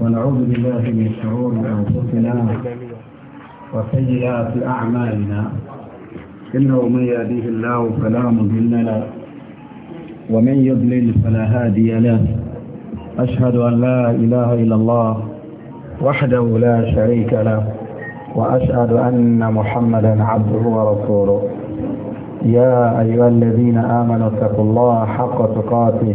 ونعوذ بالله من شرور أنفسنا وسيئات أعمالنا إنه من يهديه الله فلا مضل له ومن يضلل فلا هادي له أشهد أن لا إله إلا الله وحده لا شريك له وأشهد أن محمدا عبده ورسوله يا أيها الذين آمنوا اتقوا الله حق تقاته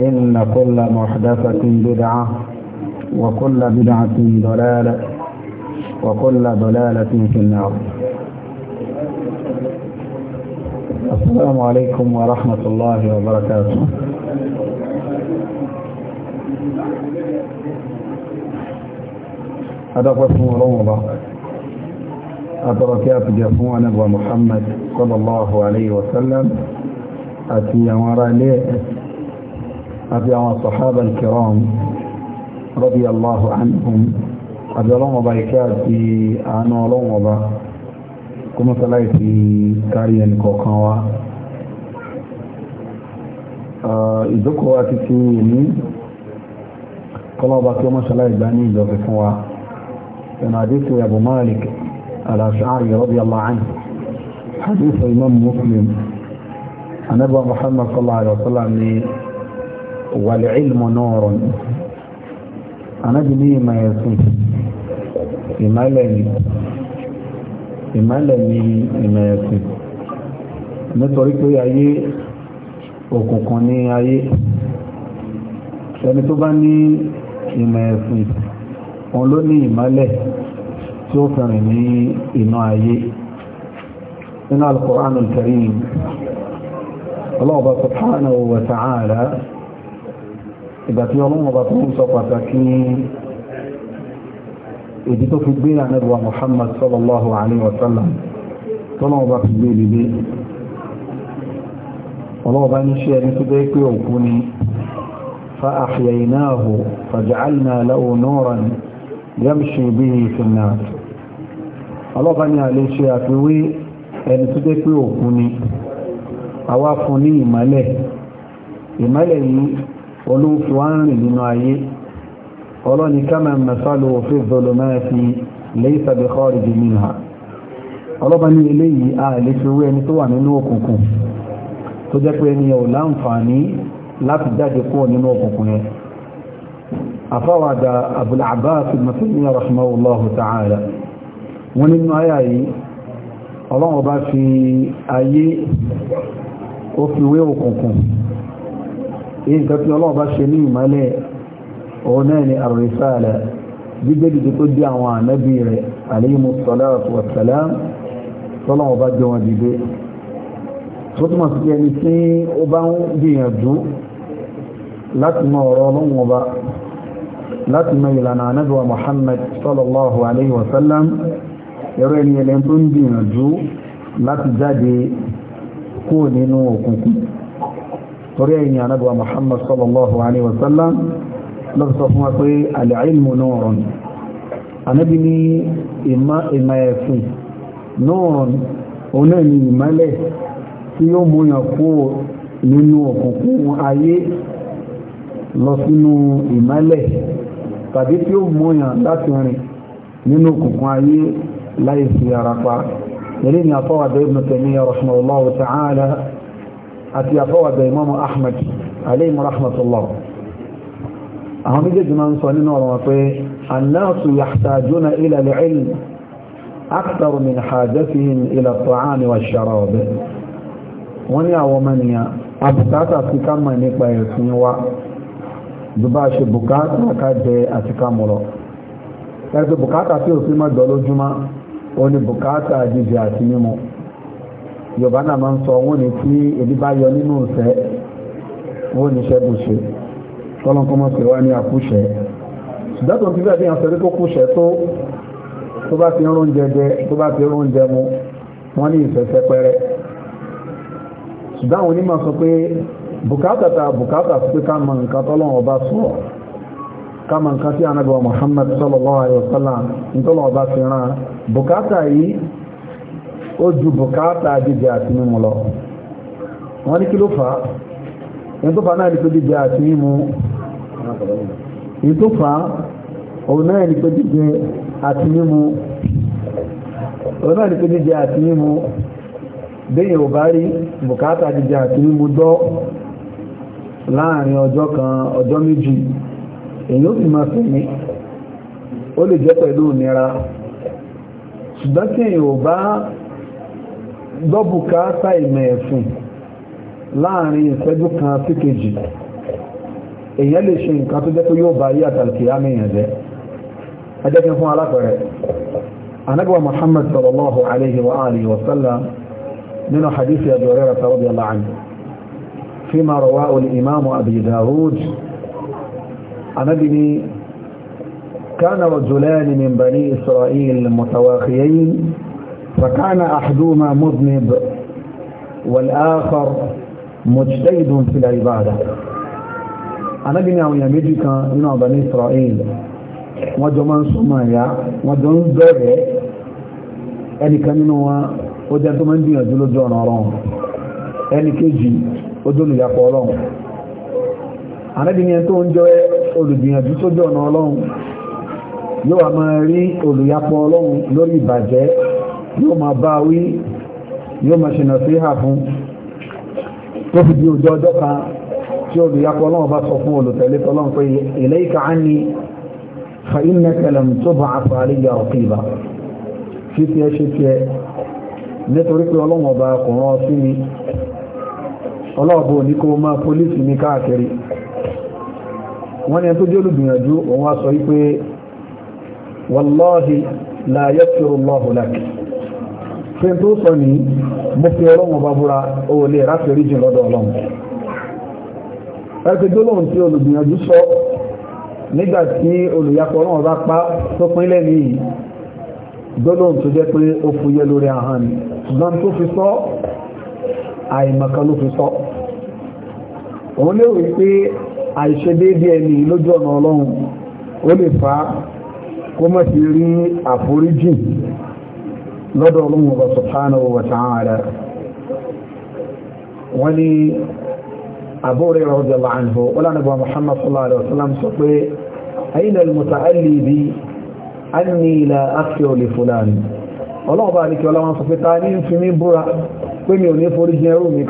إن كل محدثة بدعة وكل بدعة ضلالة وكل ضلالة في النار السلام عليكم ورحمة الله وبركاته أدقى اسم الله أتركات جفوانا ومحمد صلى الله عليه وسلم أتي وراء ليه àti àwọn sọ̀hábà kìrọ̀m radiyallahu anhum àti ọlọ́wọ̀n ọba ìkẹ́ àti àánú ọlọ́wọ̀n ọba kó mọ́sálá ìfi kárí ẹnì kọ̀ọ̀kan wa ìjókòó àti ti ní kọlọ́ọ̀bá kí ó mọ́sálá ìgbà ní ìjọba fún wa ẹ̀nà àdéhùn Abu Malik al-Ash'ari radiyallahu anhu hadith imam Muslim anábọ̀ Muhammad sallallahu alaihi wa sallam ni wàlẹ̀ ìlmọ̀ náà rọ̀ ní anábì ní ìmọ̀ ẹ̀sìn ìmọ̀lẹ̀ ni ìmọ̀lẹ̀ ni ìmọ̀ ẹ̀sìn nítorí pé ayé òkùnkùn ní ayé ẹni tó bá ní ìmọ̀ ẹ̀sìn òun ló ní ìmọ̀lẹ̀ tí ó fẹ̀rẹ̀ ní iná ayé nínú Al-Qur'an Al-Karim Allah subhanahu ìgbà tí ọlọ́run ọba tó ń sọ pàtàkì èdè tó fi gbé ànẹ́bùwà Muhammad sallallahu alaihi wa sallam tọ́lọ́run ọba fi gbé e ìdílé ọlọ́run ọba ní ṣe ẹni tó bẹ́ẹ̀ pé òkú ni فأحييناه فجعلنا له نورا يمشي به في الناس ni a lè ṣe àfiwé ẹni tó jẹ́ pé òkú ni àwa fún ní ìmọ́lẹ̀ ìmọ́lẹ̀ yìí olóòfin wá ń rìn nínú ayé ọlọ́ni kama masalu fi zulumati laysa bi kharij minha ọlọ́ba ní eléyìí a lè fi wé ẹni tó wà nínú òkùnkùn tó jẹ́ pé ẹni ò láǹfààní láti jáde kúrò nínú òkùnkùn yẹn afáwàdà Abul èyí nǹkan tí ọlọ́run bá ṣe ní ìmọ́lẹ̀ òun náà ni àrùrísàlẹ̀ gbígbé dìde tó jẹ́ àwọn ànábì rẹ̀ àlẹ́yìnmú sọ́láàtù wàsálà tọ́lọ́run bá jẹ wọn dìde tó túmọ̀ sí ẹni tí ó bá ń gbìyànjú láti mọ ọ̀rọ̀ ọlọ́run tó ń gbìyànjú láti jáde kúrò nínú òkùnkùn torí ẹ̀yìn anábíwá muhammad sallallahu alaihi wasallam lọ́pọ̀ fún wa pé al-ilmu nurun anábí ní ìmọ̀ ẹ̀sìn nurun oná ní ìmọ́lẹ̀ tí yóò mú yàn kó nínú òkùnkùn ayé lọ sínú ìmọ́lẹ̀ tàbí tí ó mú yàn láti rìn nínú òkùnkùn ayé láì fi ara pa eré ni àfọwàdé ibn Taymiyyah rahimahullahu àti àfọwàgbà imamu ahmed alayhi rahmatullah àwọn méjèèjì máa ń sọ nínú ọ̀rọ̀ wọn pé annáàtù yahtajuna ila al-ilm akthar min hajatihim ila at-ta'ami wash-sharab wọ́n ní àwọn mẹ́niyàn abùkátà yorùbá náà máa ń sọ wọn ní tí ebi bá yọ nínú ìfẹ́ wọn ní iṣẹ́ bù ṣe tọ́lọ́nkọ́ mọ́ sí wa ní àkúṣẹ́ ṣùgbọ́n tó ń fi bẹ́ẹ̀ bí àṣẹ tó kúṣẹ́ tó tó bá ti rún jẹjẹ tó bá ti rún jẹmu wọ́n ní ìfẹ́fẹ́ pẹ́rẹ́ ṣùgbọ́n àwọn onímọ̀ sọ pé bùkátà ta bùkátà sí pé ká mọ nǹkan tọ́lọ́wọ́ bá sọ ká mọ nǹkan tí anábọ̀ Muhammad sallallahu alaihi wasallam ń tọ́lọ́wọ́ bá fi rán bùkátà yìí ó ju bùkátà jíjẹ àti mímu lọ wọ́n ní kí ló fà á èyí tó fà náà ní pé jíjẹ àti mímu èyí tó fà á òun náà ní pé jíjẹ àti mímu òun náà ní pé jíjẹ àti mímu bẹ́yìn ò bá rí bùkátà jíjẹ àti mímu dọ́ láàrin ọjọ́ kan ọjọ́ méjì èyí ó sì máa fẹ̀mí ó lè jẹ́ pẹ̀lú ìnira ṣùgbọ́n tí èyí ò bá gbọ́bùká sáìmẹ̀ ẹ̀fùn láàrin ìṣẹ́jú kan sí kejì èyàn lè ṣe nǹkan tó jẹ́ tó yóò bá yí àtàlùkì àmì èèyàn jẹ́ ẹjẹ́ kí n fún alápẹ̀rẹ̀ anábíwa Muhammad sallallahu alaihi wa alihi wa sallam nínú hadisi Abu Hurairah radiyallahu anhu fima rawahu al-imam Abi Dawud anábí ni كان رجلان من بني إسرائيل متواخيين فكان أحدهما مذنب والآخر مجتهد في العبادة أنا بني أو يميجيكا من بني إسرائيل وجو من سمايا وجو نزوري ẹni kan nínú wọn ó jẹ́ tó máa ń gbìyànjú lójú ọ̀nà ọ̀rọ̀un ẹni kéjì ó dónú ìyàpọ̀ ọlọ́run anábìnrin tó ń jọ olùgbìyànjú tó jọ ọ̀nà ọlọ́run yóò wá máa rí olùyàpọ̀ ọlọ́run lórí ìbàjẹ́ yóò máa bá wí yóò máa ṣe nàṣíhà fún tó fi di ojú ọjọ́ kan tí olùyapọ̀ ọlọ́run bá sọ fún olùtẹ̀lé tọ́lọ́run pé ilayka anni fa innaka lam tub'ath alayya raqiba ṣí tiẹ̀ ṣe tiẹ̀ nítorí pé ọlọ́run ọba kò rán sí mi ọlọ́ọ̀bọ̀ ní kó máa pólísì ní káàkiri wọ́n ni tó jẹ́ olùgbìyànjú òun wá sọ wípé wallahi la yaghfirullahu laki pé tó sọ ní mo fi ọlọ́run ọba búra owó lè ráfi oríjìn lọ́dọ̀ ọlọ́run ẹgbẹ́ gbólóhùn tí olùgbìyànjú sọ nígbà tí olùyapọ̀ ọlọ́run ọba pa tó pín lẹ́nu yìí gbólóhùn tó jẹ́ pé ó fúyẹ́ lórí ahọ́n ni ṣùgbọ́n tó fi sọ àìmọ̀ká ló fi sọ òun lè wí pé àìṣedéédé ẹni lójú ọ̀nà ọlọ́run ó lè fa kó má sì rí àforíjìn lọ́dọ̀ ọlọ́run ọba subhanahu wa ta'ala wọ́n ní àbúrò radiyallahu anhu wọ́n lánàbà muhammad sallallahu alaihi wasallam sọ pé ayna al-muta'alli bi anni la aghfiru li fulan ọlọ́ọ̀bá àríkẹ́ ọlọ́wọ́n sọ pé ta ní fi mí búra pé mi ò ní forí jẹ ẹrù mi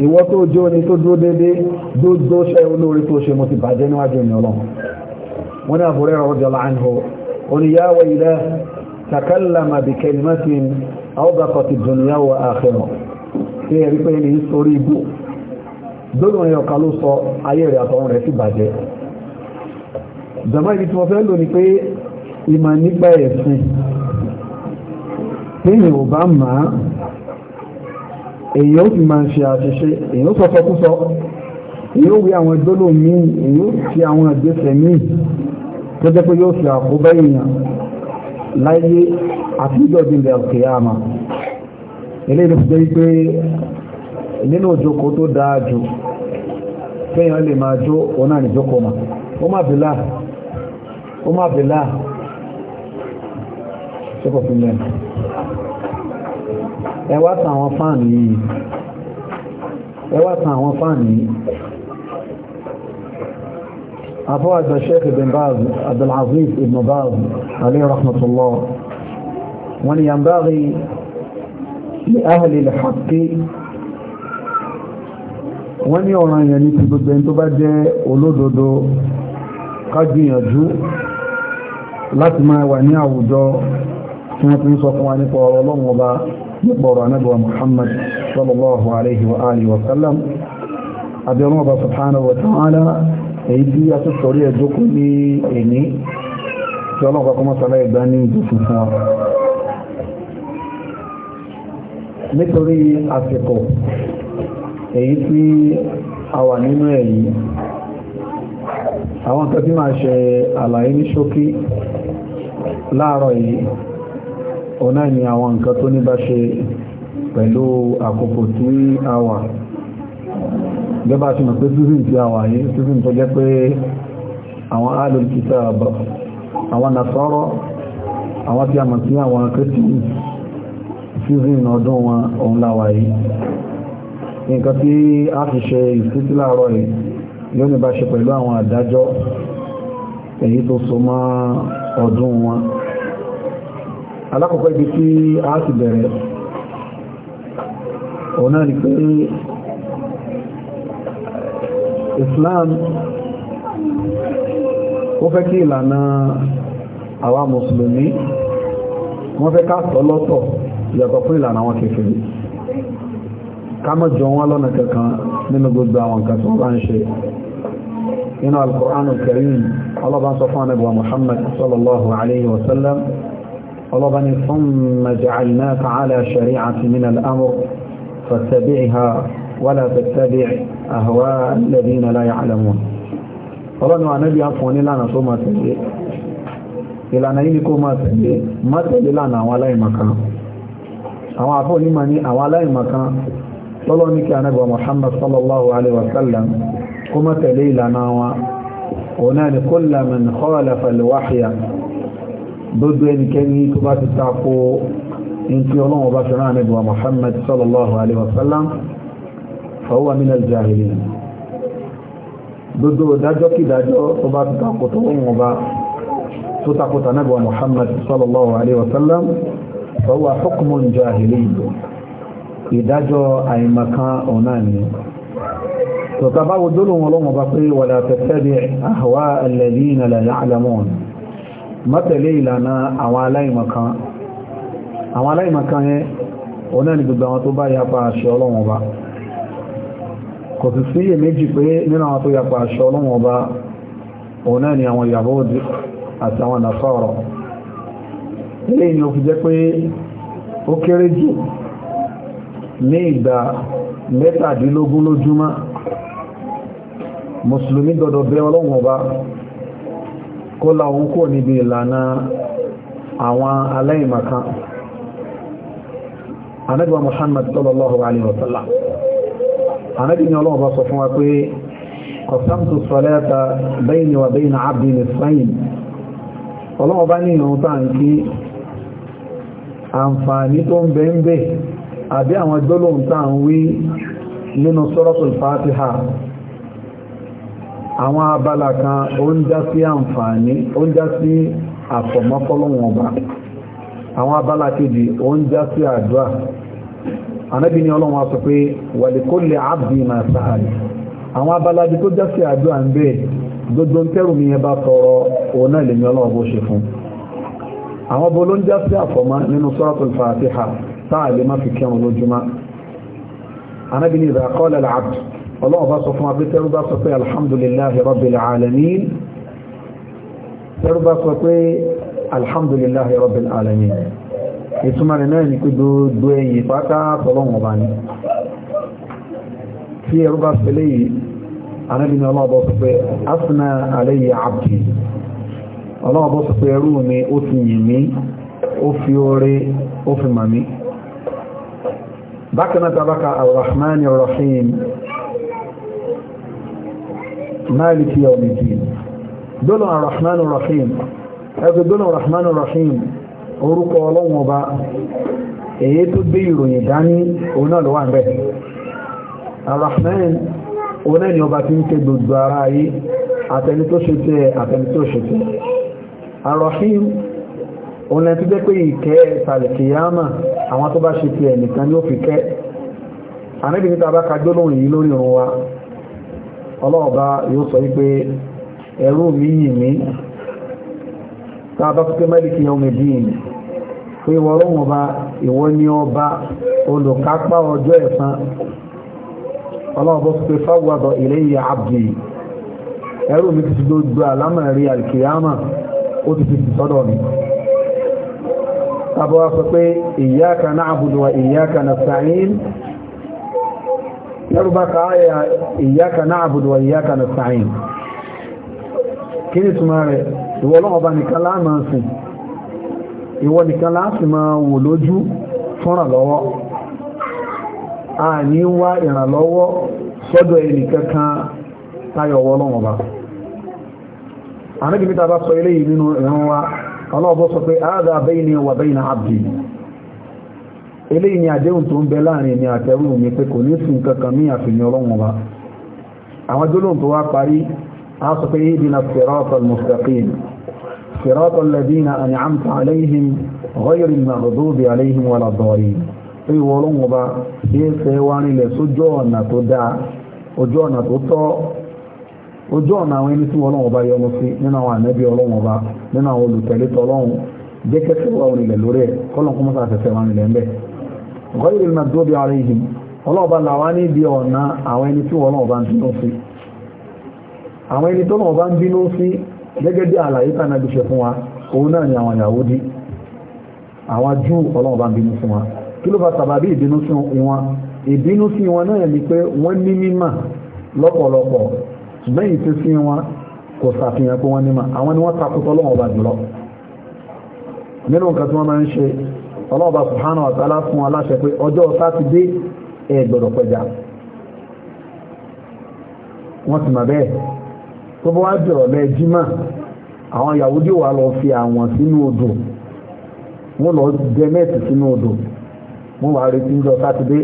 ìwọ tó jó ni tó dúró dédé dúdó ṣe olóorí tó ṣe mo ti bàjẹ́ níwájú ẹ̀mí ọlọ́run wọ́n ní àbúrẹ́ ọ̀rọ̀ jọlá àìhò oníyàwó ilẹ̀ takallama bi kalimatin àwọ́gbàkọ̀ ti dunya wa akhirah tí ẹ rí pé ní sórí ibú dónà ẹ̀yọ̀ kan ló sọ ayé rẹ̀ àtọ̀run rẹ̀ sì bàjẹ́ jọmọ́ ibi tí mo fẹ́ lò ní pé ìmọ̀ nígbà ẹ̀sìn tí mi ò bá máa èyàn ó ti máa ṣe àṣìṣe èyàn ó sọsọkúsọ èyàn ó wí àwọn ìgbóló míì èyàn ó fi àwọn ìgbésẹ̀ míì tó jẹ́ pé yóò fi àkóbá èèyàn láyé àti ìjọdínlẹ̀ òkè àmà ilé ìlú jẹ́ pé nínú òjòkó tó dáa jù fẹ́yàn lè máa jó ọ̀nà ìjòkó mà ó má bìlá ó má bìlá ṣe kò fi lẹ́nu ẹ wá tan àwọn fáànì yìí ẹ wá tan àwọn fáànì yìí àfọwọ́ àgbà sheikh ibn baz abdulaziz ibn baz alayhi rahmatullah wọ́n ni yambari li ahli lhaqi wọ́n ní ọ̀ràn yẹn ní ti gbogbo ẹni tó bá jẹ́ olódodo ká láti máa wà ní àwùjọ tí wọ́n ti ń sọ fún wa nípa ọ̀rọ̀ ọlọ́run ọba nípọ̀rọ̀ anábọ̀ Muhammad sallallahu alaihi wa alihi wa sallam abẹ́rún ọba subhanahu wa ta'ala èyí tí a tó sọ̀rí ẹ̀dókù ní èní tí ọlọ́pàá kọmọ́ sọ́lá ìgbà ní ìjọsìn fún wa nítorí àsìkò èyí tí a wà nínú èyí àwọn kan máa ṣe àlàyé ní ṣókí láàárọ̀ yìí ọ̀nà ni àwọn nǹkan tó ní bá ṣe pẹ̀lú àkókò tí a wà gẹ́bà ṣe mọ̀ pé season tí a wà yìí season tó jẹ́ pé àwọn alùkìtàbà àwọn nàṣọ́rọ̀ àwọn tí a mọ̀ sí àwọn christian season ọdún wọn òun láwà yìí alákọ̀ọ́kọ́ ibi tí a ti bẹ̀rẹ̀ ọ̀nà ni pé Islam ó fẹ́ kí ìlànà àwa mùsùlùmí wọ́n fẹ́ ká sọ lọ́tọ̀ yàtọ̀ fún ìlànà àwọn kèfèrí ká má jọ wọn lọ́nà kankan nínú gbogbo àwọn nǹkan tó bá ń ṣe nínú Al-Qur'an Al-Karim Allah bá ń sọ fún ànábì Muhammad sallallahu alayhi wa ọlọ́bani ثم جعلناك على شريعة من الأمر فاتبعها ولا تتبع أهواء الذين لا يعلمون ọlọ́ni wa nẹ́bí afọ́ nílànà tó máa tẹ̀lé ìlànà yìí ni kó máa tẹ̀lé má tẹ̀lé lànà àwọn aláìmọ̀kan àwọn afọ́ onímọ̀ ní àwọn aláìmọ̀kan lọ́lọ́ ní kí anẹ́bọ̀ Muhammad sallallahu alaihi wasallam kó má tẹ̀lé ìlànà wọn òun náà ni kulla man khalafa al-wahya gbogbo ẹnikẹ́ni tó bá ti tako nǹkí ọlọ́run bá ṣọ́nà ànábì wa Muhammad sallallahu alaihi wasallam fa huwa min al-jahilin gbogbo ìdájọ́ kí ìdájọ́ tó bá ti tako tó wọ́n bá tó tako ànábì wa Muhammad sallallahu alaihi wasallam fa huwa hukmun jahilin ìdájọ́ àìmọ̀kan ọ̀nà ni tọ́ta báwo dólóhun ọlọ́run bá pé wala tattabi ahwa alladhina la ya'lamun mọ́tẹ̀lé ìlànà àwọn aláìmọ̀kan àwọn aláìmọ̀kan yẹn o náà ni gbogbo àwọn tó bá yapa àṣẹ ọlọ́wọ̀n ọba kò sì sí pé nínú àwọn tó yapa àṣẹ ọlọ́wọ̀n ọba o náà ni àwọn Yahudi àti àwọn Nasara ilé ni pe kó la òun kò níbi ìlànà àwọn aláìmọ̀kan anábíwa Muhammad sallallahu alaihi wasallam anábí ni ọlọ́wọ́ bá sọ fún wa pé qasamtu salata bayni wa bayna abdi nisfayn ọlọ́wọ́ bá ní ìrùn tàà ń kí àǹfààní àwọn abala kan ó ń já sí àǹfààní ó ń já sí àfọ̀mọ́fọ́lọ́wọ̀n ọba àwọn abala kejì ó ń já sí àdúrà anábì ní ọlọ́run wa sọ pé wàlíkólẹ̀ abdi máa sáàlì àwọn abala bí tó já sí àdúrà ń bẹ́ẹ̀ gbogbo ntẹ́rù mi yẹn bá tọrọ òun náà lèmi ọlọ́run bó ṣe fún àwọn bó ló ń já àfọ̀mọ́ nínú suratul fatiha táà lè má fi kírun lójúmọ́ anábì ní ìdàkọ́lẹ̀ abdi ọlọ́wọ́ bá sọ fún abẹ́tẹ́rú bá sọ pé alhamdulillahi rabbil alamin tẹ́rú bá sọ pé alhamdulillahi rabbil alamin ìtumà rẹ̀ náà ní pé gbogbo ẹ̀yìn pátá tọ́lọ́wọ́ bá ní tí ẹrú bá sọ léyìí anábìnrin ọlọ́wọ́ bá sọ pé asna alayya abdi ọlọ́wọ́ máàlìkì ọ̀mìdì dọ́lọ̀ arahman rahim ẹgbẹ́ dọ́lọ̀ arahman rahim orúkọ ọlọ́wọ́n ọba èyí tó gbé ìròyìn dání òun náà ló wà bẹ́ẹ̀ arahman òun náà ni ọba tí ń ké gbogbo ara ayé àtẹni tó ṣe tẹ àtẹni tó ṣe tẹ arahim òun náà ti jẹ́ pé ìkẹ́ tàlẹ̀kìyàmà àwọn tó bá ṣe tẹ ẹnìkan ni ó fi kẹ́ ka gbólóhùn yìí lórí òun wa ọlọ́ọ̀bá yóò sọ wípé ẹ̀rú mi yìí mí tàbá pípẹ́ mẹ́lìkì yọmẹ̀dín pé ìwọ ọlọ́run ọba ìwọ ni ọba olùkápá ọjọ́ ẹ̀san ọlọ́ọ̀bọ́ fáwọ́dọ̀ ilayya abdi ẹ̀rú mi ti fi alkiyama ó ti fi sọ́dọ̀ mi tàbá wá sọ pé iyyaka wa a ayà iyyaka na'budu wa iyyaka nasta'in kí ni túnmà rẹ̀ ìwọ ọlọ́ọ̀bá nìkan láàmà sìn ìwọ nìkan láti lọwọ wò lójú fúnràn lọ́wọ́ a ní wá ìrànlọ́wọ́ sọ́dọ̀ ẹnìkankan táyọ̀wọ́ a anábìnrin tàbá sọ ilé yìí nínú ọlọ́ọ̀bọ́ sọ pé áàdà bayni wa bayna abdi eléyìí ni àdéhùn tó ń bẹ láàrin ni àtẹrù mi pé kò ní sùn kankan ní àfihàn ọlọ́run wa àwọn gbólóhùn tó wá parí a sọ pé ihdina siratal mustaqim siratal ladina an'amta alayhim ghayril maghdubi alayhim waladdallin pé ìwọ ọlọ́run ọba ṣe é fẹ́ wá nílẹ̀ sójú ọ̀nà tó dáa ojú ọ̀nà tó wà òrìlẹ̀ lórí ẹ̀ kọ́lọ́n kọ́mọ́sá àfẹ́fẹ́ wà nílẹ̀ ń bẹ́ẹ̀. غير المكذوب عليهم ọlọ́ọ̀bá làwọn ní bí ọ̀nà àwọn ẹni tí wọ́n náà bá ń bínú sí àwọn ẹni tó náà bá ń bínú sí gẹ́gẹ́ bí àlàyé tánà bí ṣe fún wa òun náà ni àwọn Yahudi àwọn jú ọlọ́ọ̀bá ń bínú sí wọn kí ló fa sàbàbí ìbínú sí wọn ìbínú sí wọn náà ni pé wọ́n ní mímà lọ́pọ̀lọpọ̀ ṣùgbọ́n èyí tó sí wọn kò ṣàfihàn ọlọ́ọ̀bá subhanahu wa ta'ala fún aláṣẹ pé ọjọ́ sátidé ẹ gbọ́dọ̀ pẹja wọ́n ti mà bẹ́ẹ̀ tó bá wá dìrọ̀ lẹ́ jímà àwọn Yahudi wà lọ fi àwọn sínú odò wọ́n lọ dẹ nẹ́ẹ̀tì sínú odò wọ́n wà retí ń jọ sátidé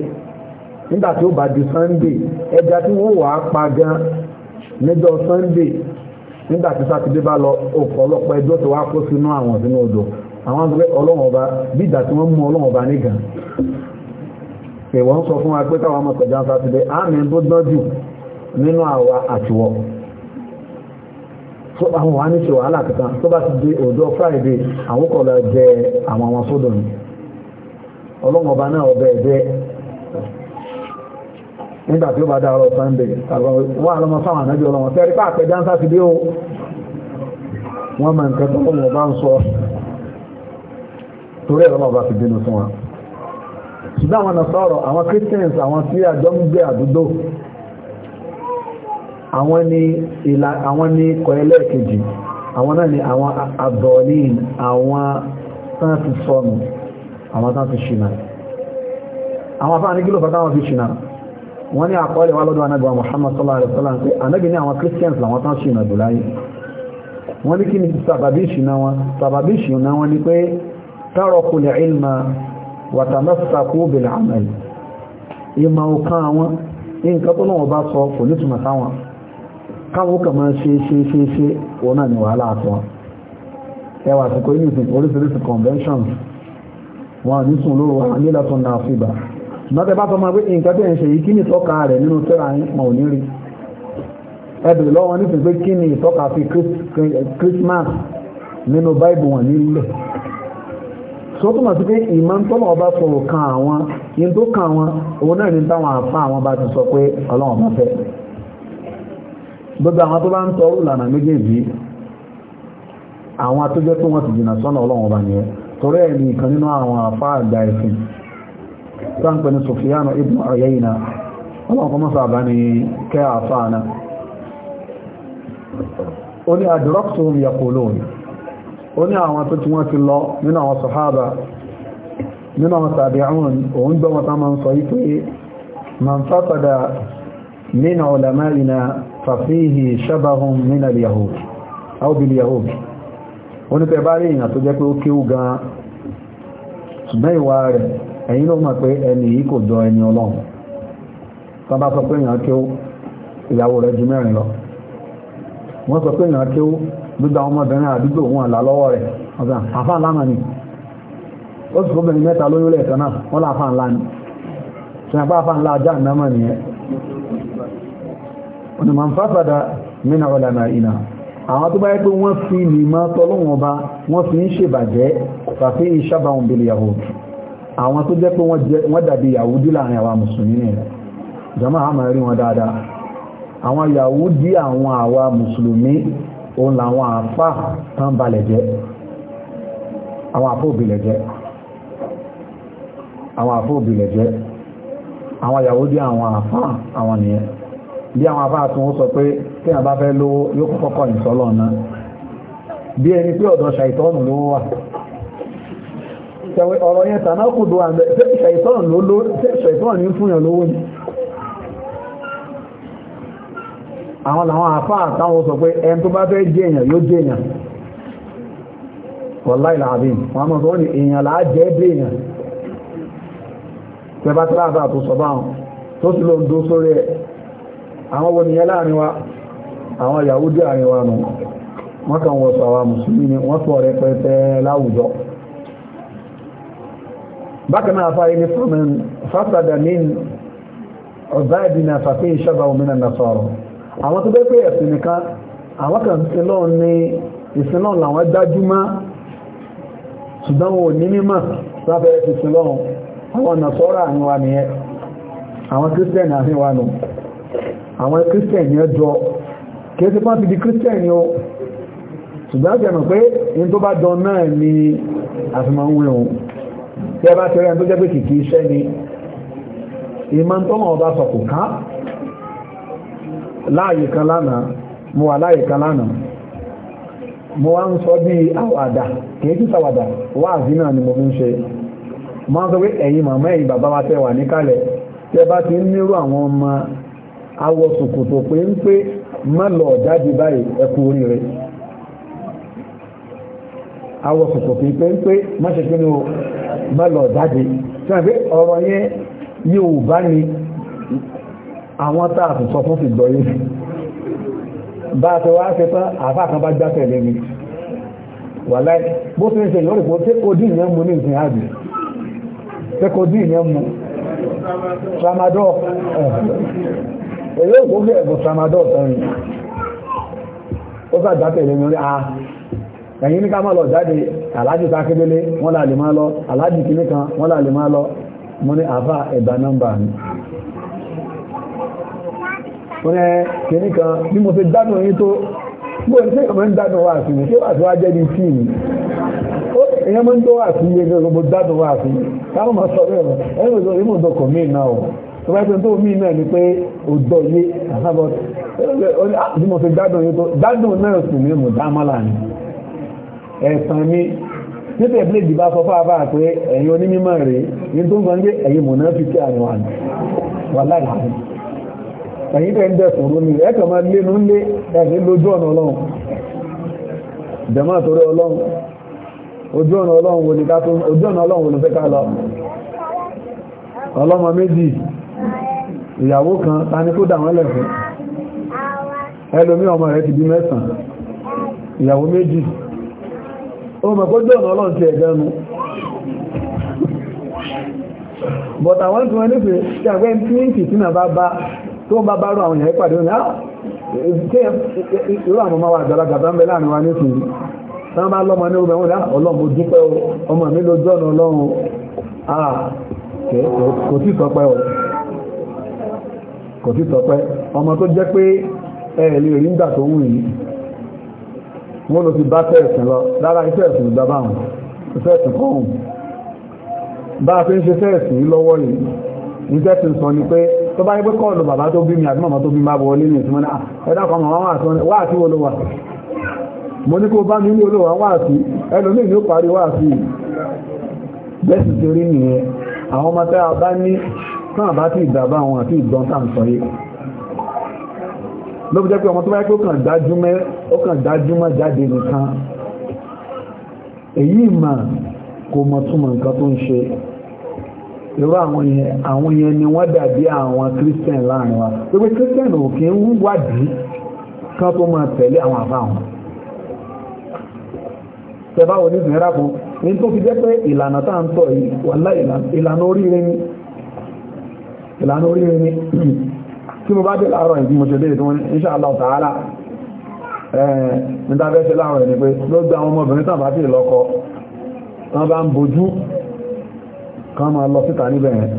nígbà tí ó bá di sunday ẹja tí wọ́n wà á pa gan níjọ́ sunday nígbà tí sátidé bá lọ ọ̀pọ̀lọpọ̀ ẹjọ́ tó wá kó sínú àwọn sínú odò àwọn àgbẹ̀ ọlọ́wọ̀n ọba bí ìgbà tí wọ́n mú ọlọ́wọ̀n ọba nígà sọ fún wa pé táwọn ọmọ ń sátidé àmì tó dán jù nínú àwa àtiwọ́ tó àwọn wà ní ṣe wàhálà tó bá ti di ọjọ́ Friday àwọn kọ̀ jẹ àwọn àwọn sódò ọba náà ọbẹ̀ ẹ̀jẹ̀ nígbà tí ó bá dáa ọ̀rọ̀ torí ẹ̀rọ náà bá fi bínú fún wa ṣùgbọ́n àwọn nasọ́rọ̀ àwọn christians àwọn tí àjọ ń gbé àdúgbò àwọn ni ìlà àwọn ni kọ̀ẹ́lẹ́ kejì àwọn náà ni àwọn abọ̀lín àwọn tán ti sọnù àwọn tán ti ṣìnà àwọn afẹ́ àníkílò fẹ́ táwọn fi ṣìnà wọ́n ní àkọọ́lẹ̀ wá lọ́dọ̀ anábì wa Muhammad sallallahu alaihi wasallam pé anábì ní àwọn christians làwọn tán ṣìnà jùláyé wọ́n ní kí ni sàbàbí ìṣìnà wọn sàbàbí ìṣìnà wọn ni pé tàrọkù lè ilma wata bèèrè àmẹ́lì ìmọ̀ ọ̀kan àwọn ka tó náà bá sọ kò ní túnmọ̀ sáwọn ka kà máa ṣe se se se òun náà ni wàhálà ko ẹwà àsìkò yìí nìsìn oríṣiríṣi conventions wa nílẹ̀ tó náà fìbà mọ́tẹ́ bá tọ́ máa pé nǹkan tẹ̀ ń ṣe yìí kí ni ìtọ́ka rẹ̀ nínú tẹ́ra yín mọ̀ ní rí ẹbẹ̀ lọ́wọ́ nísìn ni fi Christmas ninu Bible tó túnmọ̀ sí pé ìmọ̀ tọ́lọ̀ ọba sọ̀rọ̀ kan àwọn yìí tó kan wọn òun náà ní táwọn àfa àwọn bá ti sọ pé ọlọ́run bá fẹ́ gbogbo àwọn tó bá ń tọ́ ìlànà méjèèjì àwọn atọ́jọ́ tó wọ́n ti jìnà sọ́nà ọlọ́run ọba nìyẹn torí ẹ̀ ní ìkan nínú àwọn àgbà ẹ̀sìn tó ń pè ní ibn kọ́ mọ́sà bá ní kẹ́ náà ó ní a ní àwọn tó ti wọ́n ti lọ nínú àwọn sàhábà nínú àwọn tàbí'ùn òun gbọ́mọ̀ tá ma ń sọ wípé man fápadà min ulama'ina fàfíhì shabahun min al-yahud aw ìyàwó rẹ̀ mẹ́rin gbogbo àwọn ọmọbìnrin àdúgbò wọn là lọ́wọ́ rẹ̀ ọ̀gá àfà ńlá ni ó sì fóbìnrin mẹ́ta lóyún lẹ́ẹ̀kan náà wọ́n là àfà ńlá ni ṣùgbọ́n àfà ńlá ajá ìnámọ̀ nìyẹn onímọ̀ fáfàdà mínà ọ̀lànà ìnà àwọn tó bá yẹ pé wọ́n fi nìmọ̀ tọ́lọ́wọ́n bá wọ́n fi ń ṣèbàjẹ́ fàfí ìṣàbàwọn bèèrè yahudi àwọn tó jẹ́ pé wọ́n dàbí yahudi láàrin àwa mùsùlùmí nìyẹn jama àmà rí wọn dáadáa àwọn yahudi àwọn àwa mùsùlùmí òun làwọn àfá tán balẹ̀ jẹ́ àwọn àfóòbìlẹ̀ jẹ́ àwọn àfóòbìlẹ̀ jẹ́ àwọn ìyàwó dí àwọn àfá àwọn nìyẹn bí àwọn àfá tún ó sọ pé tí a bá fẹ́ lówó yóò kọ́kọ́ ìsọ́lọ̀ náà bí ẹni pé ọ̀dọ̀ ṣàìtọ́nù lówó wà ọ̀rọ̀ yẹn tànákùdó àmì ṣàìtọ́nù ló ṣàìtọ́nù ní fún lówó ni àwọn làwọn àfáà táwọn sọ pé ẹn tó bá fẹ́ jẹ́ èèyàn yóò jẹ́ èèyàn wọ́láì làbín wọ́n mọ̀ sọ́wọ́n ni èèyàn làá jẹ́ bí èèyàn pẹ̀bá tíláàbà tó sọ bá wọn tó sì ló ń dó sórí ẹ̀ àwọn wo nìyẹn láàrin wa àwọn Yahudi àárín wa nù wọ́n kàn wọ́n àwọn tó bẹ́ pé ẹ̀sìn nìkan àwọn kan sí lọ́n ní ìsìn náà làwọn dájú má ṣùgbọ́n wọn ò ní mímọ̀ lábẹ́ ìsìn lọ́hùn àwọn nàṣọ́rà àníwá nìyẹn àwọn kírísítẹ̀n àníwá nù àwọn kírísítẹ̀n yẹn jọ kìí pàtí di kírísítẹ̀n yóò ṣùgbọ́n tẹ̀mọ̀ pé in tó bá ni àfihàn wí òun tí ẹ bá tẹ̀rẹ̀ tó jẹ́ pé kìkì iṣẹ́ láàyè kan lánàá mo wà kan lánàá mo wá ń sọ bí àwàdà kìí tí sàwàdà náà ni mo fi ń ṣe sọ pé ẹ̀yin màmá bàbá wa tẹ́ wà níkàlẹ̀ tẹ́ bá ti ń nírú àwọn ọmọ awọ ṣòkòtò pé ń pé má lọ jáde báyìí ẹkú oríire awọ ṣòkòtò pé ń pé má ṣe kí ni o má lọ jáde tí wọ́n fi ọ̀rọ̀ yẹn yóò bá àwọn tààtù sọ fún ti gbọ́yé bá ti wá ṣe tán àfáà kan bá jáfẹ́ lé mi wà láì bó ti ń ṣe ìyọ́rì pé tẹ́kọ̀dí ìyẹn mú ní ìsìn àbí tẹ́kọ̀dí ìyẹn mú tramadol èyí ò kó gẹ́ ẹ̀bùn tramadol sẹ́rin ó a ah, ẹ̀yìn ní ká má lọ jáde aláàjì sákébélé wọ́n là lè má lọ aláàjì kìnnìkan wọ́n là lè má lọ mo ní àfáà ẹ̀gbà nọ́mbà mi wọ́n ẹ kìíní kan bí mo ṣe dánù yín tó bó ṣe ìmọ̀ ń dánù wá sí mi ṣé wà tó wá jẹ́ ní tíì mi ó èèyàn máa ń tó wá sí iye gbogbo mo dánù wá sí mi máa sọ bẹ́ẹ̀ ẹ̀yìn òṣèlú ìmọ̀ ìdọ̀kọ̀ míì náà o tó bá ṣe tó míì náà ni pé ò dọ̀ yé àbọ̀ bí mo ṣe dánù yín tó dánù náà sì ni mo dá mọ́là ni ẹ̀sán mi nípa ìpínlẹ̀ ìdìbò afọ́fọ́ afá pé ẹ̀yin onímọ̀ rèé ní tó ń gbọ́n gbé ẹ̀yin mọ̀nà fi kí àwọn àná wà láìláàrin ẹ̀yìn tẹ́ ń dẹ̀sùn rú ní ẹ̀kọ̀ máa lé nú lé ẹ̀sìn lójú ọ̀nà ọlọ́run jẹ̀mọ́ torí ọlọ́run ojú ọ̀nà ọlọ́run wo ni ká tún ojú ọ̀nà ọlọ́run wo ló fẹ́ ká lọ ọlọ́mọ méjì ìyàwó kan ta ni kó dà wọ́n lẹ̀fẹ́ ẹlòmí ọmọ rẹ̀ ti bí mẹ́sàn ìyàwó méjì ó mọ̀ kó jọ̀nà ọlọ́run ti ẹ̀gẹ́nu but àwọn tí wọ́n nífẹ̀ẹ́ tí àgbẹ́ tí kìtínà bá bá tó ń bá bá rú àwọn èèyàn pàdé ní ah, irú àwọn ọmọ wa àgbàlagbà ń bẹ láàrin wa nísìnyí tán bá lọ́mọ ní ọmọ ìwọ̀n ah, ọlọ́run mo o ọmọ mi lójú ọ̀nà ọlọ́run àà ah, kò tí tọpẹ́ o kò tí tọpẹ́ ọmọ tó jẹ́ pé ẹ̀rẹ̀ lè rí ńgbà tó wù yìí wọ́n bá a fi ń ṣe tẹ́ẹ̀sìn lọ́wọ́ yìí iṣẹ́ ti sọ ni pé tó bá yẹ́ pé kọ́ọ̀lù bàbá tó bí mi àti màmá tó bí máa wọlé ní ìsinmi náà ẹ̀dá kan màmá wọ́n mo ní kó bá mi ní olówà ẹlòmíì ní ó parí bẹ́sì rí nìyẹn àwọn ọmọ tẹ́ bá ní tí wọn àti ìdán tà ń sọ yé ló ọmọ tó bá yẹ pé ó kàn dájúmọ́ jáde nìkan èyí mà túmọ̀ nǹkan irú àwọn yẹn àwọn yẹn ni wọ́n dàbí àwọn christian láàrin wa pé christian ò kí ń wádìí kán tó máa tẹ̀lé àwọn àbá tẹ́bá wo ní ìsìnrẹ́ra fún ní tó fi jẹ́ pé ìlànà tá ń tọ̀ yìí ìlànà oríire ni ìlànà oríire ni tí mo bá dé láàárọ̀ ìdí mo ṣe dé ìdún insha Allah ta'ala ní tàbẹ́ ṣe láàárọ̀ ìní kan máa lọ síta níbẹ̀ yẹn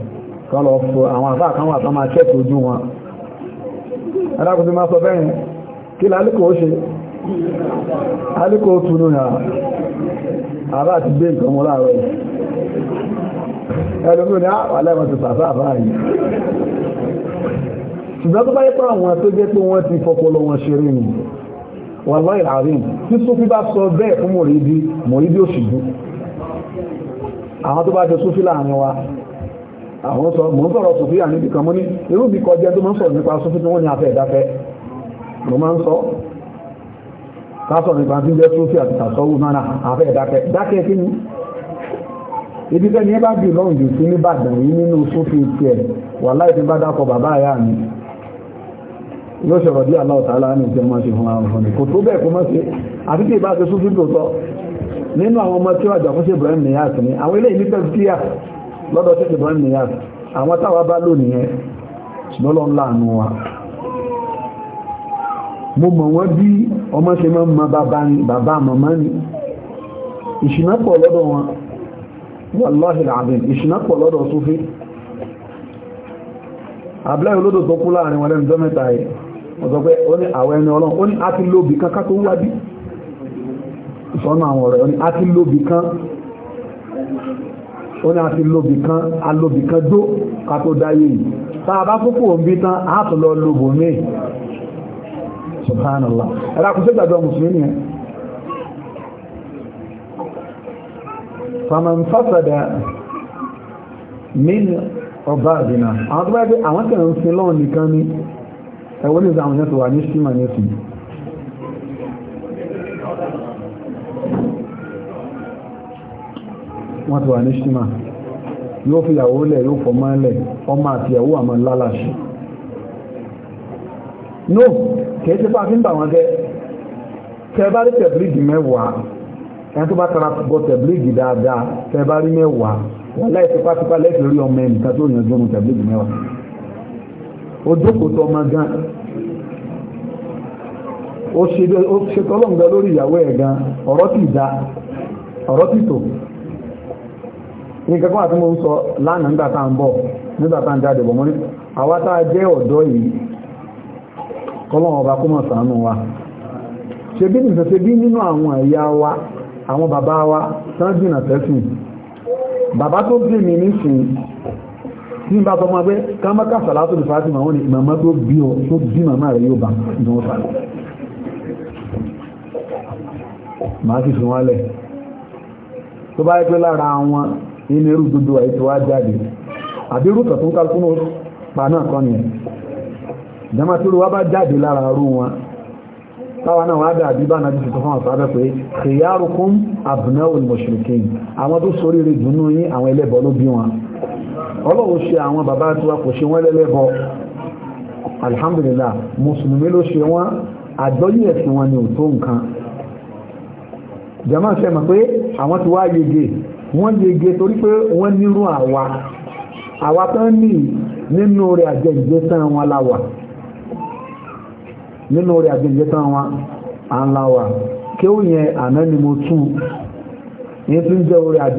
kan lọ fọ àwọn àfáà kan wà tán máa ṣẹ́ẹ̀kì ojú wọn adákùnrin máa sọ bẹ́yìn kí lálùkò ó ṣe alùkò ó túnú ní àbá àti gbé nǹkan mọ́ láàárọ̀ ẹlùmí ní àwàlẹ́wọ̀n ah, ti pàtà àbá yìí àwọn tó bá jẹ súnfí láàrin wa àwọn sọ mọ́ sọ̀rọ̀ súnfí à níbi kan mọ́ ní irúbí kọjẹ́ tó mọ́ sọ̀rọ̀ nípa súnfí tí wọ́n ní afẹ́ ìdáfẹ́ mo máa ń sọ kásọ̀ nípa tí jẹ́ súnfí àti tàṣọ́wù náà afẹ́ ìdáfẹ́ dákẹ́ kí ni ibi tẹ́ni ẹ bá bí lọ́rùn jù sí nìbàdàn yìí nínú súnfí tiẹ̀ wà láì fi bá dákọ̀ bàbá àyà mi yóò ṣọ̀rọ̀ bí aláwọ̀ tààlà ní ìjẹun máa ṣe fún àwọn ọ̀fọ̀nì kò tó bẹ́ẹ̀ kó mọ́ sí àti tí ìbá ṣe nínú àwọn ọmọ tí ó àjà fún ṣe Ibrahim Niyas ní àwọn ilé ìlú tẹ́sítíyà lọ́dọ̀ ṣe Ibrahim Niyas àwọn táwa bá lónìí yẹn lọ́lọ́ ńlá àánú wa mo mọ̀ wọ́n bí ọmọ ṣe máa ń mọ bàbá ni bàbá màmá ni ìṣìnà pọ̀ lọ́dọ̀ wọn wàláhì àbìn ìṣìnà pọ̀ lọ́dọ̀ Sufi àbúláyé olódò sọ́nà àwọn ọ̀rẹ́ oní àti lóbi kan oní àti lóbi kan alóbi kan dó ká dáyé yìí tá a bá kókò òun bí tán á lọ lóbo míì subhanallah ẹ̀rọ àkùsẹ́ gbàgbọ́ mùsùlùmí yẹn faman fasada min ọba àdìnà àwọn tó bá yẹ pé àwọn tẹ̀lé ń sin lọ́wọ́ nìkan ni wọ́n ti wà ní ṣímà yóò fi ìyàwó lẹ̀ yóò fọ́ máa lẹ̀ ọmọ àti ìyàwó àmọ́ lálàṣì no kìí ti fàáfin bà wọn jẹ́ tẹ́ẹ̀bá rí tẹ̀blígì mẹ́wàá ẹni tó bá tara bọ tẹ̀blígì dáadáa tẹ́ẹ̀bá rí mẹ́wàá wọ́n láì tipátipá lẹ́sìn rí ọmọ ẹnìkan tó yànjú ọmọ tẹ̀blígì mẹ́wàá ojókòtò ọmọ gan ó ṣetọ́lọ́ǹgá lórí ìyàwó ẹ̀ ní kankan àti mo sọ lánàá nígbà ń bọ̀ nígbà ń jáde jẹ́ ọ̀dọ́ ọba kó mọ̀ ṣàánú wa ṣe bí nìkan bí nínú wa àwọn bàbá wa tán tẹ́sùn bàbá tó bí mi nísìn tí n bá tọ́ pé kámẹ́kà sàlátò fàájì màwọn ni ọ tó bí màmá yóò bá fi tó bá yẹ inú irú dúdú ẹ̀ tí wá jáde àbí rúkọ̀ tó ń kálukú ní pa náà kọ́ ni ẹ̀ jama tí wá bá jáde lára arú wọn táwa náà wá dàbí bá nàbí tuntun fún àwọn sábẹ́ pé khiyarukum abna'ul mushrikin àwọn tó sórí rẹ̀ dùnú yín àwọn ẹlẹ́bọ ló bí wọn ọlọ́wọ́ ṣe àwọn bàbá tí wá kò ṣe wọ́n lẹ́lẹ́bọ alhamdulillah mùsùlùmí ló ṣe wọ́n àjọyìn ẹ̀sìn wọn ni ò tó nǹkan jama ṣe pé àwọn tí wá yege wọ́n lè gé torí pé wọ́n nírú awa àwa tán ní nínú rẹ̀ tán wọn láwà nínú rẹ̀ tán wọn kí ó yẹn àná ni mo tú ní tí ń jẹ́ orí tán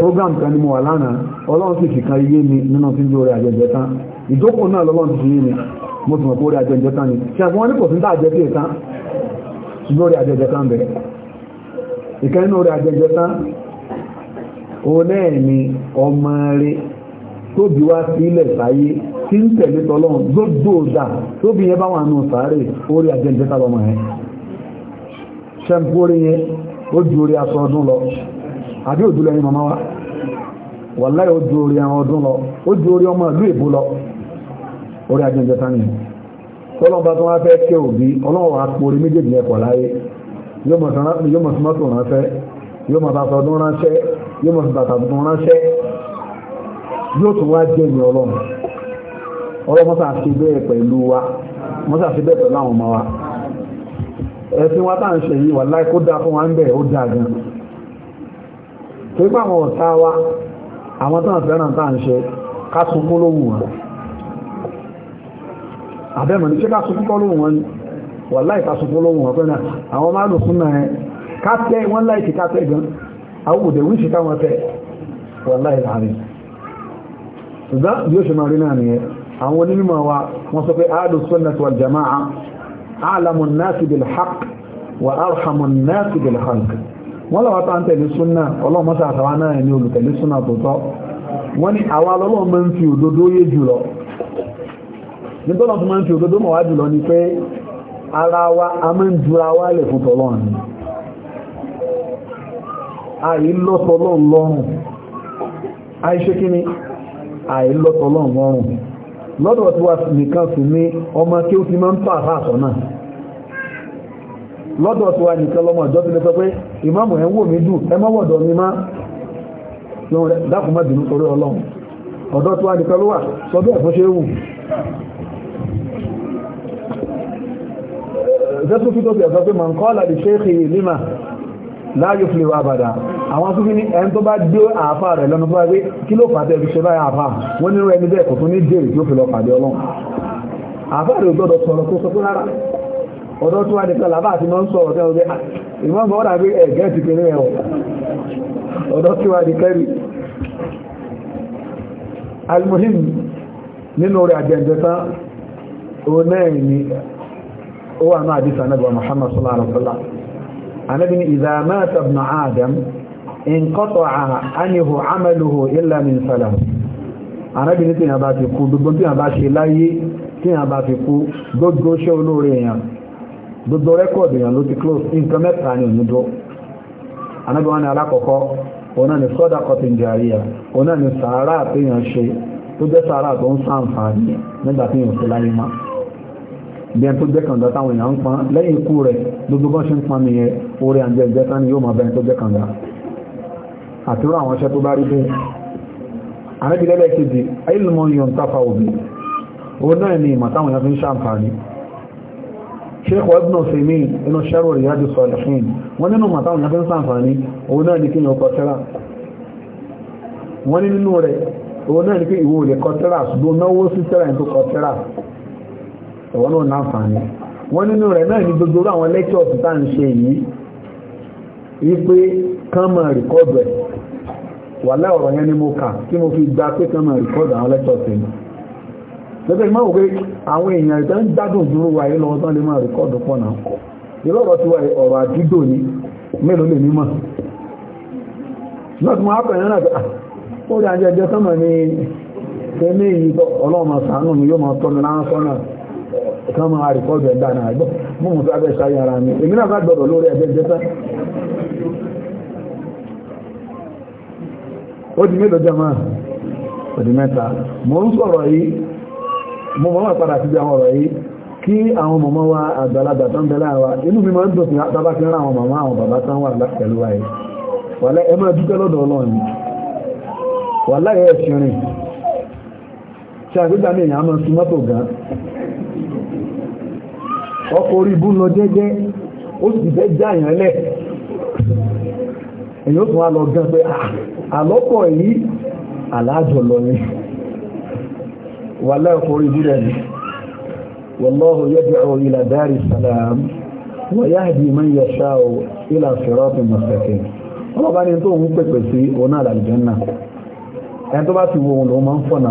program kan ni mo wà lánàá ọlọ́run sì fìkan yé mi nínú tí ń jẹ́ orí àjẹjẹ tán ìjókòó náà lọ́lọ́run ti yé mi mo mọ̀ pé orí ni ìkẹ́nù rẹ̀ àjẹjẹ tán òun náà ni ọmọ rẹ̀ tó bí wá sílẹ̀ sáyé tí ń tẹ̀lé tọ́lọ́run gbogbo ọ̀dà tó bí yẹn bá wà nù sáré orí àjẹjẹ tá lọ́mọ yẹn wa wàláì ó ju orí àwọn ọdún lọ ó ju orí ọmọ ìlú èbó lọ orí àjẹjẹ ni tọ́lọ́run bá yóò mọ̀ sí mọ́tò ránṣẹ́ yóò mọ̀ tàṣọ ránṣẹ́ yóò mọ̀ sí ránṣẹ́ yóò tún wá jẹ́ ọlọ́run bẹ́ẹ̀ pẹ̀lú wa bẹ́ẹ̀ pẹ̀lú àwọn ọmọ wa ń ṣe wà láì kó fún wa ń bẹ̀ ó gan àwọn ọ̀tá wa àwọn tó wà láìta sọ fọ́lọ́wọ́n ọ̀pẹ́ náà àwọn máa lò fún náà kápẹ́ wọ́n láìkì kápẹ́ gan àwọn òdè wíṣì káwọn tẹ́ wà láì láàrin ṣùgbọ́n bí ó ṣe máa rí náà nìyẹn àwọn onímọ̀ wa wọ́n sọ pé ahlu sunnah wal jama'a a'lamu an-nasi bil haqq wa arhamu an-nasi bil khalq wọ́n lọ́wọ́ ní olùtẹ̀lé súnnà tòótọ́ jùlọ nítorí pé ara wa a máa ń jura wá lè fún tọ́lọ́run ni àìlọ́tọ́lọ́run lọ́rùn àìṣe kí ni àìlọ́tọ́lọ́run lọ́rùn lọ́dọ̀ tí wà nìkan sì ní ọmọ kí ó ti máa ń pàrà àtọ̀ náà lọ́dọ̀ tí wà nìkan lọ́mọ ìjọ́ ti lè sọ pé ìmáàmù ẹ̀ ń wò mí dù ẹ ṣe tó fi tó fi ẹ̀sọ́ pé man qala li shaykhi lima la yuflihu abada àwọn tó fi ní ẹni tó bá dé àáfà rẹ̀ lọ́nà tó bá wé kí ló fàtẹ́ fi ṣe báyà àáfà wọ́n nínú ẹni bẹ́ẹ̀ kò tún ní jèrè tí ó fi lọ pàdé ọlọ́run àáfà rẹ̀ gbọ́dọ̀ sọ̀rọ̀ tó sọ pé rárá ọ̀dọ́ tó wá nìkan làbá àti máa ń sọ̀rọ̀ tẹ́ ọ̀gẹ́ ah, ìmọ̀ bọ̀ wọ́n àbí ẹ̀gẹ́ ti pè ní ó wà náà àdísà náà Muhammad sallallahu alaihi wasallam anábi ni idha mata ibn adam inqata'a anhu 'amaluhu illa min salah anábi ni tíyàn bá ti kú gbogbo tíyàn bá ṣe láyé tíyàn bá ti kú gbogbo ṣe olóore èèyàn gbogbo rẹ́kọ̀dì èèyàn ló ti close nǹkan mẹ́ta ni òní dúró anábi wọn ni alákọ̀ọ́kọ́ ọ̀nà ni sadaqatin jariya ọ̀nà ni sàárà tíyàn ṣe tó jẹ́ sàárà tó ń sàǹfààní nígbà tíyàn sí láyé máa bí ẹni tó jẹ́ kànga táwọn èèyàn ń pọn lẹ́yìn ikú rẹ̀ gbogbo bọ́n ṣe ń pọn nìyẹn orí àjẹ ìjẹ́ tán ni yóò máa bẹ́ẹ̀ tó jẹ́ kànga àtúrò àwọn iṣẹ́ tó bá rí bẹ́ẹ̀ àrẹ́bìlẹ́lẹ́ kejì ayélujára yóò ń tàfà òbí owó náà ni ìmọ̀ táwọn èèyàn fi ń ṣàǹfààní sheikh ibn usaymin inú sharu riyadu salihin wọ́n nínú ìmọ̀ táwọn èèyàn fi ń ṣàǹfààní owó náà ni kí ni ọkọ̀ tẹ́lá wọ́n nínú rẹ̀ owó náà ni kí ìwò lè kọ́ ṣùgbọ́n náwó sí tẹ́lá ẹni tó kọ́ ẹ̀wọ́n náà láǹfààní wọ́n nínú rẹ̀ náà ní gbogbo àwọn lectures tá ń ṣe yìí wípé ẹ̀ wà lẹ́ọ̀rọ̀ yẹn ni mo kà mo fi gba pé kán máa rìkọ́dù àwọn lectures mi lọ́pẹ́ ìmọ̀ òwe àwọn èèyàn ìtàn ń dúró wa yìí lọ́wọ́ tán lè máa pọ̀ náà ìlọ́rọ̀ wà ọ̀rọ̀ ní mélòó lè mímọ̀ náà tí mo hápẹ̀ náà ah, ó rí ní sàánù yóò máa ẹ̀kan máa a ẹ̀dá náà ẹ̀gbọ́n mú mú tó abẹ́ ṣáyé ara mi èmi náà gbọ́dọ̀ lórí ó di jẹ́ máa ó di mẹ́ta ń sọ̀rọ̀ yìí mọ́ wà padà ọ̀rọ̀ yìí kí àwọn mọ̀mọ́ wa àgbàlagbà tán bẹ́lá wa inú mi máa ń bàbá ti rán àwọn àwọn bàbá tán wà pẹ̀lú wa yìí wàlẹ́ ẹ máa dúpẹ́ lọ́dọ̀ ọlọ́run wàlẹ́ ṣe ní èèyàn ọkọ̀ orí ibú lọ jẹ́jẹ́ ó sì fẹ́ jáyàn lẹ̀ èyí ó tún wá lọ gan pé ah, àlọ́pọ̀ yìí aláàjọ ni wà orí ibú rẹ̀ wallahu yad'u ila dari salam wa yahdi man yasha'u ila siratin mustaqim ọmọ bá ní tó ń pèpè sí oná ẹni tó bá ti wo òun máa ń fọ̀nà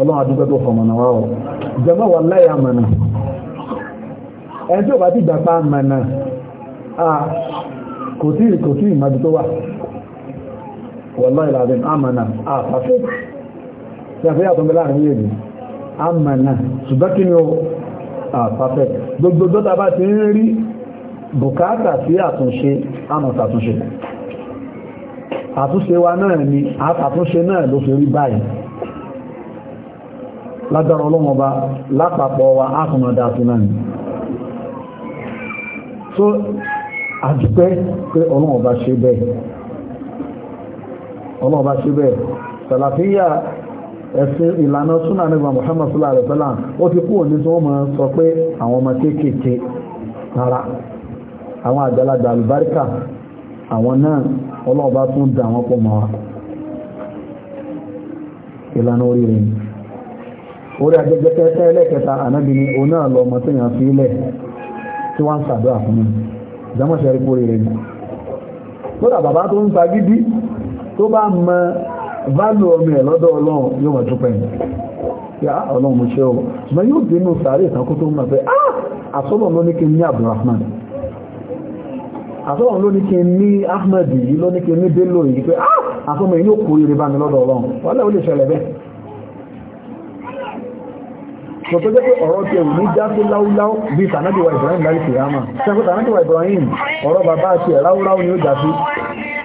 ọlọ́run adúgbẹ́ tó fọmọ̀nà wá ẹni tí ò bá ti gbàpá mọ̀nà kò tí kò tí ìmọ̀dí tó wà wallahi alazim àmànà àfàfẹ́ tí a fẹ́ yàtọ̀ mẹ́lá àrin yìí àmànà ṣùgbọ́n kí ni ó àfàfẹ́ gbogbo dọ́ta bá ti ń rí bùkátà sí àtúnṣe àmọ̀sàtúnṣe àtúnṣe wa náà ni àtàtúnṣe náà ló fi rí báyìí lágbára ọlọ́mọba lápapọ̀ wa á tún mọ̀ so àdúpẹ́ pé ọlọ́run ọba ṣe bẹ́ẹ̀ ọlọ́run ọba ṣe bẹ́ẹ̀ sàlàfíyà ẹ̀sìn ìlànà súnà nígbà Muhammad sallallahu alaihi ó ti tí wọ́n máa sọ pé àwọn ọmọ kéékèèké rárá àwọn àgbàlagbà àlùbáríkà àwọn náà ọlọ́run tún dà wọ́n pọ̀ ìlànà tí wọ́n ń sàdúrà fún mi ìdámọ̀ṣẹ́ rí kórè rẹ̀ ni kódà bàbá tó ń sagídí tó bá mọ válù ọmọ ẹ̀ lọ́dọ̀ ọlọ́run yóò mọ̀ tún pẹ̀yìn yá ọlọ́run mo ṣe ọ ṣùgbọ́n yóò dínú sàárè ìtàkó tó mọ̀ pé ah, àsọ́bọ̀ ló ní kí n ní Abdulrahman àsọ́bọ̀ ló ní kí n ní Ahmed yìí ló ní kí n ní Bello yìí pé ah, àsọ́mọ̀ tọ́tọ́ jẹ́ pé ọ̀rọ̀ tẹ ò ní jáde láúláú bí tànábìwà Ibrahim láì fi hàmà sẹ́kọ́ tànábìwà Ibrahim ọ̀rọ̀ bàbá àti ẹ̀ láúláú ni ó jà sí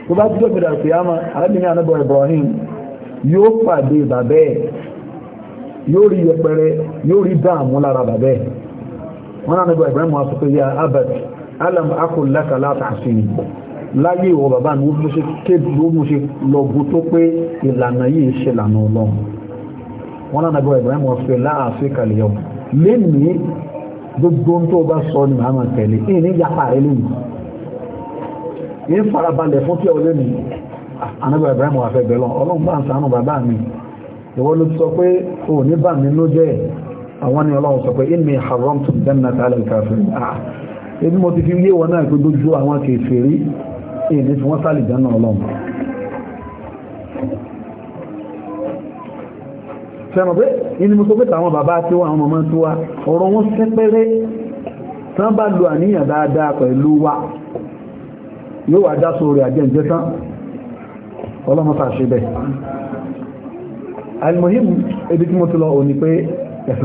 tó bá jíjọ́ gbẹ̀dà fi hàmà arábìnrin ànábìwà Ibrahim yóò pàdé bàbẹ́ ẹ̀ yóò rí yẹpẹrẹ yóò rí dáàmú lára bàbẹ́ wọn ànábìwà Ibrahim wà sọ pé ya alam akul laka láta àṣìyìn láyé ìwọ bàbá ni ó mú ṣe lọ bú tó pé ìlànà yìí ṣe lànà Ọlọ́run wọn náà nàbọ̀ Ibrahim wọ́n fi láàfin kàlẹ́yọ̀ lẹ́nìí gbogbo tó bá sọ ni màá máa tẹ̀lé ìní yapa rẹ lẹ́yìn ìní farabalẹ̀ fún tí ọ lẹ́nu anábọ̀ Ibrahim wà fẹ́ ọlọ́run bá ń sànù bàbá mi ìwọ ló sọ pé ò ní bà mí ló jẹ́ àwọn ni ọlọ́run sọ pé inni haramtu jannata ala al-kafirin ebi mo ti fi yé wọn náà pé gbogbo àwọn kèfèrí ìní tí wọ́n sálì jẹ́ náà ọlọ́run fẹ́ràn pé inú mú tó pé tàwọn bàbá tí àwọn ọmọ tí wá ọ̀rọ̀ wọn sẹ́pẹ́rẹ́ tán bá lo àníyàn dáadáa pẹ̀lú wa yóò wà dáso rẹ̀ àjẹ́jẹ́ tán ọlọ́mọ́ta ṣe bẹ̀ almuhim ebi tí mo ti lọ ò ní pé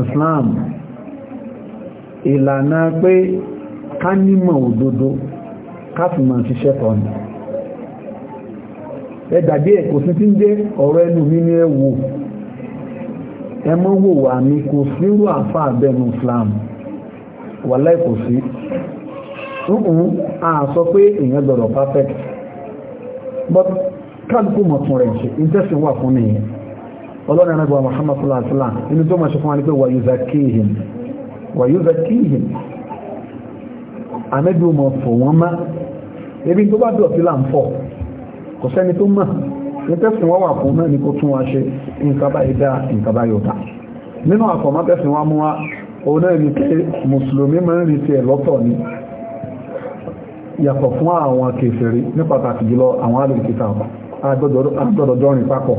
Islam ìlànà pé ká nímọ̀ òdodo ká fi mọ̀ ṣiṣẹ́ ẹ ẹgbàgbé ẹ̀kọ́ sí ti ń ọ̀rọ̀ ẹnu mi ní ẹ mọ́ wò wà ní kò sírú àfà àbẹ́nu Islam wà láì sí ọ̀hún a sọ pé èèyàn gbọ́dọ̀ perfect but kálukú mọ̀tún rẹ̀ ṣe ìjẹ́sìn wà fún nìyẹn ọlọ́rin ẹ̀rẹ́gbà Muhammad sallallahu alaihi wasallam inú tó mọ̀ ṣe fún wa ní pé wà yuzakihim nítẹ̀sìn wọ́n wà fún náà ní kó tún wa ṣe nǹkan báyìí dá nǹkan báyìí ọ̀tá nínú àfọ̀mọ́tẹ̀sìn wa mú wa òun náà ní pé mùsùlùmí máa ń rí ti ẹ̀ lọ́tọ̀ ni yàtọ̀ fún àwọn kèfèrí ní pàtàkì jùlọ àwọn alìkìta agbọ́dọ̀dọ́rin papọ̀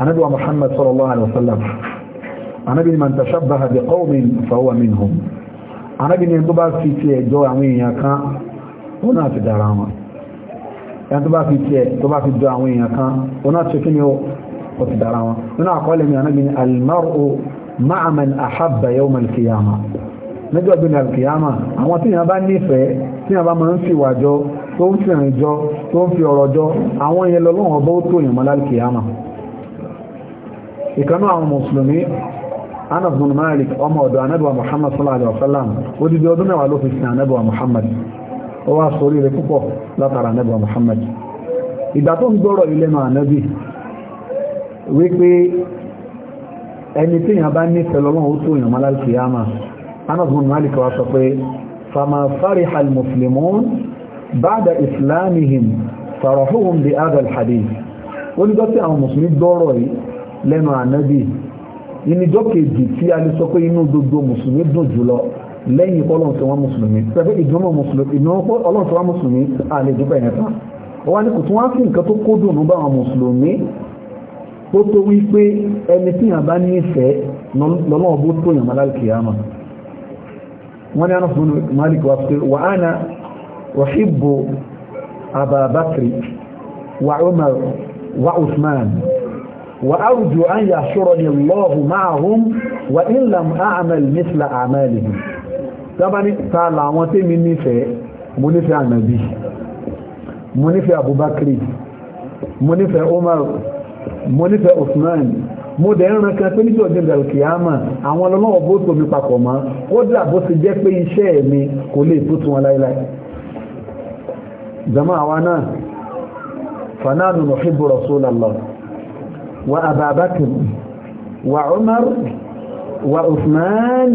anábí wa Muhammad sallallahu alaihi wasallam anábí ni man tashabbaha bi qawmin fahuwa minhum anábí ni ẹni tó bá fi tiẹ̀ tó bá fi jọ àwọn èèyàn kan wọn náà ṣe kí ni ó ti dára wọn nínú àkọọ́lẹ̀ mi àná gbìn almaru ma'aman ahabba yawm alkiyama níjọ́ gbìn alkiyama àwọn tí yàn bá nífẹ̀ẹ́ tí yàn bá máa ń fi wà jọ tó ń fi rìn jọ tó ń fi ọ̀rọ̀ jọ àwọn yẹn lọ lọ́wọ́ bó tó yàn mọ́lá alkiyama ìkanú àwọn mùsùlùmí anas malik ọmọ ọ̀dọ̀ anabiwa muhammad sallallahu alaihi wasallam odidi ọdún mẹ́wàá ló fi sin anabiwa muhammad ó wá sórí rẹ̀ púpọ̀ látara nẹ́bà Muhammad ìgbà tó ń gbọ́rọ̀ ilé máa nẹ́bì wípé ẹni tí yàn bá ní tẹ̀lọ́wọ́n ó tó yàn mọ́lá kìyàmà anasmun malik wa sọ pé fama fariha al-muslimun ba'da islamihim farahuhum bi hadha al-hadith ó ní àwọn mùsùlùmí gbọ́rọ̀ lẹ́nu ànábì ìníjọ́ kejì tí a lè sọ pé inú gbogbo mùsùlùmí dùn jùlọ lẹ́yìn kọ́ ọlọ́run tí wọ́n mùsùlùmí pẹ̀lú ìdúnmọ̀ mùsùlùmí ìdúnmọ̀ ọlọ́run tí wọ́n mùsùlùmí àlè ìdúpẹ̀ yẹn tán wọ́n ní kò tún wá sí nǹkan tó kó dùn bá àwọn mùsùlùmí tó tó wí pé ẹni tí yàn bá ní ìfẹ́ lọ́lọ́wọ́ bó tó yàn mọ́lá kìyàmà wọ́n ní ṣọ́rọ̀ ní lọ́ọ̀hù máa hùn wà in lam a'amal misla a'malihim sábà ní ta làwọn tèmi nífẹ̀ẹ́ mo nífẹ̀ẹ́ ànàbí mo nífẹ̀ẹ́ abubakri mo nífẹ̀ẹ́ omar mo nífẹ̀ẹ́ usman mo dẹ̀ ń rankan pé níjọ́ ọdún ìbẹ̀rù kìámà àwọn ọlọ́wọ́ bó tóbi papọ̀ mọ́ ó dà bó ti jẹ́ pé iṣẹ́ mi kò lè tó tún wọn láéláé jama àwa náà fanáàlù nuhibbu rasulallah wa ababakir wa umar wa usman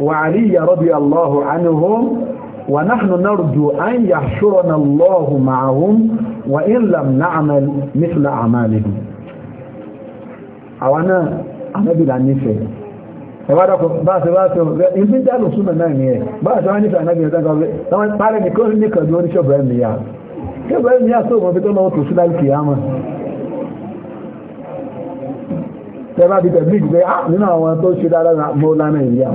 وعلي رضي الله عنهم ونحن نرجو أن يحشرنا الله معهم وإن لم نعمل مثل أعمالهم àwọn náà anábìlà nífẹ̀ẹ́ ẹwàdà kò báṣẹ báṣẹ ìbí dálò súnmọ̀ náà ní ẹ̀ báṣẹ wá nífẹ̀ẹ́ anábìlà tán gọ́ọ̀lẹ́ wọ́n pàrẹ ní kọ́rin ní kọ̀dọ̀ oníṣọ́bẹ̀ẹ́ mìíyà kẹ́bẹ̀ẹ́ mìíyà tó mọ̀ fi tó lọ́wọ́ tó sí láìkì yá mọ̀ tẹ́bà bí tẹ̀blík pé á ah, nínú àwọn tó ṣe dáadáa mọ́ lánàá ìyá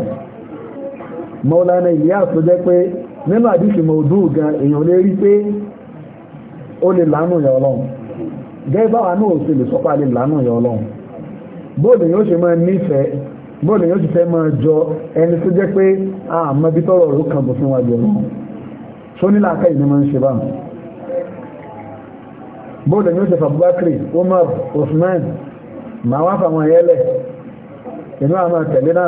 Maulana Ilyas tó jẹ́ pé nínú àdíṣì mọ̀ọ́dú gan èèyàn lè rí pé ó lè lánú ìyà ọlọ́run gẹ́gbà wà náà sí lè sọ́pá lè lánú ìyà ọlọ́run bóòlù yóò ṣe máa nífẹ̀ẹ́ bóòlù yóò ṣe fẹ́ máa jọ ẹni tó jẹ́ pé àmọ́bí tọ́rọ̀ ọ̀rọ̀ kan bọ̀ fún wa jọ ọlọ́run la nílà ni ìní máa ń ṣe bá bóòlù yóò ṣe fàbúbákiri Umar Usman màá wá fàwọn ẹyẹlẹ inú àwọn àtẹ̀lé náà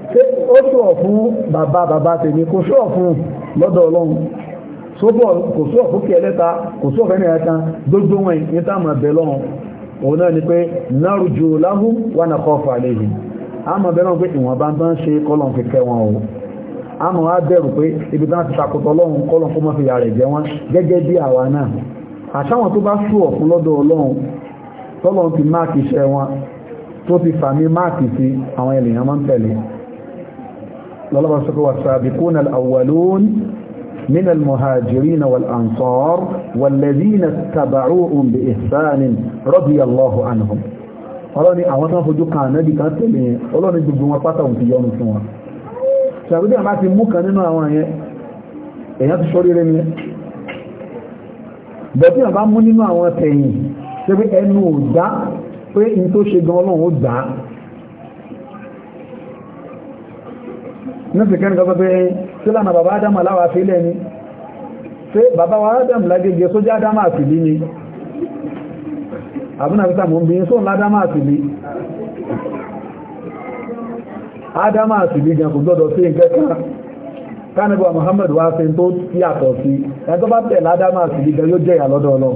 ó sọ̀ fún bàbá bàbá tèmi kò sọ̀ fún lọ́dọ̀ ọlọ́run sóbọ̀ kò sọ̀ fún kí ẹlẹ́ta kò sọ̀ fẹ́ nìyà kan gbogbo wọn ní táàmù ẹ̀bẹ̀ òun náà ni pé narju lahum wa nakhafu alayhim àmọ́ ẹ̀bẹ̀ náà pé ìwọ̀n bá ń tán ṣe kọ́lọ̀ kẹ̀kẹ́ wọn o àmọ́ á bẹ̀rù pé ibi tán ti takùtọ̀ ọlọ́run kọ́lọ̀ kó mọ́ fi yà rẹ̀ jẹ́ wọn gẹ́gẹ́ bí àwa náà máàkì iṣẹ́ wọn tó ti fàmí máàkì sí àwọn ènìyàn máa ń tẹ̀lé lọ́lọ́wọ́ sọ pé wàsàbìkún al-awwalun من المهاجرين والأنصار والذين اتبعوهم بإحسان رضي الله عنهم ọlọ́run ni àwọn tán fojú kan náà bí kan tẹ̀lé ọlọ́run ni gbogbo wọn pátá òun ti yọ́nú fún wọn ṣàbídí àmá ti mú kan nínú àwọn ẹ̀yẹn èyàn ti ṣorí rẹ̀ ní bọ̀tí àbá mú nínú àwọn tẹ̀yìn tí ẹnu ò dá pé in tó ṣe gan ọlọ́run ó dá nísìnkín gọ́gọ́ pé sílànà bàbá adam aláwà fílẹ̀ ni pé bàbá wa adam lágẹ́gẹ́ sójá adam àfìlí ni àbúnàbíta mọ̀ bí i sóhùn ládám àfìlí adam àfìlí gan kò gbọ́dọ̀ sí ìkẹ́kẹ́ kánibà Muhammad wá sí tó yàtọ̀ sí ẹjọ́ bá tẹ̀ ládám àfìlí gan yóò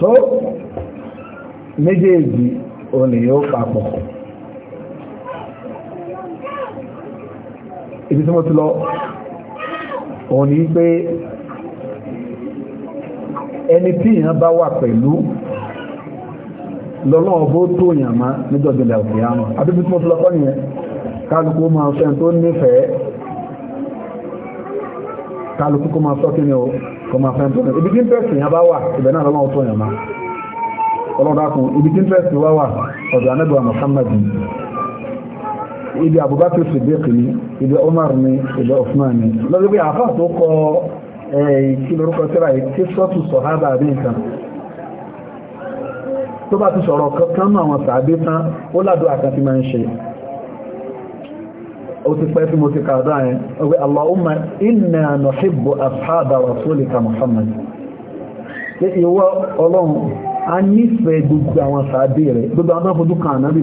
so méjèèjì olè yóò papọ̀ ibi tí wọ́n ti lọ òun ni pé ẹni tí èèyàn bá wà pẹ̀lú lọ́lọ́wọ́ bó tó èèyàn má níjọ́ ìjìnlẹ̀ òkè àmọ́ àbíbí tí wọ́n ti lọ kọ́ nìyẹn kálukú máa fẹ́ tó nífẹ̀ẹ́ kálukú kó máa sọ kí ni o kó máa fẹ́ tó nífẹ̀ẹ́ ibi tí ń pẹ̀sì èèyàn bá wà ibẹ̀ náà lọ́lọ́wọ́ tó èèyàn má ọlọ́dà kún ibi tí ń pẹ̀sì wá wà ọ̀dọ̀ anábìwà Muhammad ibi Abubakar Siddiq ni ibi Umar ni ibi Usman ni lọ́dún pé àfáà tó kọ kí lórúkọ síra yìí tí sọ́tù sọ̀hábà àbí nǹkan tó bá ti sọ̀rọ̀ kankan náà àwọn sàábé tán ó ládùn àkàntì máa ń ṣe ó ti pẹ́ tí mo ti kàdá ẹ̀ ọgbẹ́ Allahumma inna nuhibbu ashaba rasulika Muhammad pé ìwọ ọlọ́run a nífẹ̀ẹ́ gbogbo àwọn sàábé rẹ̀ gbogbo àwọn fojú kan ànábì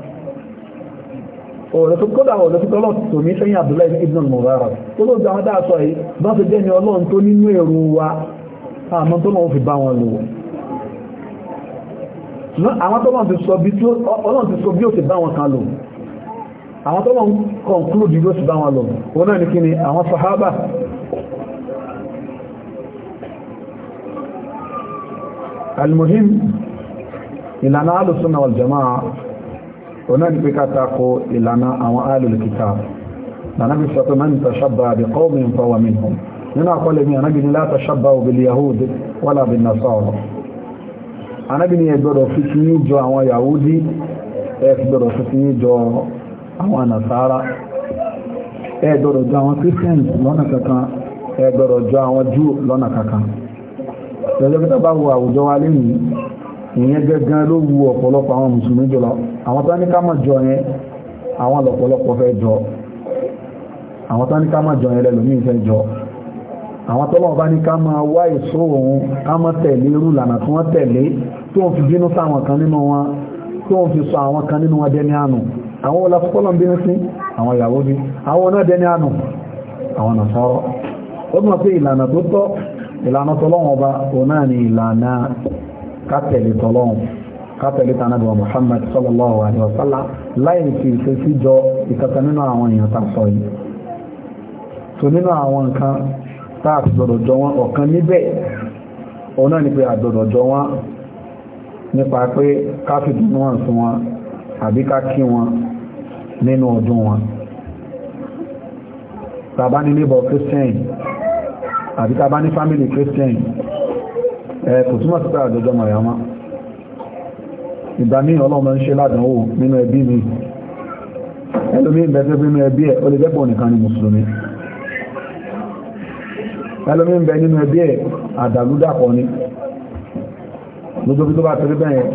ọ̀rọ̀ tó kọ́dà ọ̀rọ̀ tó kọ́lọ̀ tó ní sẹ́yìn Abdullahi ibn al-Mubarak tó ló gbà dáa sọ yìí bá fi jẹ́ni ọlọ́run tó nínú èrò wa àmọ́ tó lọ́wọ́ fi bá wọn lò àwọn tó lọ́wọ́ ti sọ bí ó ti bá wọn kan lò àwọn tó lọ́wọ́ conclude bí ó ti bá wọn lò wọn náà ní kí ni ọ̀nà ní pé kátàkọ ilana àwọn alul kitab lànàbí sọ́tọ̀ na tashabbaha bi qawmin fahuwa minhum nínú àkọlẹ̀ mi ànábì ní la tashabbahu bil yahudi wala bin nasara ànábì ní ẹgbọ́dọ̀ fi kí yahudi ẹgbọ́dọ̀ fi kí ní jọ àwọn nasara ẹgbọ́dọ̀ jọ àwọn christians lọ́nà kankan ìyẹn gẹ́gẹ́ ló wu ọ̀pọ̀lọpọ̀ àwọn musulmi jọ àwọn tó jọ yẹn fẹ́ jọ àwọn jọ yẹn jọ àwọn tọ́lọ̀ bá ní ká máa wá òun ká tẹ̀lé irú ìlànà wọ́n fi bínú sáwọn fi sọ àwọn kan nínú wọn dẹni àánú àwọn bínú sí àwọn ìyàwó bí àwọn náà dẹni àánú àwọn ó mọ̀ sí ìlànà tó tọ́ ìlànà kátẹ̀lé tọlọ́hun kátẹ̀lé tànàbí wa Muhammad sallallahu alayhi wa sallam láì fi ìṣesí jọ ìkankan nínú àwọn èèyàn tá a sọ yìí tó nínú àwọn nǹkan tá a ti gbọdọ̀ jọ wọn ọ̀kan níbẹ̀ òun náà ni pé a gbọdọ̀ jọ wọn nípa pé ká fi wọn sí wọn àbí ká kí wọn nínú ọdún wọn tàbá ní neighbor Christian àbí tàbá ní family Christian Eh, kò sí àjọjọ́ mọ̀ ìyàmá ìgbà ń ṣe ládánwò nínú ẹbí mi ẹlòmí nínú ẹbí ẹ̀ lè jẹ́pọ̀ nìkan ni mùsùlùmí ẹlòmí ń nínú ẹbí ẹ̀ àdàlúdàpọ̀ ni lójókí tó bá tẹ́lẹ̀ bẹ́ẹ̀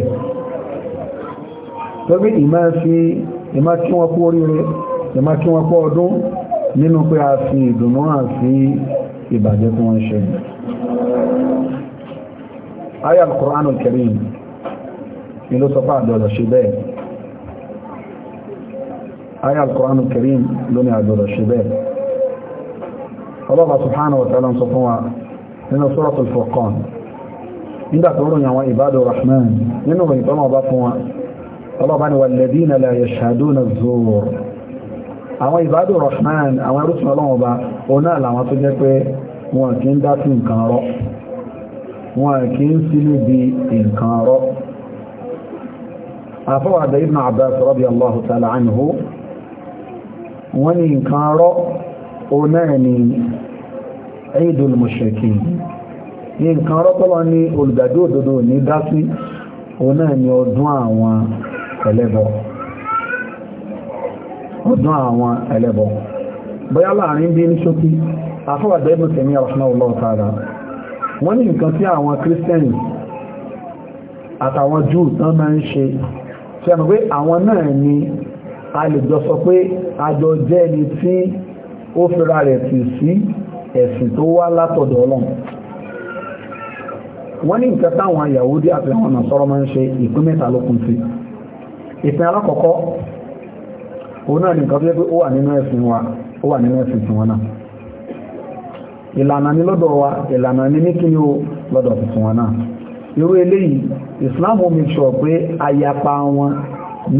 tó bá tọ́bí ìmá fi ìmá kí wọ́n kú oríire ìmá kí wọ́n kú ọdún nínú pé a fi ìdùnnú hàn sí ìbàjẹ́ tí wọ́n ṣe ayà al-Qur'anul Karim ni ló ní àdọ̀dọ̀ ṣe bẹ́ẹ̀ Allah subhanahu wa ta'ala sọ fún wa nínú Suratul Furqan nígbà tó ròyìn àwọn ìbádọ̀ Rahman nínú ìtọ́nà ọba fún wa ọlọ́ba ni walladhina la yashhaduna az-zur àwọn ìbádù rahman àwọn ẹrùsùn ọlọ́wọ́ bá òun náà làwọn tó jẹ́ pé wọn kì í dá sí nǹkan rọ́ wọn kì í sí níbi nǹkan rọ́ àfọwàdà ibn abbas radiyallahu ta'ala anhu wọ́n ni eidul rọ́ ẹlẹ́bọ ọdún àwọn ẹlẹ́bọ bóyá láàrin bí ní ṣókí afọ́wàdẹ́ ibùn tẹ̀mí rahimahullahu ta'ala wọ́n ní nǹkan tí àwọn kírísítẹ́nì àtàwọn júù tán máa ń ṣe tí a mọ̀ pé àwọn náà ni a lè jọ sọ pé àjọ jẹ́ ẹni tí ó fẹ́ra rẹ̀ tì sí ẹ̀sìn tó wá látọ̀dọ̀ ọlọ́run wọ́n ní nǹkan táwọn Yahudi àti àwọn Nasara máa ń ṣe ìpín mẹ́ta lókun sí ìpín alákọ̀ọ́kọ́ òun náà ni nǹkan tó ó wà nínú ẹ̀sìn wa ó wà nínú ẹ̀sìn tiwọn náà ìlànà ilana lọ́dọ̀ wa ìlànà ní ní kíni ó lọ́dọ̀ tiwọn náà irú eléyìí islam sọ pé ayapa wọn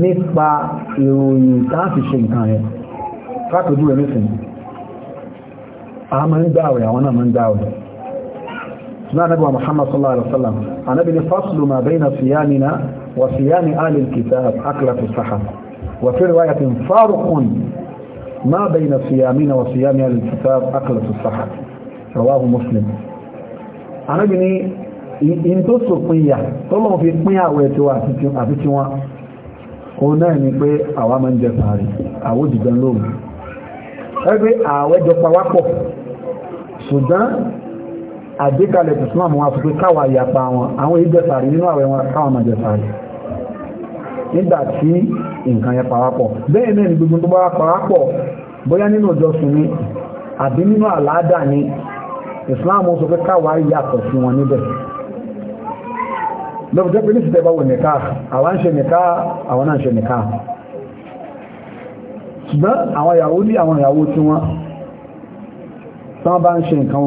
nípa ìròyìn táàfi ṣe nǹkan rẹ̀ ka rẹ̀ a àmà ń àwọn náà ma ń dáwẹ̀ náà nabi wa sallallahu alaihi wasallam anabi ni ma bayna siyamina وصيام أهل الكتاب أكلة السحر وفي رواية فارق ما بين صيامنا وصيام أهل الكتاب أكلة السحر رواه مسلم أنا بني in tó sòpin yà tọ́lọ́ fi pín àwẹ̀ tí wà àti tí wọ́n òun náà ni pé àwa máa ń jẹ sàárì àwọ́ jìgbọ́n lóòrùn ẹgbẹ́ àwẹ̀ jọ pawápọ̀ ṣùgbọ́n àgbékalẹ̀ islam wọn fi káwà ìyàpá wọn àwọn ìjẹsàrí nínú àwẹ̀ wọn káwọn máa nígbàtí nǹkan yẹ pàwápọ̀ bẹ́ẹ̀ náà gbogbo tó bá pàwápọ̀ bóyá nínú ni àbí nínú àládà ni islam sọ pé káwà si sí wọn níbẹ̀ lọ́pọ̀ pé ní bá wò nika àwọn ṣe nìka àwọn náà ṣe ṣùgbọ́n àwọn àwọn ìyàwó tí wọ́n bá ń ṣe nǹkan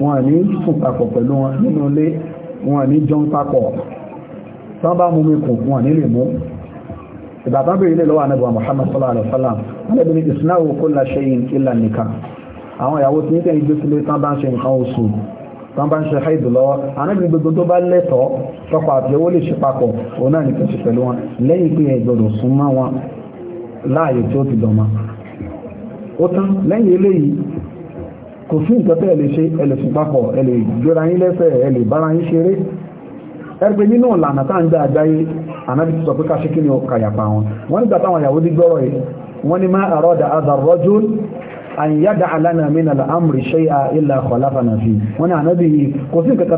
wọn ní sùn papọ̀ pẹ̀lú wọn nínú ilé wọn ní jọun papọ̀ tí wọ́n bá wọn ní lè mú ìbàbá bèèrè Anagba lọ́wọ́ anábọ̀ Muhammad sallallahu alaihi wasallam wọ́n lè bí ní ìsináwó kulla shay'in illa nikah àwọn ìyàwó tí nígbà ìgbé sílé tán bá ń ṣe nǹkan oṣù tán bá gbogbo tó tọkọ lè ṣe papọ̀ òun náà ṣe pẹ̀lú wọn lẹ́yìn pé sún mọ́ wọn láàyè tí ó ti dọ̀mọ́ ó kò sí nǹkan tẹ́ ẹ lè ṣe ẹ lè sùn papọ̀ ẹ lè jọra yín lẹ́sẹ̀ ẹ lè bára yín ṣeré ẹgbẹ́ nínú ọ̀lànà tá ń gbé àjáyé ànábì ti sọ pé káṣí kí ni ó kàyàpá wọn wọ́n nígbà táwọn ìyàwó dí gbọ́rọ̀ yìí wọ́n ní máa àrọ́dà àdàrọ́jú àyíyádà alánà mí nàlà àmrì ṣe à ilà kọ̀láfà nà fi wọ́n ní ànábì yìí kò ni tí òkè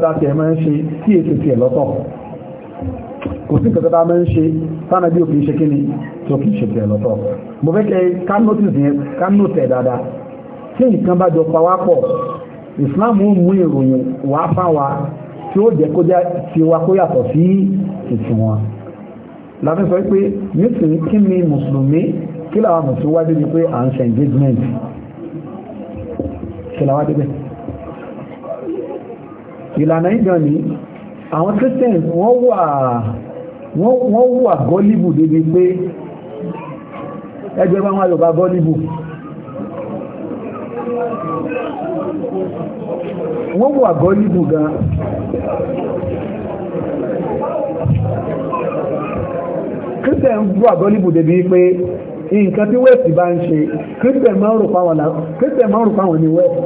ṣe tiẹ̀ lọ́tọ̀ mo tí nǹkan bá jọ pawápọ̀ islam mú ìròyìn wá fáwa tí ó jẹ́ kójá tí wa kó yàtọ̀ sí ìsìn wọn láti sọ pé nísìnyí kí ni mùsùlùmí kí làwọn mùsùlùmí wájú ni pé à ń ṣe engagement kí làwọn débẹ̀ ìlànà ìjọ ni àwọn christians wọ́n wà wọ́n wà gọ́líbù débi pé ẹgbẹ́ bá wọn lọ bá gọ́líbù wọ́n wà gọ́ yìí gan christian wà gọ́ yìí débi pé nǹkan tí west bá ń ṣe christian máa ń rò fáwọn ní west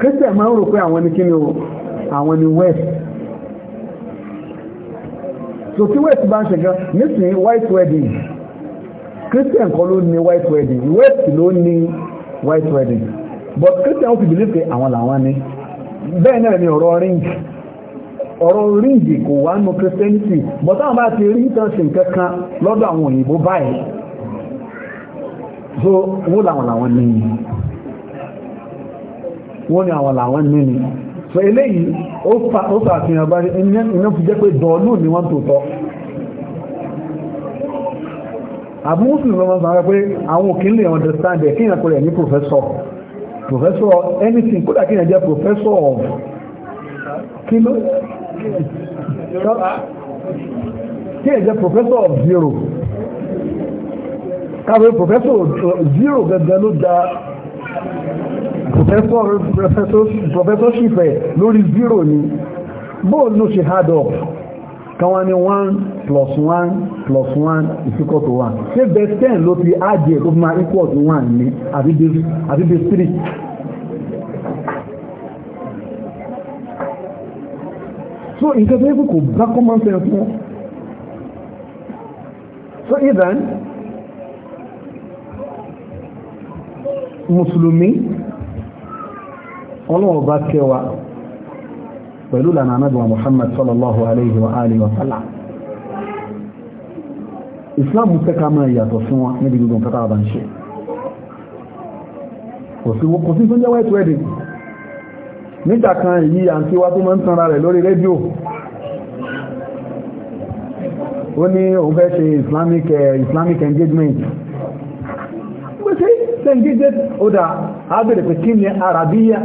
christian máa ń rò pé àwọn ní kíni àwọn ní west so tí west bá ń ṣe gan white wedding christian kan ló ní white wedding west ló ní white wedding but christian fi believe say àwọn làwọn ni bẹ́ẹ̀ náà ni ọ̀rọ̀ ring ọ̀rọ̀ kò wá nù christianity but táwọn bá ti rí ìtàn sí kankan lọ́dọ̀ àwọn òyìnbó báyìí so wọ́n làwọn làwọn ni wọ́n ni àwọn làwọn ni so eléyìí ó fà àfihàn bá iná fi jẹ́ pé dọ̀ọ́lù ni wọ́n àbú muslim lọ́mọ sọ pé àwọn òkín lè understand ẹ̀ kíyàn pẹ̀lẹ̀ ní professor professor anything kódà kíyàn jẹ́ professor of kilo kíyàn jẹ́ professor of zero káwé professor zero gẹ́gẹ́ ló da professor professorship ẹ̀ lórí zero ni bóòlù ṣe hard up káwọn ní one plus one plus one is equal to one ṣé base ten ló fi ájẹ e tó fi máa equal to one ní àbí base three so nǹkan tó yẹ kó kò bá common sense mọ́ so even mùsùlùmí ọlọ́wọ́ bá kẹwàá pẹ̀lú lànà anábìwọ̀n Muhammad sallallahu alayhi wa alihi wa sallam Islam fẹ́ ká máa yàtọ̀ fún wa níbi gbogbo nǹkan tá a bá ń ṣe kò sí kò sí tó jẹ́ white wedding nígbà kan èyí àǹtí wa tó máa ń tanra rẹ̀ lórí rédíò ó ní òun fẹ́ ṣe Islamic eh, engagement sẹ́ngídé ọdá abẹ́rẹ̀ pé kí ni àràbíyà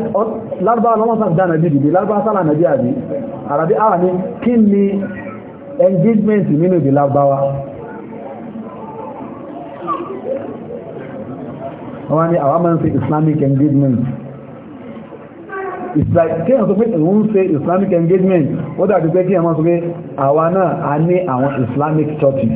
larba. lọ́wọ́sán dáná bí dìbí lárúbá sálà nàbí àbí àràbí àrà ní kí ni engagement nínú ìdí lárúbáwá wọ́n ni àwọn máa ń ṣe islamic engagement it's like kí ẹ̀sọ́ pé ṣe islamic engagement ó dàbí pé kí ẹ̀mọ́ sọ pé àwa náà a ní àwọn islamic churches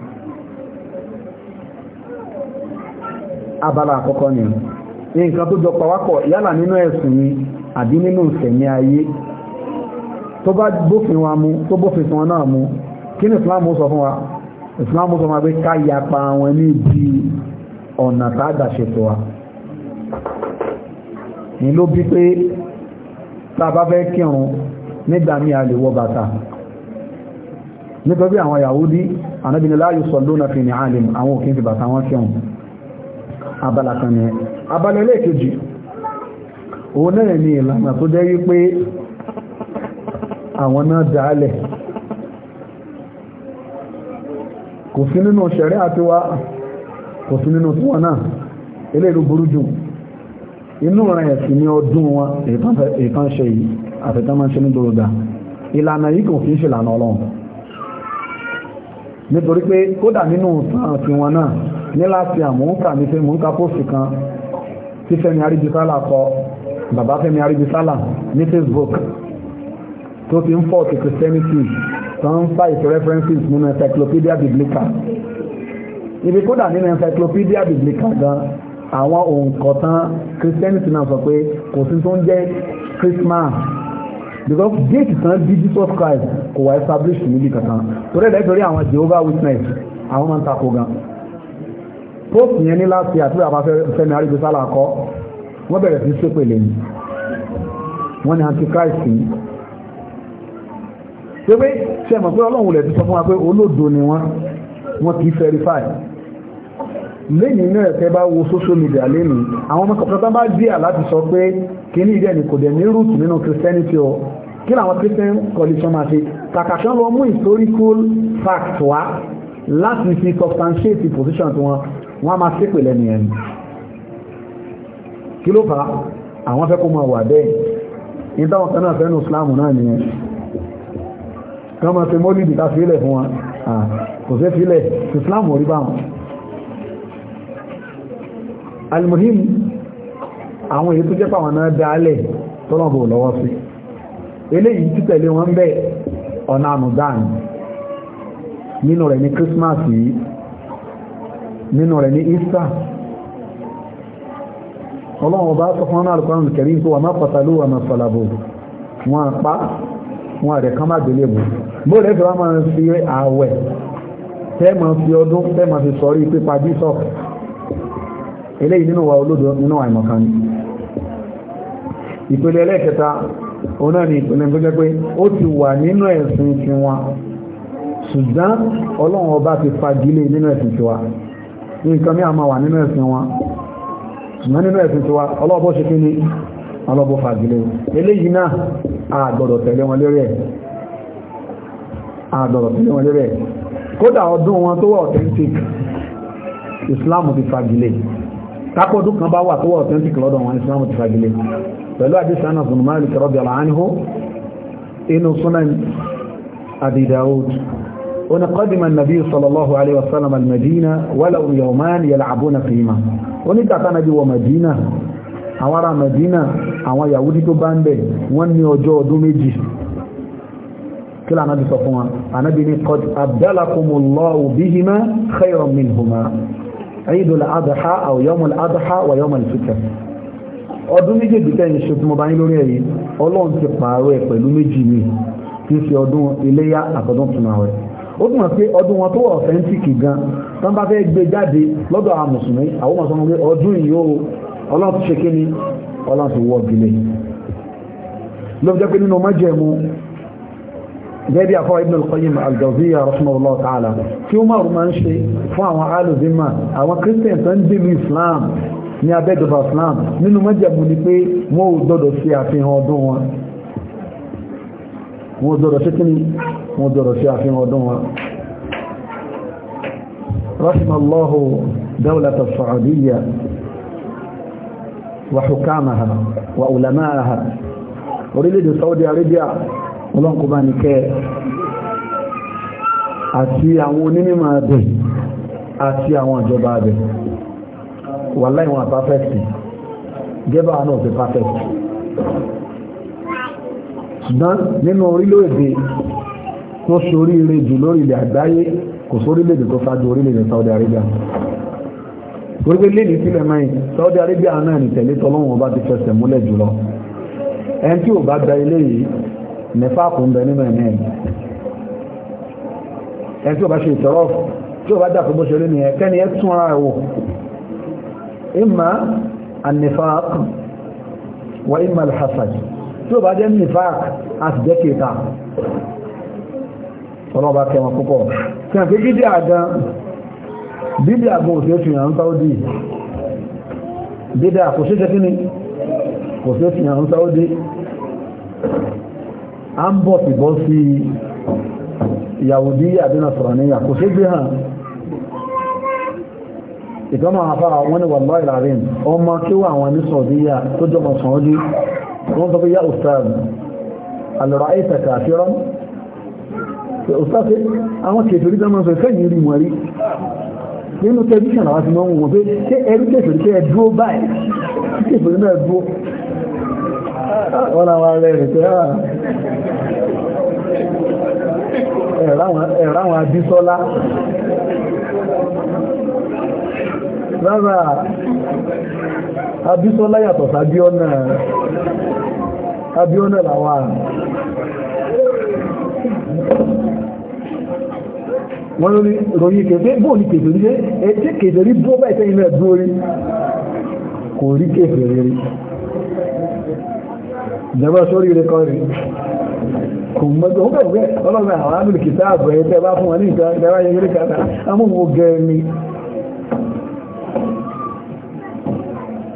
abala àkọ́kọ́ ni nǹkan tó jọ pàwápọ̀ yálà nínú ẹ̀sùn ni àbí nínú ìsẹ̀mí ayé tó bá bófin wa mú tó bófin fún wọn náà mú kí ni Islam sọ fún wa Islam sọ fún wa pé ká yapa wọn ní ibi ọ̀nà tààdà ṣètò wa ní ló bí pé tàbá fẹ́ kírun nígbà mí a lè wọ bàtà nítorí àwọn Yahudi anábìnilá yóò fi ní àlèm àwọn òkè fi bàtà wọn kírun abala kan ni abala ẹlẹ́ẹ̀kejì òun náà ni ìlànà tó jẹ́ wípé àwọn náà dálẹ̀ kò sí nínú ṣẹ̀rẹ́ àti wá kò sí nínú tí wọ́n náà eléèrú burú jù inú rẹ̀ ẹ̀sìn ní ọdún wọn ètàn ṣe yìí àfẹ́tàn máa ń ṣe ní dòròdà ìlànà yìí kò fi ń ṣèlànà ọlọ́run nítorí pé kódà nínú tàn àti wọn ní láti àmúǹkà ní fẹ́mi ǹkà pósì kan tí fẹ́mi aríbisálà kọ bàbá fẹ́mi aríbisálà ní facebook tó ti ń fọ́ ti christianity tó ń cite references nínú encyclopedia biblica ibi kódà nínú encyclopedia biblica gan àwọn òǹkọ̀tán christianity náà sọ pé kò sí tó ń jẹ́ christmas because gate kan bí jesus christ kò wá established níbi kankan torí ẹ̀dẹ́gbẹ̀rẹ́ àwọn jehovah witness àwọn máa ń takò gan post yẹn ní láti àtúbà bá fẹ́mi arígbésálà kọ́ wọ́n bẹ̀rẹ̀ sí ṣépèlè yìí wọ́n ní antichrist yìí ṣé pé ṣe mọ̀ pé ọlọ́run lẹ̀ ti sọ fún wa pé olódo ni wọ́n wọ́n ti verify lẹ́yìn náà ẹ̀fẹ́ bá wo social media lẹ́nu àwọn ọmọ kọ̀ọ̀kan tán bá díà láti sọ pé kíní ìdí ẹni kò dẹ̀ ní root nínú christianity o kí làwọn christian coalition máa ṣe kàkà kí wọ́n lọ mú historical fact wá láti fi substantiate position tiwọn wọ́n máa ṣépè lẹ́nu ẹni kí ló fà àwọn fẹ́ kó máa wà bẹ́ẹ̀ ní táwọn kan náà fẹ́nu islamu náà nìyẹn kí wọ́n máa ṣe mọ́lìdì ká fílẹ̀ fún wọn kò sí fílẹ̀ islamu orí báwọn almuhim àwọn èyí tó jẹ́ pàwọn náà dálẹ̀ tọ́lọ̀bù lọ́wọ́ sí eléyìí títẹ̀lé wọn bẹ́ ọ̀nà ànùdáàni nínú rẹ̀ ní Christmas yìí nínú rẹ̀ ní Easter ọlọ́run bá sọ fún Al-Qur'an Al-Karim tó wà má pàtàlú wà má fàlàbò wọn pa wọn rẹ̀ kán má gbélé bù bóòlù ẹ̀fẹ̀ wá máa fi ààwẹ̀ tẹ́ máa fi ọdún tẹ́ máa fi sọrí pípa bíṣọ̀ eléyìí nínú wa olódo nínú àìmọ̀kan ni ìpele ẹlẹ́ẹ̀kẹta òun náà ni ìpínlẹ̀ tó jẹ́ pé ó ti wà nínú ẹ̀sìn tiwọn ṣùgbọ́n ọlọ́run ọba ti fagilé nínú ẹ̀sìn tiwa nǹkan mí àmà wà nínú ẹ̀sìn wọn ṣùgbọ́n nínú ẹ̀sìn tiwa ọlọ́bọ̀ ṣe kí ni ọlọ́bọ̀ fàgilé eléyìí náà àgbọ̀dọ̀ tẹ̀lé wọn lórí ẹ̀ àgbọ̀dọ̀ tẹ̀lé wọn lórí ẹ̀ kódà ọdún wọn tó wà authentic Islam ti fagilé kápọ̀dún kan bá wà tó wà authentic lọ́dọ̀ wọn Islam ti fagilé pẹ̀lú àdísà náà sùnmọ́ àlùkẹ́rọ́bì àlàáníhó inú súnà Abi Dawud هنا قدم النبي صلى الله عليه وسلم المدينة ولو يومان يلعبون فيما هنا تعطانا جوا مدينة àwọn ará Mẹ̀dínà àwọn Yahudi tó bá ń bẹ̀ wọ́n ní ọjọ́ ọdún méjì kí lànà bí sọ fún wa ànábì ní qad abdalakumullahu bihima khayran minhuma Eidul Adha aw Yawmul Adha wa Yawmul Fitr ọdún méjì dìtẹ́ yìí ṣe tí mo bá ní lórí ẹ̀yìn Ọlọ́run ti pààrọ̀ ẹ̀ pẹ̀lú méjì mi kì í ṣe ọdún iléyà àtọ̀dún tuntun àwẹ̀ ó túnmọ̀ pé ọdún wọn tó ọ̀fẹ́ntìkì gan tán bá fẹ́ gbé jáde lọ́dọ̀ àwọn mùsùlùmí àwọn ọmọ sọmọ pé ọdún yìí ó ọlọ́run ti ṣe kí ni ọlọ́run ti wọ́ gilẹ̀ ló jẹ́ pé nínú májẹ̀mú gẹ́bí àfọ́ ibn al-qayyim al-jawziya rahimahullah ta'ala tí ó máa rúmọ́ ń ṣe fún àwọn alùzimá àwọn christian tó ń dìlú islam ní abẹ́jọba islam nínú májẹ̀mú ni pé wọ́n ò gbọ́dọ̀ sí àfihàn ọdún wọn wọ́n dọ̀rọ̀ sí kí ni wọ́n dọ̀rọ̀ sí àfihàn ọdún wọn rahimallahu dawlata saudiya wa hukamaha wa ulamaaha orílẹ̀-èdè saudi arabia ọlọ́nkọba nìkẹ́ àti àwọn onímọ̀ abẹ̀ àti àwọn ìjọba abẹ̀ wà láìwọ̀n perfect gẹ́bà náà ti perfect ṣùgbọ́n nínú orílẹ̀-èdè tó ṣoríire jù lórílẹ̀ àgbáyé kò sórílẹ̀-èdè tó ṣáájú orílẹ̀-èdè Saudi Arabia gbogbo lẹ́ni sílẹ̀ mẹ́rin Saudi Arabia náà ní tẹ̀lé tọ́lọ́wọ́n bá ti fẹsẹ̀ múlẹ̀ jùlọ ẹn tí ò bá gba ilé yìí nẹ́fà kò ń bẹ nínú tí ó bá jẹ́ nifak àti jẹ́ kẹta ọlọ́ba kẹwọn púpọ̀ tí a fi bídí àgán bídí àgbọn òṣèré fi hàn sáódì bídí àkò ṣíṣẹ́ kí ni kò sí fi hàn sáódì a ń bọ̀ sí bọ́ sí Yahudi àdínà sọ̀rọ̀ níyà kò sí gbé hàn ìgbọ́mọ̀ àfáà wọ́n ni wà lọ́ ìlàrin ọmọ kí wà àwọn ní sọ̀díyà tó jọmọ̀ sọ̀ọ́dí wọ́n sọ pé yá ustaz alọ́rọ̀ àìsà kàfíran ustaz pé àwọn kèfèrí tó máa sọ ìfẹ́yìn rí wọn rí nínú tẹlifíṣàn àwọn ti máa ń wọ̀n pé ṣé ẹrú kèfèrí tẹ́ ẹ dúró báyìí kèfèrí náà dúró wọ́n làwọn ará rẹ̀ pé ah. ẹ̀ráwọn abísọ́lá rárá abísọ́lá yàtọ̀ sábíọ́nà Abíọ́nà làwọn àrùn. Wọ́n lórí ròyìn kèfèé bóò ní kèfèé rí, ètí kèfèé rí bó báyìí tẹ́yìn náà dúró rí, kò rí kèfèé rí. Jẹba sórí rẹ̀ kan rí. Kò mọ́gbọ́n, ó bẹ̀rẹ̀ ọlọ́gbọ̀n àwọn àmì kìtà àbọ̀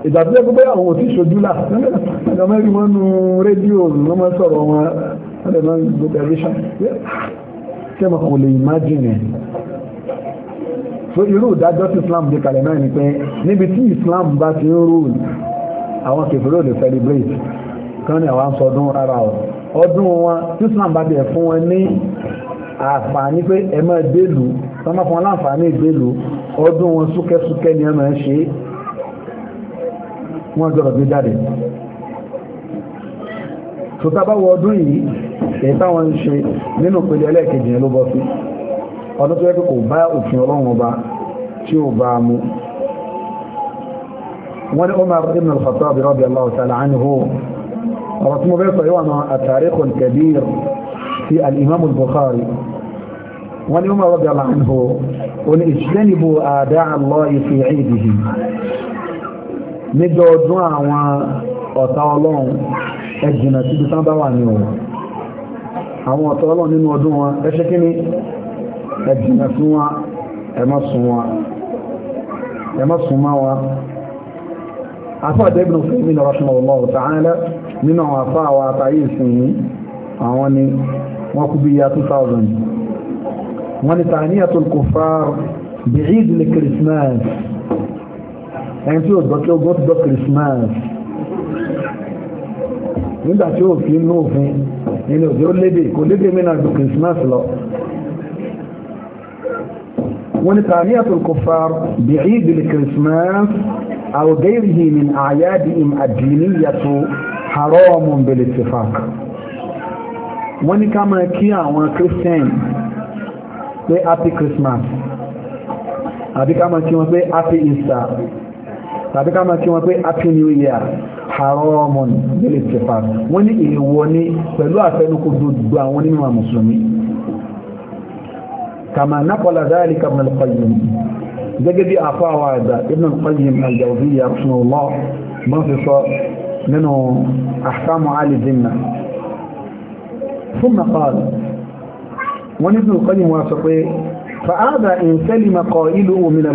ìdàbí ẹgbẹ́ àwọn òtí ìṣojú là ẹgbẹ́mẹ́rin wọn nu rédíò ló máa sọ̀rọ̀ wọn ẹgbẹ́ máa ń gbé tẹlifíṣàn tí ẹmọ kò lè imagine ẹ̀ so irú ìdájọ́ tí Islam dé kalẹ̀ náà ni pé níbi tí Islam bá ti ń rúùn àwọn kèfèrè ò lè celebrate kan ní àwọn sọdún rárá o ọdún wọn tí Islam bá ti ẹ̀ fún wọn ní àǹfààní pé ẹ máa délùú sọmọ fún wọn láǹfààní ìgbélùú ọdún wọn súkẹ́súkẹ́ ni ẹ ń ṣe é wọ́n gbọ́dọ̀ gbé jáde tó tá bá wọ ọdún yìí èyí táwọn ń ṣe nínú ìpele ẹlẹ́ẹ̀kejì yẹn ló bọ́ sí ọdún tó yẹ pé kò bá òfin ọlọ́run ọba tí ó bá mú wọ́n ní Umar ibn al-Khattab radiyallahu ta'ala anhu ọ̀rọ̀ tí níjọ́ ọdún àwọn ọ̀tá ọlọ́run ẹ̀jìnà tí bí sábà wà ní òun àwọn ọ̀tá ọlọ́run nínú ọdún wọn ẹṣẹ́ kí ni ẹ̀jìnà fún wọn ẹmọ́sùn má wọn afáàdé ibùn fún mi lọ́wọ́ ṣùgbọ́n ọlọ́run tààlà nínú àwọn afáà wa àtàyè ìsìn yìí àwọn ni wọ́n kú bí ya 2000 wọ́n ẹni tí ó gbọ́kẹ́ ó gbọ́kẹ́ Christmas nígbà tí ó fi inú òfin nínú òjò lédè kò lédè mìíràn ju Christmas lọ wọ́n ni tàníyàtò kòfàr bí i ìdìlì Christmas àwògẹ́rìhì min àyàdì im àdìníyàtò haramu bèlè tìfàk wọ́n ni ká máa kí àwọn Christian pé happy Christmas àbí ká máa kí wọn pé happy Easter tàbí ká máa kí wọn pé happy new year haramun nílé tẹ̀fà wọ́n ní èèwọ̀ ní pẹ̀lú àfẹnukò gbogbo àwọn onímọ̀ mùsùlùmí kama nakọla dáàlì kàmà lọ́kọ̀yìn gẹ́gẹ́ bí àfáwà àgbà ibn al-qayyim ثم قال ونبن القيم واسقه فهذا إن سلم قائله من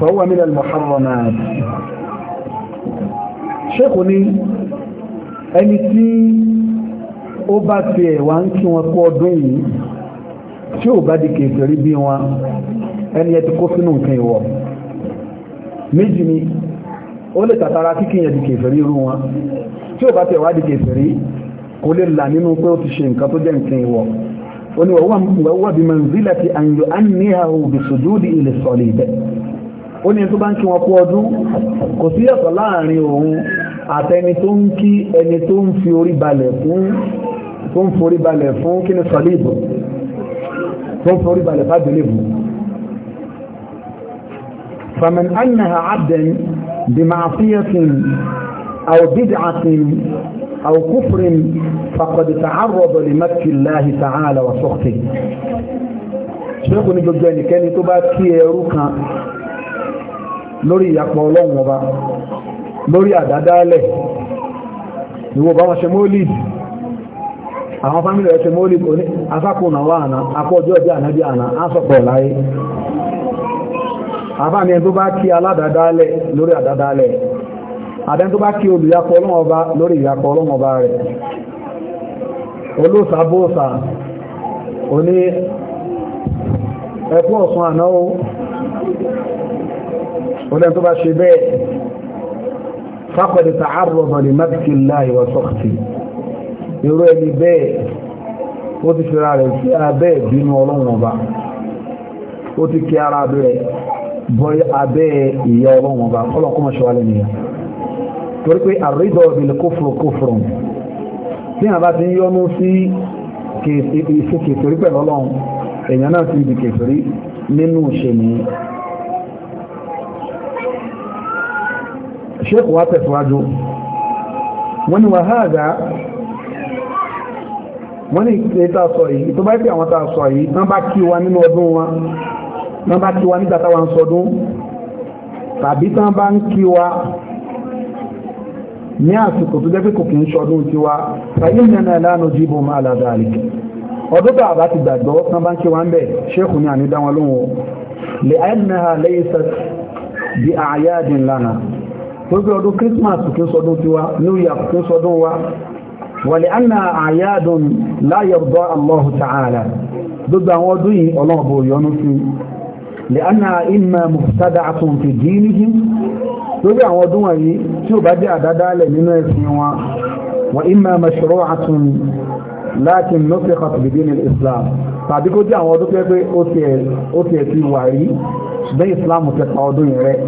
فهو من المحرمات ṣékò ní ẹni tí ó bá ti ẹ̀wà ń kí wọn kú ọdún yìí tí ò bá di kèfèrí bí wọn ẹni ẹ ti kó sínú nǹkan ìwọ̀ méjì ni ó lè tàtàrà kí kí yẹn di kèfèrí irú wọn tí ò bá ti ẹ̀wà di kèfèrí kò lè là nínú pé ó ti ṣe nǹkan tó jẹ́ nǹkan ìwọ̀ ó ní wọ́n wà bí manzilati an yu'annihahu bi sujudi ila salib ó ní tó bá ń kí wọn kú ọdún kò sí ẹ̀sọ̀ láàrin òun àtẹni tó ń kí ẹni tó ń fi orí balẹ̀ fún tó ń forí balẹ̀ fún kí ni sọ̀líbù tó ń forí balẹ̀ bá bìlìbù فمن أنها عبدا بمعصية أو بدعة أو كفر فقد تعرض لمكر الله تعالى وسخطه شيخ نجد جاني كان يتبع كي يروكا lórí ìyàpọ̀ ọlọ́run ọba lórí àdádálẹ̀ ìwò bá wọn ṣe àwọn fámílì ẹ̀ ṣe oní afákùnà wà àná akọ́jọ́ ọjọ́ ànábí àná ásọ̀pọ̀ láyé àfáàmì ẹni tó bá kí aládádálẹ̀ lórí ọ̀nà tó bá ṣe bẹ́ẹ̀ faqad ta'arrada li mabki Allahi wa sukhti irú ẹni bẹ́ẹ̀ ó ti fi ra rẹ̀ sí abẹ́ ìbínú ọlọ́run ọba ó ti kí ara rẹ̀ bọ́ abẹ́ ìyá ọlọ́run ọba ọlọ́run kọ́ mọ̀ ṣe wá lẹ́nu yẹn torí pé ṣéèkù wá tẹ̀síwájú wọ́n ni wàhálà wọ́n ni ìpínlẹ̀ tá a sọ yìí tó bá pẹ́ àwọn tá a sọ yìí tán bá kí wa nínú ọdún wa tán bá kí wa nígbà táwa ń sọdún tàbí tán bá ń kí wa ní àsìkò tó jẹ́ pé kò kí wa ń bẹ̀ lánàá tó gbé ọdún Christmas kí ó sọdún tiwa New Year kí ó sọdún wa wàlẹ̀ anna àyádùn láyọ̀bọ̀ Allahu ta'ala gbogbo àwọn ọdún yìí ọlọ́ọ̀bọ̀ yọnu sí lè anna imma muftada atun fi dínihim lórí àwọn ọdún wọ̀nyí tí ó bá jẹ́ àdádálẹ̀ nínú ẹ̀sìn wọn wa imma mashru atun láti nufiqat bi din islam tàbí kó jẹ́ àwọn ọdún pẹ́ ó ti ẹ̀ wà rí ṣùgbọ́n islam ti pa ọdún yìí rẹ̀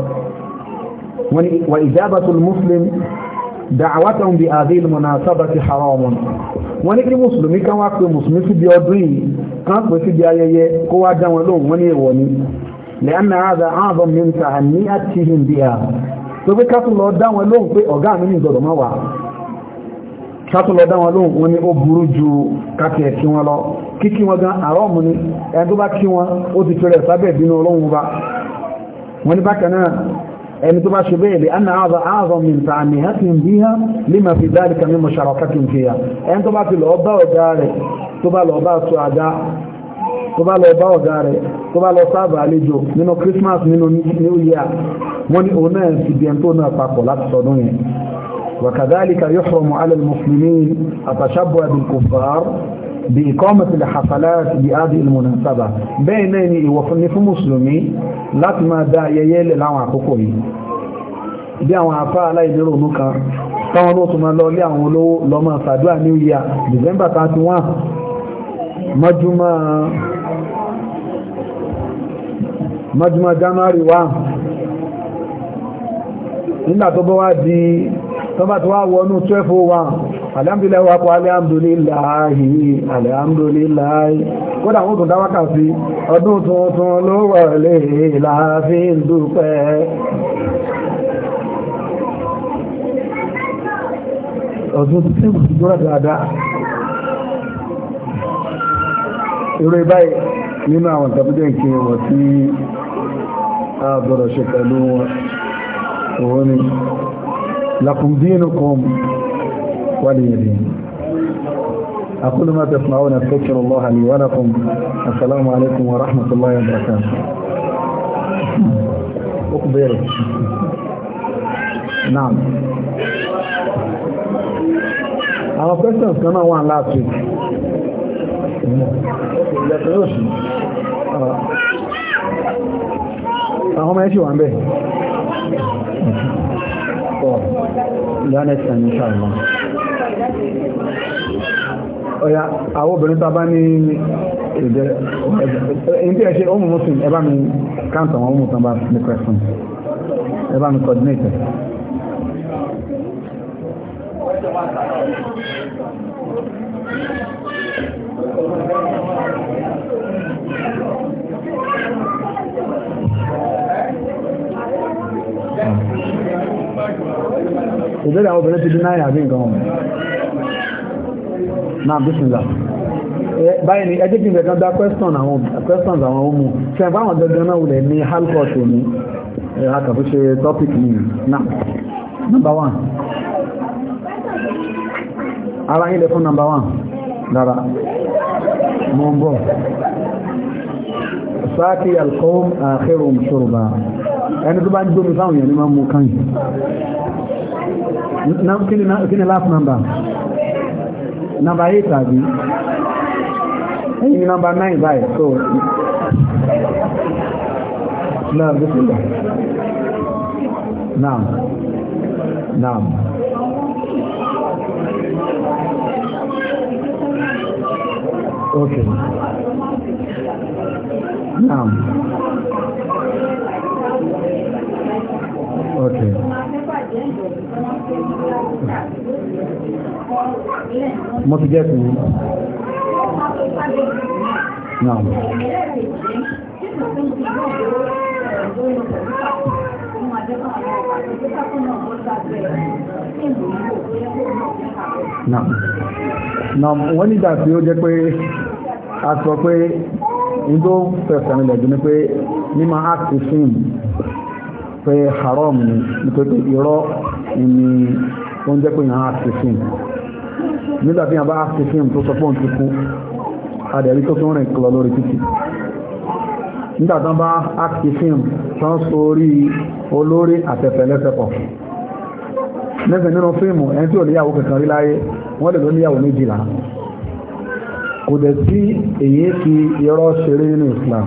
وإجابة المسلم دعوتهم بهذه المناسبة حرام wọ́n ní kí mùsùlùmí kan wá pé mùsùlùmí sí bí ọdún yìí kan pè sí bí ayẹyẹ kó wá dá wọn lóhùn wọ́n ní èèwọ̀ ni لأن هذا أعظم من تهنئتهم بها tó pé ká tún lọ dá wọn lóhùn pé ọ̀gá mi ní ìgbọ̀dọ̀ máa wà ká tún lọ dá wọn lóhùn wọ́n ní ó burú ju kákẹ́ ẹ̀ kí wọn lọ kíkí wọn gan àrọ́ọ̀mù ni ẹni tó bá kí wọn ó ti fẹ́rẹ̀ sábẹ́ ìbínú ọlọ́run ba wọ́n ní bákan náà يعني تبقى شبيه لأن هذا أعظم من تعنيهاتهم بها لما في ذلك من مشاركتهم فيها يعني تبقى في الأوضاء وجاري تبقى الأوضاء السعداء تبقى الأوضاء وجاري تبقى الأوضاء بعليجو منه كريسماس منه نيو يا وني أونا في بيانتونا فاقولات صدوني وكذلك يحرم على المسلمين التشبه بالكفار بإقامة الحفلات بهذه المناسبة بينني وفني في مسلمي لاتما دا ييل لاwọn àkókò yìí bí àwọn afá aláìlérò ònú kan táwọn ló tún máa lọ lé àwọn olówó lọ máa ṣàdúrà ní ìyá December 31 mọ́júmọ́ mọ́júmọ́ January 1 nígbà tó bọ́ wá di tó bá tó wá wọnú 1201 alhamdulillah wa kọ́ alhamdulillahi alhamdulillahi kódà wọ́n tún dáwákà sí ọdún tuntun ló wọlé láàfin dúpẹ́ ọdún tí kò sí jọ́rọ̀ dáadáa ìrò báyìí nínú àwọn tàbídẹ̀ kí wọ́n tí a ṣe pẹ̀lú wọn òun ni lakum dinukum وليدي أقول ما تسمعون أستغفر الله لي ولكم السلام عليكم ورحمة الله وبركاته أقبل نعم Our questions come on one last week. Àwọn ọmọ ẹ̀ṣì wà ń bẹ̀. Lọ́nà ìsànlẹ̀ ìṣàlọ́ ọ̀yà àwọn obìnrin tàbá ní ìdẹ́ ẹ̀yìn tí ẹ ṣe ọmọ mọ́sùn ẹbá mi káńtà wọn ọmọ tàbá ní pẹ̀sùn ẹbá mi coordinator Thank you. ìbẹ̀rẹ̀ àwọn obìnrin ti dín náírà àbí nǹkan wọn náà bísìnlá báyìí ni ẹjẹ́ kí n gẹ̀gán dá questions àwọn ọmọ ṣẹ̀fà àwọn gẹ̀gán náà wulẹ̀ ní halcott òní àkàbí ṣe topic ní náà number one ara yín lè fún number one dára mo ń bọ̀ sáàkì alcohol àkérò ṣòro bá ẹni tó bá ń gbómi fáwọn èèyàn ní máa mú kàn yìí kí ni last number number eight àbí ẹ̀yìn number nine báyìí so náà bí sílẹ̀ náà náà ok náà ok. mo ti wọ́n nígbà tí ó jẹ́ pé a sọ pé ní tó fẹ̀sẹ̀ rìnlẹ̀ pé mímọ̀ fíìmù pé haram ni nítorí pé irọ́ ni oúnjẹ pé yàn á ṣe fún nígbà tí yàn bá ṣe fún tó sọ pọ́n ti kú adẹ̀rí tó tún rìn kọlọ lórí títì nígbà tán bá áàkì fíìmù tán sórí olórí àtẹ̀fẹ̀lẹ́sẹ̀pọ̀ lẹ́sẹ̀ nínú fíìmù ẹni tí ò níyàwó kankan rí láyé wọ́n lè ló níyàwó méjìlá kò dẹ̀ sí èyí fi irọ́ ṣeré nínú Islam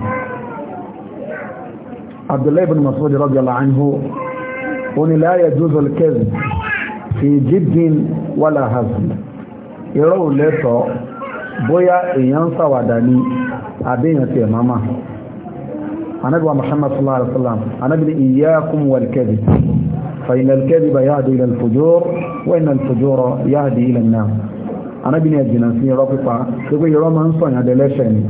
abdullahi ibn mas'ud radiyallahu anhu ó ní la yajuzu al-kadhib fi jiddin wala hazl irọ́ ò lẹ́tọ̀ọ́ bóyá èèyàn ń ṣàwàdà ní àbíyàn ti ẹ̀mọ́mà anábíwa muhammad sallallahu alaihi wasallam anábí ni iyyakum wal kadhib fa inna al-kadhiba yahdi ila al-fujur wa inna al-fujura yahdi ila an-nar anábí ni ẹ̀jìnà sí irọ́ pípa gbogbo irọ́ máa ń sọ̀yàn dẹ́lẹ́ṣẹ̀ ni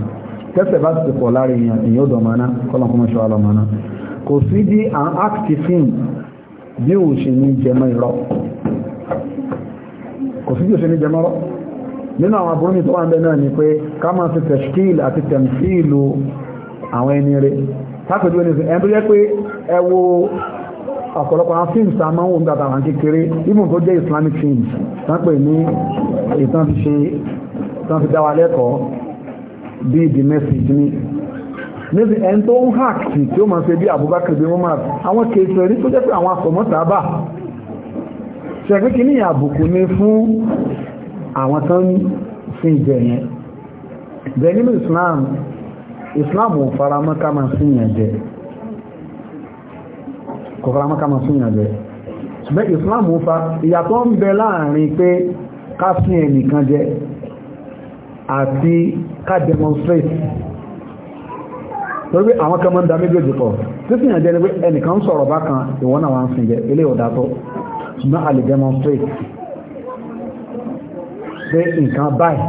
tẹ́sẹ̀ bá ti pọ̀ lára èèyàn èèyàn ọ̀dọ̀ mọ́ná kọ́lọ̀ kọ́mọ́ ṣọ́ àlọ́ mọ́ná kò sí bí an áàkì fíìm bí ò ṣe ní jẹmọ́ irọ́ kò sí bí ò ṣe ní jẹmọ́ irọ́ nínú àwọn aburú mi tó wà ń bẹ náà ni pé ká máa ti tẹ̀ṣkíl àti tẹ̀mfíìlù àwọn ẹni rẹ̀ tápẹ̀lú ẹni sìn ẹni tó jẹ́ pé ẹ wo ọ̀pọ̀lọpọ̀ àwọn fíìmù tá a máa ń wò ń dàtà àwọn kékeré even tó jẹ́ Islamic films tán pè ní ìtàn fi ṣe ìtàn fi dá wa lẹ́kọ̀ọ́ bíi the message ni níbi ẹni tó ń hàkì tí ó máa ṣe bí Abubakar bí Umar àwọn kèsìrì rí tó jẹ́ pé àwọn akọ̀mọ́ta bá ṣẹ̀kíkí ní àbùkù ní fún àwọn tó ń sin ìjẹ yẹn nínú Islam Islam ò faramọ́ ká máa sin yẹn jẹ kò faramọ́ ká máa sin yẹn jẹ ṣùgbọ́n Islam ò fa ìyàtọ̀ ń bẹ láàrin pé ká sin ẹnìkan jẹ àti ká demonstrate torí àwọn kan máa ń da na pọ̀ títí ìyànjẹ́ ni pé ẹnìkan sọ̀rọ̀ bá kan ìwọ́n náà wọ́n ń ilé ọ̀dà tó ṣùgbọ́n a lè demonstrate pé nǹkan báyìí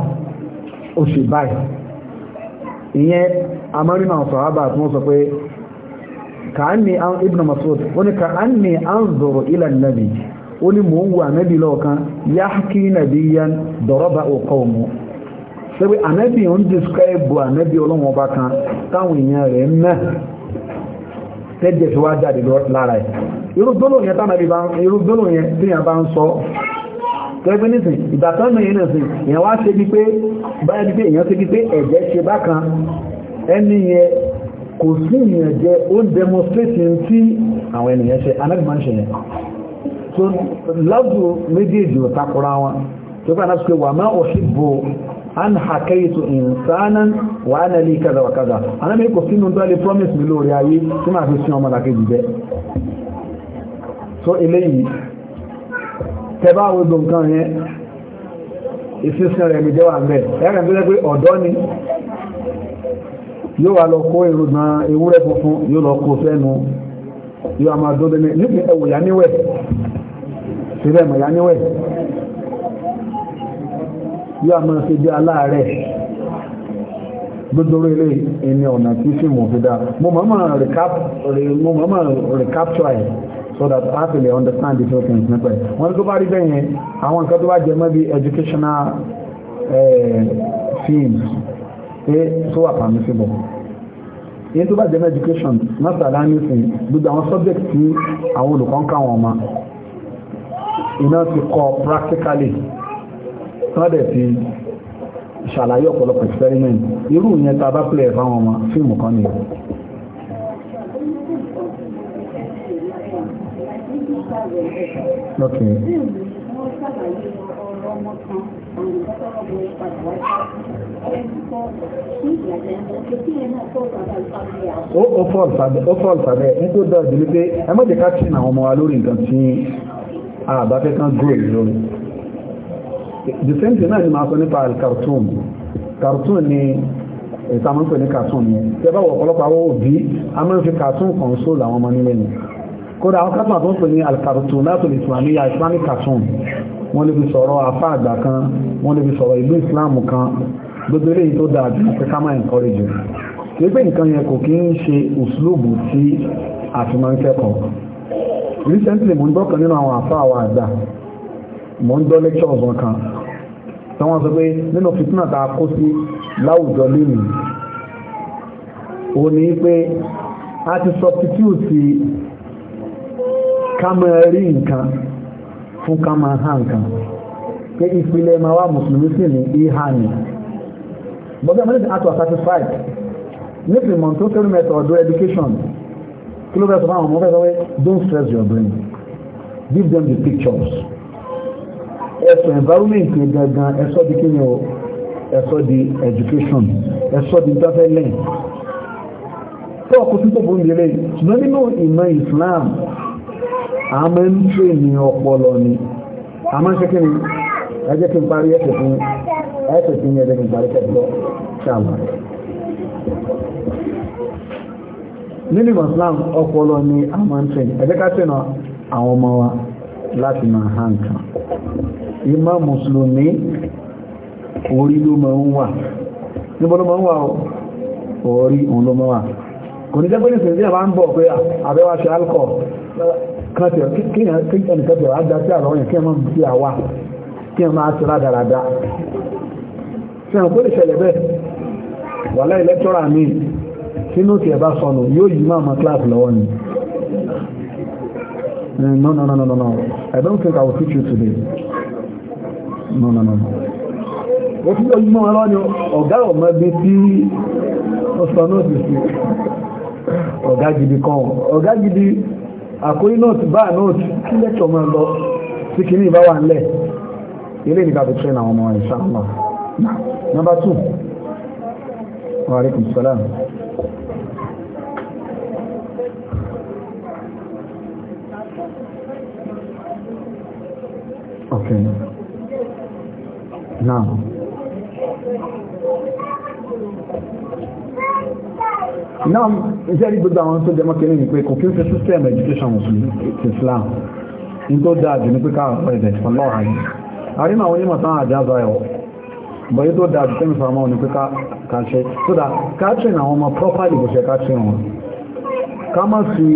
ó ṣe báyìí ìyẹn amọ́rìnà sọ̀rọ̀ bá tún sọ pé an ibn Mas'ud ó ní an zòrò ilẹ̀ nàbì ó ní mò ń wà nàbì lọ́ọ̀kan yáhkí nàbíyan dọ̀rọ̀bà òkọ̀ pé ànábì ń describe ànábì ọlọ́wọ́n ọba kan táwọn èèyàn rẹ̀ mẹ́ tẹ́jẹ̀ fi wá jáde lára ẹ̀ irú gbólóhùn yẹn tánàbí bá irú gbólóhùn yẹn tí yẹn bá ń sọ tẹ́gbẹ́ nísìn ìdàtọ́nà yẹn nìsìn èyàn wá ṣe bí pé báyẹ̀ bí pé èyàn ṣe bí pé ẹ̀jẹ̀ ṣe bákan ẹni yẹn kò sí ìyàn jẹ ó ń demonstrate tí àwọn ènìyàn ṣe anábìmọ́ ń ṣe yẹn so lọ́dún méjèèjì ò takora wọn tó kà náà sọ pé wà máa òṣìbò an hakaitu insanan wà á nàlẹ́ kaza wà kaza anábẹ́ kò sínú tó lè promise mi lórí ayé tí máa fi sin ọmọ làkejì bẹ́ so eléyìí tẹ́bá wo gbogbo nǹkan yẹn ìsinsin rẹ̀ mi jẹ́ wà ń bẹ̀ ẹ̀rẹ̀ tó jẹ́ pé ọ̀dọ́ ni yóò wà lọ kó ìrùgbọ̀n ewúrẹ́ funfun yóò lọ kó fẹ́nu yóò a máa dóde ní ẹwù yá níwẹ̀ síbẹ̀ mọ̀ yá níwẹ̀ yóò máa ṣe bí aláàárẹ̀ gbogbo ilé ẹni ọ̀nà tí fíìmù fi dá mo máa recapture ẹ̀ so that people will understand the whole thing nípa ẹ̀ wọ́n tó bá rí bẹ́ẹ̀ yẹn àwọn nǹkan tó bá jẹ mọ́ bí educational eh, films pé tó wà permissible èyí tó bá jẹ mọ́ education mọ́sàlá nísìn gbogbo àwọn subject tí àwọn olùkọ́ ń káwọn ọmọ iná ti kọ́ practically tán dẹ̀ fi ṣàlàyé ọ̀pọ̀lọpọ̀ experiment irú yẹn tá a bá pèlè fáwọn ọmọ fíìmù kan nìyẹn. ok. ó fọ́ọ̀lù sábẹ́ ní tó dọ̀ ìdílé pé ẹ má jẹ́ ká tí àwọn ọmọ wa lórí nǹkan tí àbáfẹ́ kan gúrò lórí the same thing náà ni máa sọ nípa cartoon cartoon ni ìtàmọ́pẹ̀ ní cartoon yẹn tí ẹ bá wọ ọ̀pọ̀lọpọ̀ àwọn òbí a máa ń fi cartoon console àwọn ọmọ nílé ni kódà àwọn cartoon àtúntò pè ní alcartoon láti lè tún àníyà islamic cartoon wọ́n lè fi sọ̀rọ̀ afá àgbà kan wọ́n lè fi sọ̀rọ̀ ìlú islam kan gbogbo eléyìí tó dáa jù pé ká máa encourage kìí pé nǹkan yẹn kò kí ń ṣe òṣùlùbù tí àti máa ń kẹ́kọ̀ọ́ recently mo ń gbọ́kàn nínú àwọn afá àwọn àgbà mò ń dọ́ lectures wọn kan tí wọ́n sọ pé nínú fìtínà tá a kó sí láwùjọ lónìí ó ní pé a ti substitute ká máa rí nǹkan fún ká nǹkan pé ìpìlẹ̀ máa wá mùsùlùmí sì ní ìhà ni but the minister act was satisfied nípìn mọ̀ntó kéré mẹ́tọ̀ ọ̀dọ́ education kí ló fẹ́ sọ fún ọmọ fẹ́ sọ pé don't stress your brain give them the pictures ẹ̀sùn environment yẹn gangan ẹ̀sọ́ di kíyàn o ẹ̀sọ́ di education ẹ̀sọ́ di tafẹ́lẹ̀ tó ọkọ̀ tó tóbi ń lélẹ̀ ṣùgbọ́n nínú ìmọ̀ Islam àmọ́ ń tè ní ọpọlọ ni àmọ́ ń ṣe kí ni ẹ jẹ́ kí n parí ẹ̀sẹ̀ fún ẹ̀sẹ̀ fún yẹn jẹ́ kí n parí ẹ̀sẹ̀ lọ ṣàlùmọ́ nínú ìmọ̀ Islam ọpọlọ ni àmọ́ ń tè ẹ jẹ́ ká tẹ̀ náà àwọn ọmọ wa láti máa ha nǹkan ìmọ̀ mùsùlùmí orí ló máa ń wà níbo ló máa ń wà ó orí òun ló máa wà kò ní jẹ́gbẹ́ nìsìn sí àbá ń bọ̀ pé àbẹ́wà ṣe alkọ̀ kánṣẹ̀ kíyàn kíyàn kẹfẹ̀ àgbà sí àwọn èèyàn kí ẹmọ́ bí àwà kí ẹ máa ṣe rádaràdá fi hàn pé ìṣẹ̀lẹ̀ bẹ́ẹ̀ wà láì lẹ́tọ́rà mi sínú ti ẹ̀bá sọnù yóò yí máa máa kíláàsì lọ́wọ́ ni Mm, no, no, no, no, no, no. I don't think I will teach you today. No, no, no. What you you know Wọ́n tí ọjọ́ mọ́ ọlọ́ni ọ̀gá ọmọ ẹgbẹ́ tí ọ̀sán náà ti sí. Ọ̀gá I kan. Ọ̀gá Buy àkórí náà ti bá náà ti kí lẹ́tọ̀ máa lọ sí kìíní ìbá wà nílẹ̀. Ilé ìdíkà ti train àwọn ọmọ ìṣàkóso. Number two. Wa alaikum salaam. Okay. Now. Now, iṣẹ́ rí gbogbo àwọn tó jẹmọ́ kìíní ni pé kò kí ń fẹ́ system education Mùsùlùmí ti Islam ní tó dáa jù ní pé káà pẹ̀lú ẹ̀dẹ̀ ọlọ́run ayé. Àrínà àwọn onímọ̀ tán àjáza ẹ̀wọ̀ bọ̀yí tó dáa jù tẹ́mì faramọ́ ní pé ká ṣe tó na catherine àwọn ọmọ properly bó ṣe catherine wọn ká má fi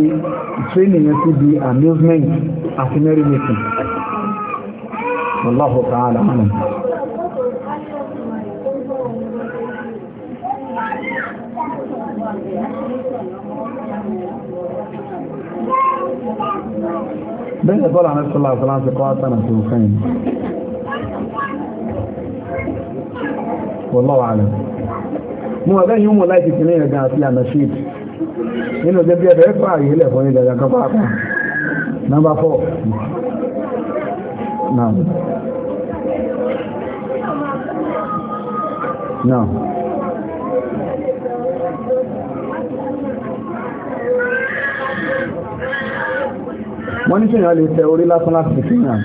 training yẹn sí bí amusement àti merry making Wallahu ta'ala a'lam. bẹ́ẹ̀ bọ́lá ní sọ́lá fọ́láńsì kọ́ átànà tí ó fẹ́yìn wọ́lọ́wà rẹ̀ mú ọ̀gẹ́ yìí mú láti kìí ẹ̀gá àti àmẹ́ṣíd nínú jẹ́ bí ẹ̀bẹ̀ẹ́ fà yìí lẹ̀ fún ilẹ̀ ẹ̀gá pápá nọ́mbà 4 نعم نعم wọ́n ní ṣìyàn lè tẹ orí lásán láti fi náà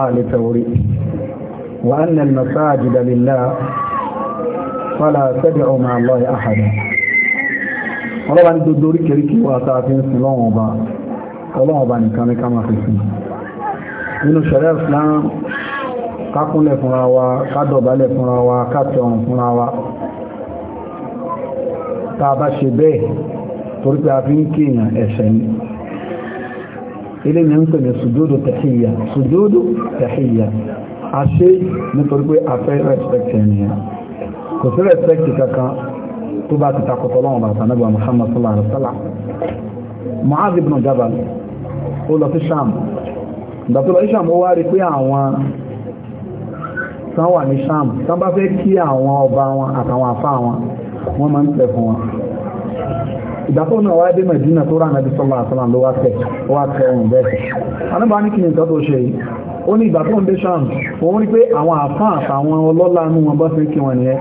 a lè tẹ orí wà á nà masajida lillah fala tad'u ma'a Allahi ahada ọlọ́wà ní gbogbo oríkèríkè wà tàà fi ń sin lọ́wọ́ ọba nìkan ní ká fi sin nínú ṣẹ̀rẹ́ Islam kákúnlẹ̀ fúnra wa kádọ̀bálẹ̀ fúnra wa kátọrùn fúnra wa tá a bá ṣe bẹ́ẹ̀ torí pé a fi ń kéèyàn ẹ̀ṣẹ̀ ni ilé ni ń pè ní sùjúdù tẹ̀híyà sùjúdù tẹ̀híyà a ṣe nítorí pé a fẹ́ respect ènìyàn kò sí respect kankan tó bá ti takọ̀tọ̀ lọ́wọ́ bàtà nígbà Muhammad sallallahu alaihi wa sallam Mu'adh ibn Jabal ó lọ sí Sham ìgbàtọ́lọ ìṣàmọ́ wá rí pé àwọn tán wà ní Ṣàm tán bá fẹ́ kí àwọn ọba wọn àtàwọn àfá wọn wọ́n máa ń tẹ̀ fún wọn ìgbàtọ́ náà wá dé Mẹ̀dínà tó rà náà bí sọ́lá àtàlà ló wá tẹ̀ wá tẹ̀ ohun bẹ́ẹ̀ anábà ní kìnnì kan tó ṣe yìí ó ní ìgbàtọ́ ń dé Ṣàm òun rí pé àwọn àfá àtàwọn ọlọ́lá inú wọn bá fẹ́ kí wọn nìyẹn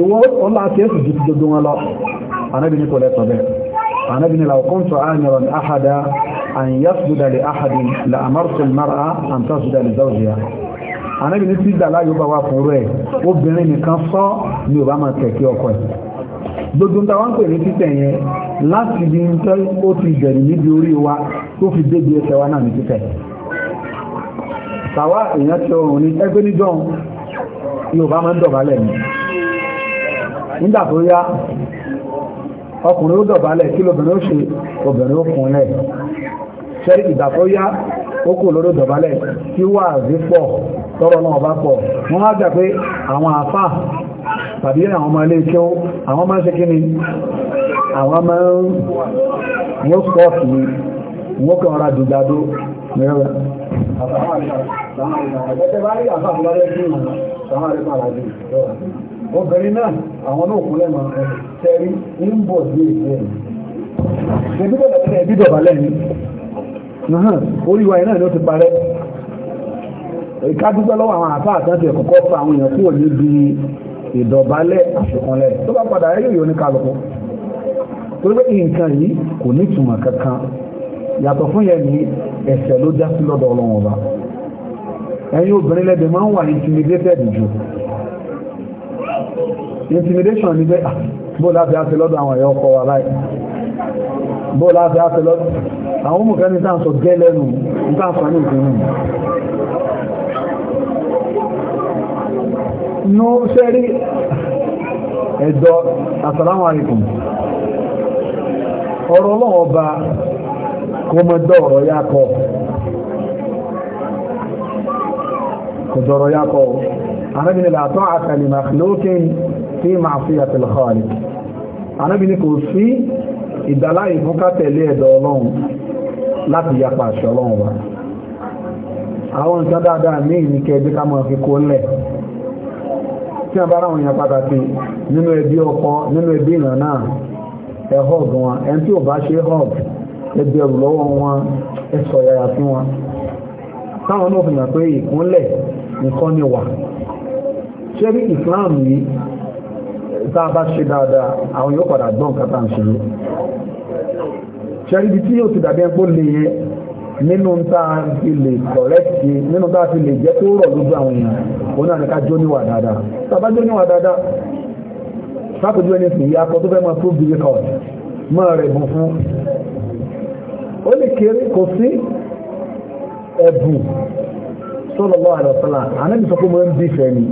ìwọ ọlá tiẹ̀ sì ju ti bẹ́ẹ̀ النبي لو كنت آمرا أحدا أن يسجد لأحد لأمرت المرأة أن تسجد لزوجها ànábì ní sídà láyò bá wà fún rẹ̀ obìnrin nìkan sọ ni ò bá máa tẹ̀kí ọkọ ẹ̀ gbogbo ń ta wá ń pè ní títẹ̀ yẹn láti di ń tẹ́ ó ti bẹ̀rẹ̀ níbi orí wa tó fi débi ẹsẹ̀ wa náà ní títẹ̀ tàwa èèyàn ti ọrùn ní ẹgbẹ́ níjọ́ Yorùbá máa ń dọ̀bálẹ̀ mi nígbà tó yá ọkùnrin ó dọ̀bálẹ̀ kí lóbìnrin ó ṣe obìnrin ó kúnlẹ̀ ṣe ìgbà tó yá ó kò lóró dọ̀bálẹ̀ tí wà rí pọ̀ tọ́rọ náà bá pọ̀ wọ́n wá gbà pé àwọn àfà tàbí àwọn ọmọ ilé kí àwọn máa ń ṣe kí ni àwọn máa ń wọ́n sọ́ọ̀tì ni wọ́n kàn ra dùgbàdó mẹ́rẹ́rẹ́ Àwọn àrẹ́kọ̀ọ́ obìnrin náà àwọn náà kú lẹ́nu ẹ̀rí ń bọ̀ sí ìgbẹ́ ẹ̀ ẹ̀bí bẹ̀rẹ̀ sí ẹ̀bí dọ̀bà lẹ́nu oríwáyé náà ló ti parẹ́ ìkádúgbẹ́ lọ́wọ́ àwọn àfáà àtàtì ẹ̀kọ́kọ́ fa àwọn èèyàn kúrò níbi ìdọ̀bálẹ̀ àṣùkanlẹ̀ tó bá padà ayé yóò ní kálukú torí pé nǹkan yìí kò ní ìtumọ̀ kankan yàtọ̀ fún yẹn ní ẹ̀ṣẹ̀ ló já sí lọ́dọ̀ ọlọ́wọ́n ọba ẹ̀yin obìnrin lẹ́dẹ̀ máa ń wà intimidated jù intimidation ní pé bó láti áṣẹ lọ́dọ̀ àwọn ẹ̀yọ́ ọkọ̀ wà láì bó láti áṣẹ lọ́dọ̀ àwọn ọmọ kẹ́ni tàn sọ gẹ́ lẹ́nu tàn sọ ní ìpinnu no sẹ́rí ẹ̀dọ́ assalamu alaikum ọ̀rọ̀ ọlọ́wọ́ ọba kó mọ́ dọ̀rọ̀ yá kọ kò dọ̀rọ̀ yá kọ anábìnrin làtọ́ fi ma'siyatil khaliq anábi ní kò sí ìdáláyì fún ká tẹ̀lé ẹ̀dọ̀ ọlọ́run láti yapa àṣẹ ọlọ́run wa àwọn nǹkan dáadáa míì ní kẹjẹ́ ká máa fi kó lẹ̀ tí a bá ráwọn èèyàn pàtàkì nínú ẹbí ọkọ nínú ẹbí ìràn náà ẹ hug wọn ẹni tí ò bá ṣe hug ẹbí ẹrù lọ́wọ́ wọn ẹ sọ yàrá sí wọn táwọn náà fi hàn pé ìkúnlẹ̀ nǹkan ni wà ṣé rí Islam yìí tá a bá ṣe dáadáa àwọn yóò padà gbọ́n kátà ń ṣe yìí ṣẹ́ríbi tí yóò ti dàbí ẹgbó lè yẹ nínú tá a ti lè kọ̀rẹ́kì nínú tá a ti lè jẹ́ tó rọ̀ lójú àwọn èèyàn òun náà ní ká jó níwà dáadáa tá a bá jó níwà dáadáa sápòjú ẹni sì yá akọ tó fẹ́ máa prove the record máa rẹ̀ bùn fún ó lè kéré kò sí ẹ̀bùn sallallahu alaihi wasallam ànábì sọ pé mo ń bí fẹ́ ni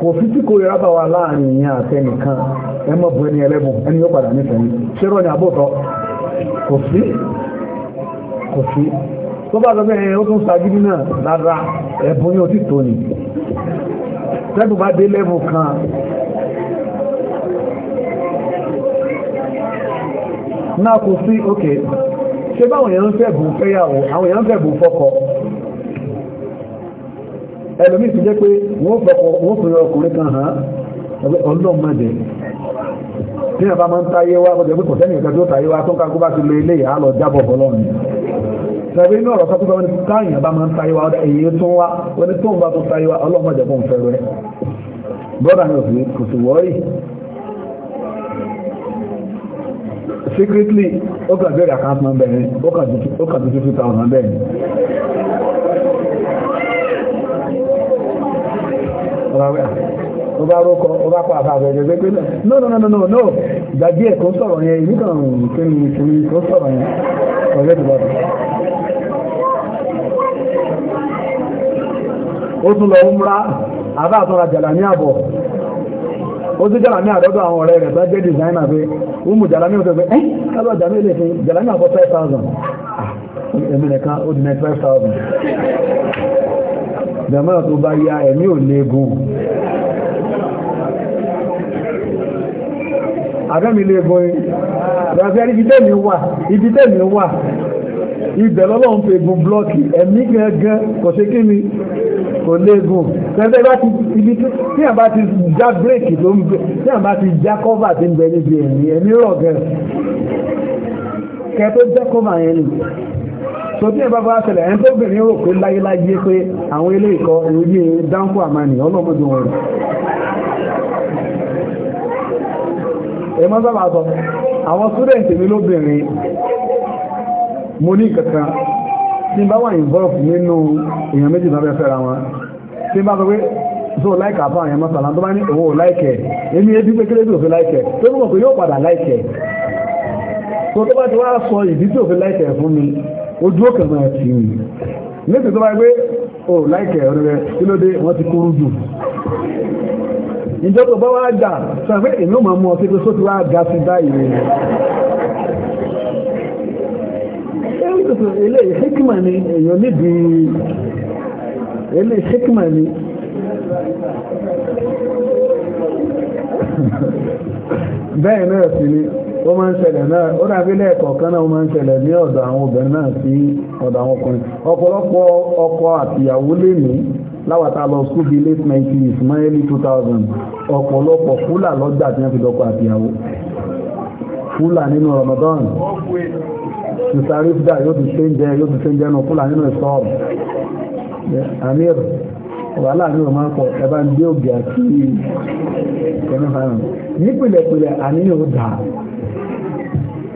kò fi tí kò rí rábà wa láàrin ìyẹn àtẹnìkan ẹ mọ̀ bu ẹni ẹlẹ́bùn ẹni yóò padà nífẹ̀ẹ́ yìí ṣẹ́rọ̀ ni àbótọ́ kò sí kò sí tó bá lọ́gbẹ́ ẹ̀yẹn ó tún ṣàgídí náà lára ẹ̀bùn yóò ti tó ni tẹ́gùn bá dé lẹ́bùn kan náà kò sí òkè ṣé báwọn èèyàn ń fẹ́ bù fẹ́yàwó àwọn èèyàn ń fẹ́ bù fọ́kọ ẹlòmí ti jẹ́ pé wọ́n fẹ́ ọkùnrin kan hàn ọlọ́mọdé tí wọ́n bá máa ń táyé wá ọjọ́ pé kò sẹ́ni ìkẹjọ́ táyé wá tó ń kankú bá ti lo ilé ìyá lọ jábọ̀ bọ́lọ́run tẹ̀wé inú ọ̀rọ̀ sọ́kúsọ wọn ni táyìn bá máa ń táyé wá ọdẹ èyí tó ń wá wọn ni tó ń bá tó táyé wá ọlọ́mọdé bọ́n fẹ́ rẹ bọ́dà ni òfin kò sì wọ́ọ̀rì secretly ó kàn bẹ̀rẹ̀ àkáǹtì náà bẹ̀rẹ̀ ó kàn tuntun two bẹ̀rẹ̀ ọba rọ́kọ ọba pa àbá àbẹ̀rẹ̀ rẹ̀ pé no no no no no ìgbàgbé ẹ̀ kó sọ̀rọ̀ yẹn ìlú kan kí ni ìsinmi kó sọ̀rọ̀ yẹn ọ̀rẹ́ ti bọ̀dọ̀ ó tún lọ múra àbá àtúnra jàlá ní àbọ̀ ó tún jàlá ní àdọ́dọ̀ àwọn ọ̀rẹ́ rẹ̀ bá jẹ́ dìsáínà pé ó mú jàlá ní ọ̀sẹ̀ pé ẹ́ kábọ̀ jàlá ní ilé fi jàlá ní àbọ̀ 5000 dàmọ́nà tó bá yá ẹ̀mí ò léegun àbẹ́mi léegun yìí rẹ̀fẹ́ ibi tẹ́mi wà ibi tẹ́mi wà ibẹ̀ lọ́lọ́run pé egun blọ́ọ̀kì ẹ̀mí gẹ́gẹ́ kò ṣe kí ni kò léegun rẹ̀fẹ́ bá ti ibi tí àbá ti já bírèkì tó ń bẹ já kọ́fà tí ń bẹ níbi ẹ̀mí ẹ̀mí rọ̀ gẹ̀ kẹ́ tó já tó tí ẹ bá bá ẹni tó bìnrin rò pé láyéláyé pé àwọn ilé ìkọ ìròyìn dáńkò àmànì ọlọ́mọdé wọn rẹ̀ ẹmọ́ sábà sọ àwọn súdẹ̀ntì mi lóbìnrin mo ní kankan tí bá wà involve nínú èèyàn so like àpá àyàn mọ́sàlá tó bá ní owó like èmi ebí pé so tó bá ti wá sọ ìdí tí ò fi like fún mi ojú ọkàn máa ti ń lẹ́sìn tó bá gbé o láìkẹ̀ ọ̀rẹ́ rẹ̀ kí ló dé wọ́n ti kúrú jù ìjọ tó bá wá gà sàfẹ́ ìlú mọ̀ mọ́ sí pé só ti wá ga sí báyìí ilé ìṣẹ́kìmà ni ni ó máa ń ṣẹlẹ̀ náà ó dàbí lẹ́ẹ̀kọ̀ọ̀kan náà ó máa ń ṣẹlẹ̀ ní ọ̀dọ̀ àwọn obìnrin náà sí ọ̀dọ̀ àwọn ọkùnrin ọ̀pọ̀lọpọ̀ ọkọ àtìyàwó lè ní láwàtà lọ school bíi late nineties mọ́ early two thousand ọ̀pọ̀lọpọ̀ fúlà lọ́jà tí wọ́n fi dọ́kọ àtìyàwó fúlà nínú Ramadan sísáré fúdà yóò ti ṣe ń jẹ yóò ti ṣe ń jẹ nù fúlà nínú ìsọ̀rọ̀ amir ọ̀rọ̀ aláàánú ọmọ akọ ẹ̀bá ń gbé ògì àti ẹ̀mẹ́fà náà nípìnlẹ̀pìnlẹ̀ àníyàn ó dáa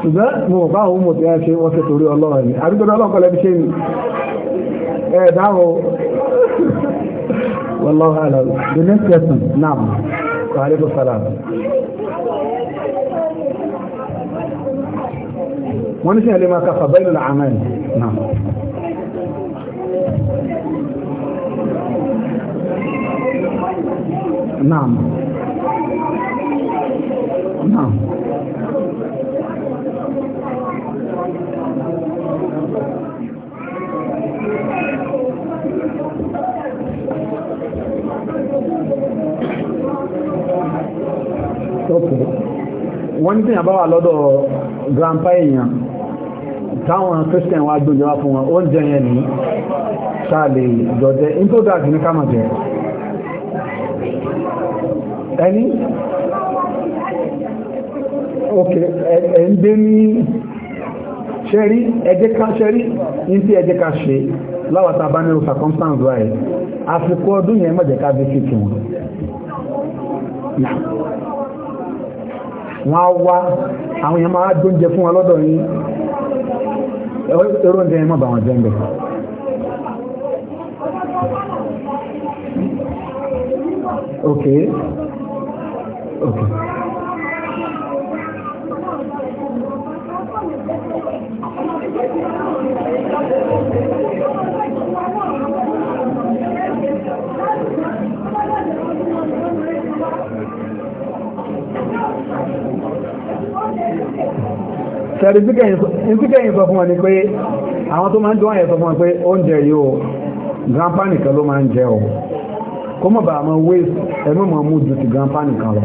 ṣùgbọ́n mo bá àwọn ọmọ ìyá ṣe wọ́n ṣe torí ọlọ́run ni àdúgbò ọlọ́kọ̀ lẹ́bi ṣe ni ẹ dáhùn wallahu alam the next question now alaikum salam wọ́n ní sẹ́yìn lè máa ka fàbẹ́lì làmẹ́ Naam. Naam. sọ́tún wọ́n ní tíyàn bá wà lọ́dọ̀ grandpa èèyàn táwọn christian wá gbójọ wá fún wọn oúnjẹ yẹn ní sáàlè jọjẹ in tó dáa jù ní kámọ̀ jẹ ẹni ok ẹ̀ǹdé ní ṣẹ́rí ẹjẹ́ká ṣẹ́rí ní tí ẹjẹ́ká ṣe láwàtà bá ní circumstance right àfikọ́ ọdún yẹn mọ̀jẹ̀ká visit wọn wọ́n á wá àwọn èèyàn máa dóúnjẹ fún wọn lọ́dọ̀ yìí ẹ̀rọ oúnjẹ yẹn mọ̀ bà ok ok Thank you. sẹ́rí síkẹ̀yìn sọ fún wọn ni pé àwọn tó máa ń jọ wọ́n yẹ sọ fún wọn pé oúnjẹ yìí o grandpa nìkan ló máa ń jẹ o kó mọ̀ bá àmọ́ waste ẹ̀mọ́ mọ̀ mú ju ti grandpa nìkan lọ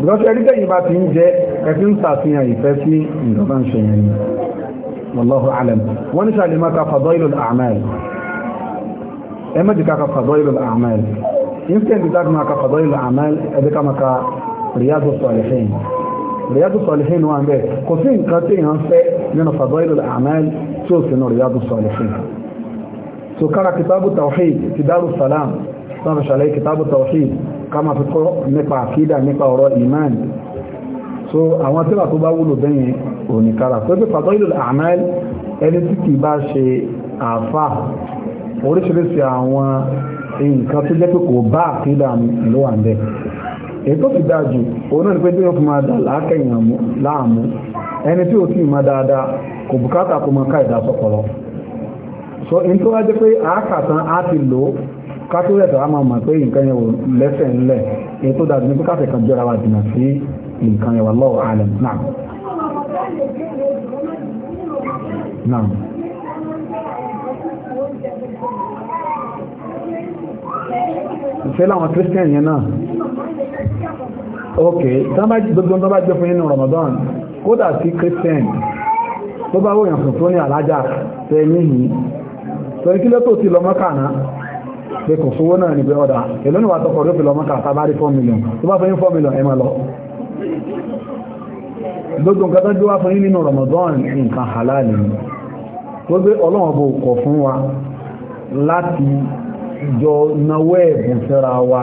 because ẹ̀rí tẹ̀yìn bá ti ń jẹ ẹ̀fí ń ṣàfihàn ìfẹ́ sí nǹkan bá ń ṣe yẹn ni wallahu alam wọ́n ní sàlẹ̀ máa ka fadailul a'mal ẹ má ti ká ka fadailul a'mal instant that máa ka fadailul a'mal ẹ̀dẹ́ ká máa ka Riyadu Salihin Riyadu Salihin wà ń bẹ̀ kò sí nǹkan tí èèyàn fẹ́ nínú Fadailul A'mal tí ó sì nù Riyadu Salihin so kára kitabu tawhid ti Darussalam sọ́nà ṣàlẹ́ kitabu tawhid ká máa fi kọ́ nípa àkídà nípa ọ̀rọ̀ iman so àwọn tíra tó bá wúlò bẹ́yìn òní kára tó bí Fadailul A'mal ẹni tí kì bá ṣe àfà oríṣiríṣi àwọn nǹkan tó jẹ́ pé kò bá àkídà ló wà ń bẹ́ẹ̀ ètò ti dáa òun náà ni pé tí wọ́n fi máa dà láàmú ẹni tí ó tí máa dáadáa kò bùkátà kó máa ká ìdásọ́pọ̀lọ́ so in tó wá pé àákàtán á ti lò ó kátólẹ̀tà á máa mọ̀ pé nǹkan yẹn wò lẹ́sẹ̀ ńlẹ̀ tó dájú ní píkàtẹ̀ kan jọra wa sí nǹkan yẹn wà lọ́wọ́ náà. yẹn náà ok gbogbo tó bá jẹ́ fún nínú Ramadan kódà sí Christian tó bá wòyàn fún tó ní alájà tẹ́ níhìn torí kí lọ́tọ̀ sí lọ́mọ́kà náà pé kò fowó náà ní pé ọ̀dà èlò ní wà tọ́kọ̀ rẹ̀ pẹ̀lú ọmọkà tàbárí 4 million tó bá fún yín 4 million ẹ máa lọ gbogbo nǹkan tó gbé wá fún yín nínú Ramadan nǹkan halal ni gbogbo Ọlọ́run bò kọ̀ fún wa láti jọ náwó ẹ̀bùn fẹ́ra wa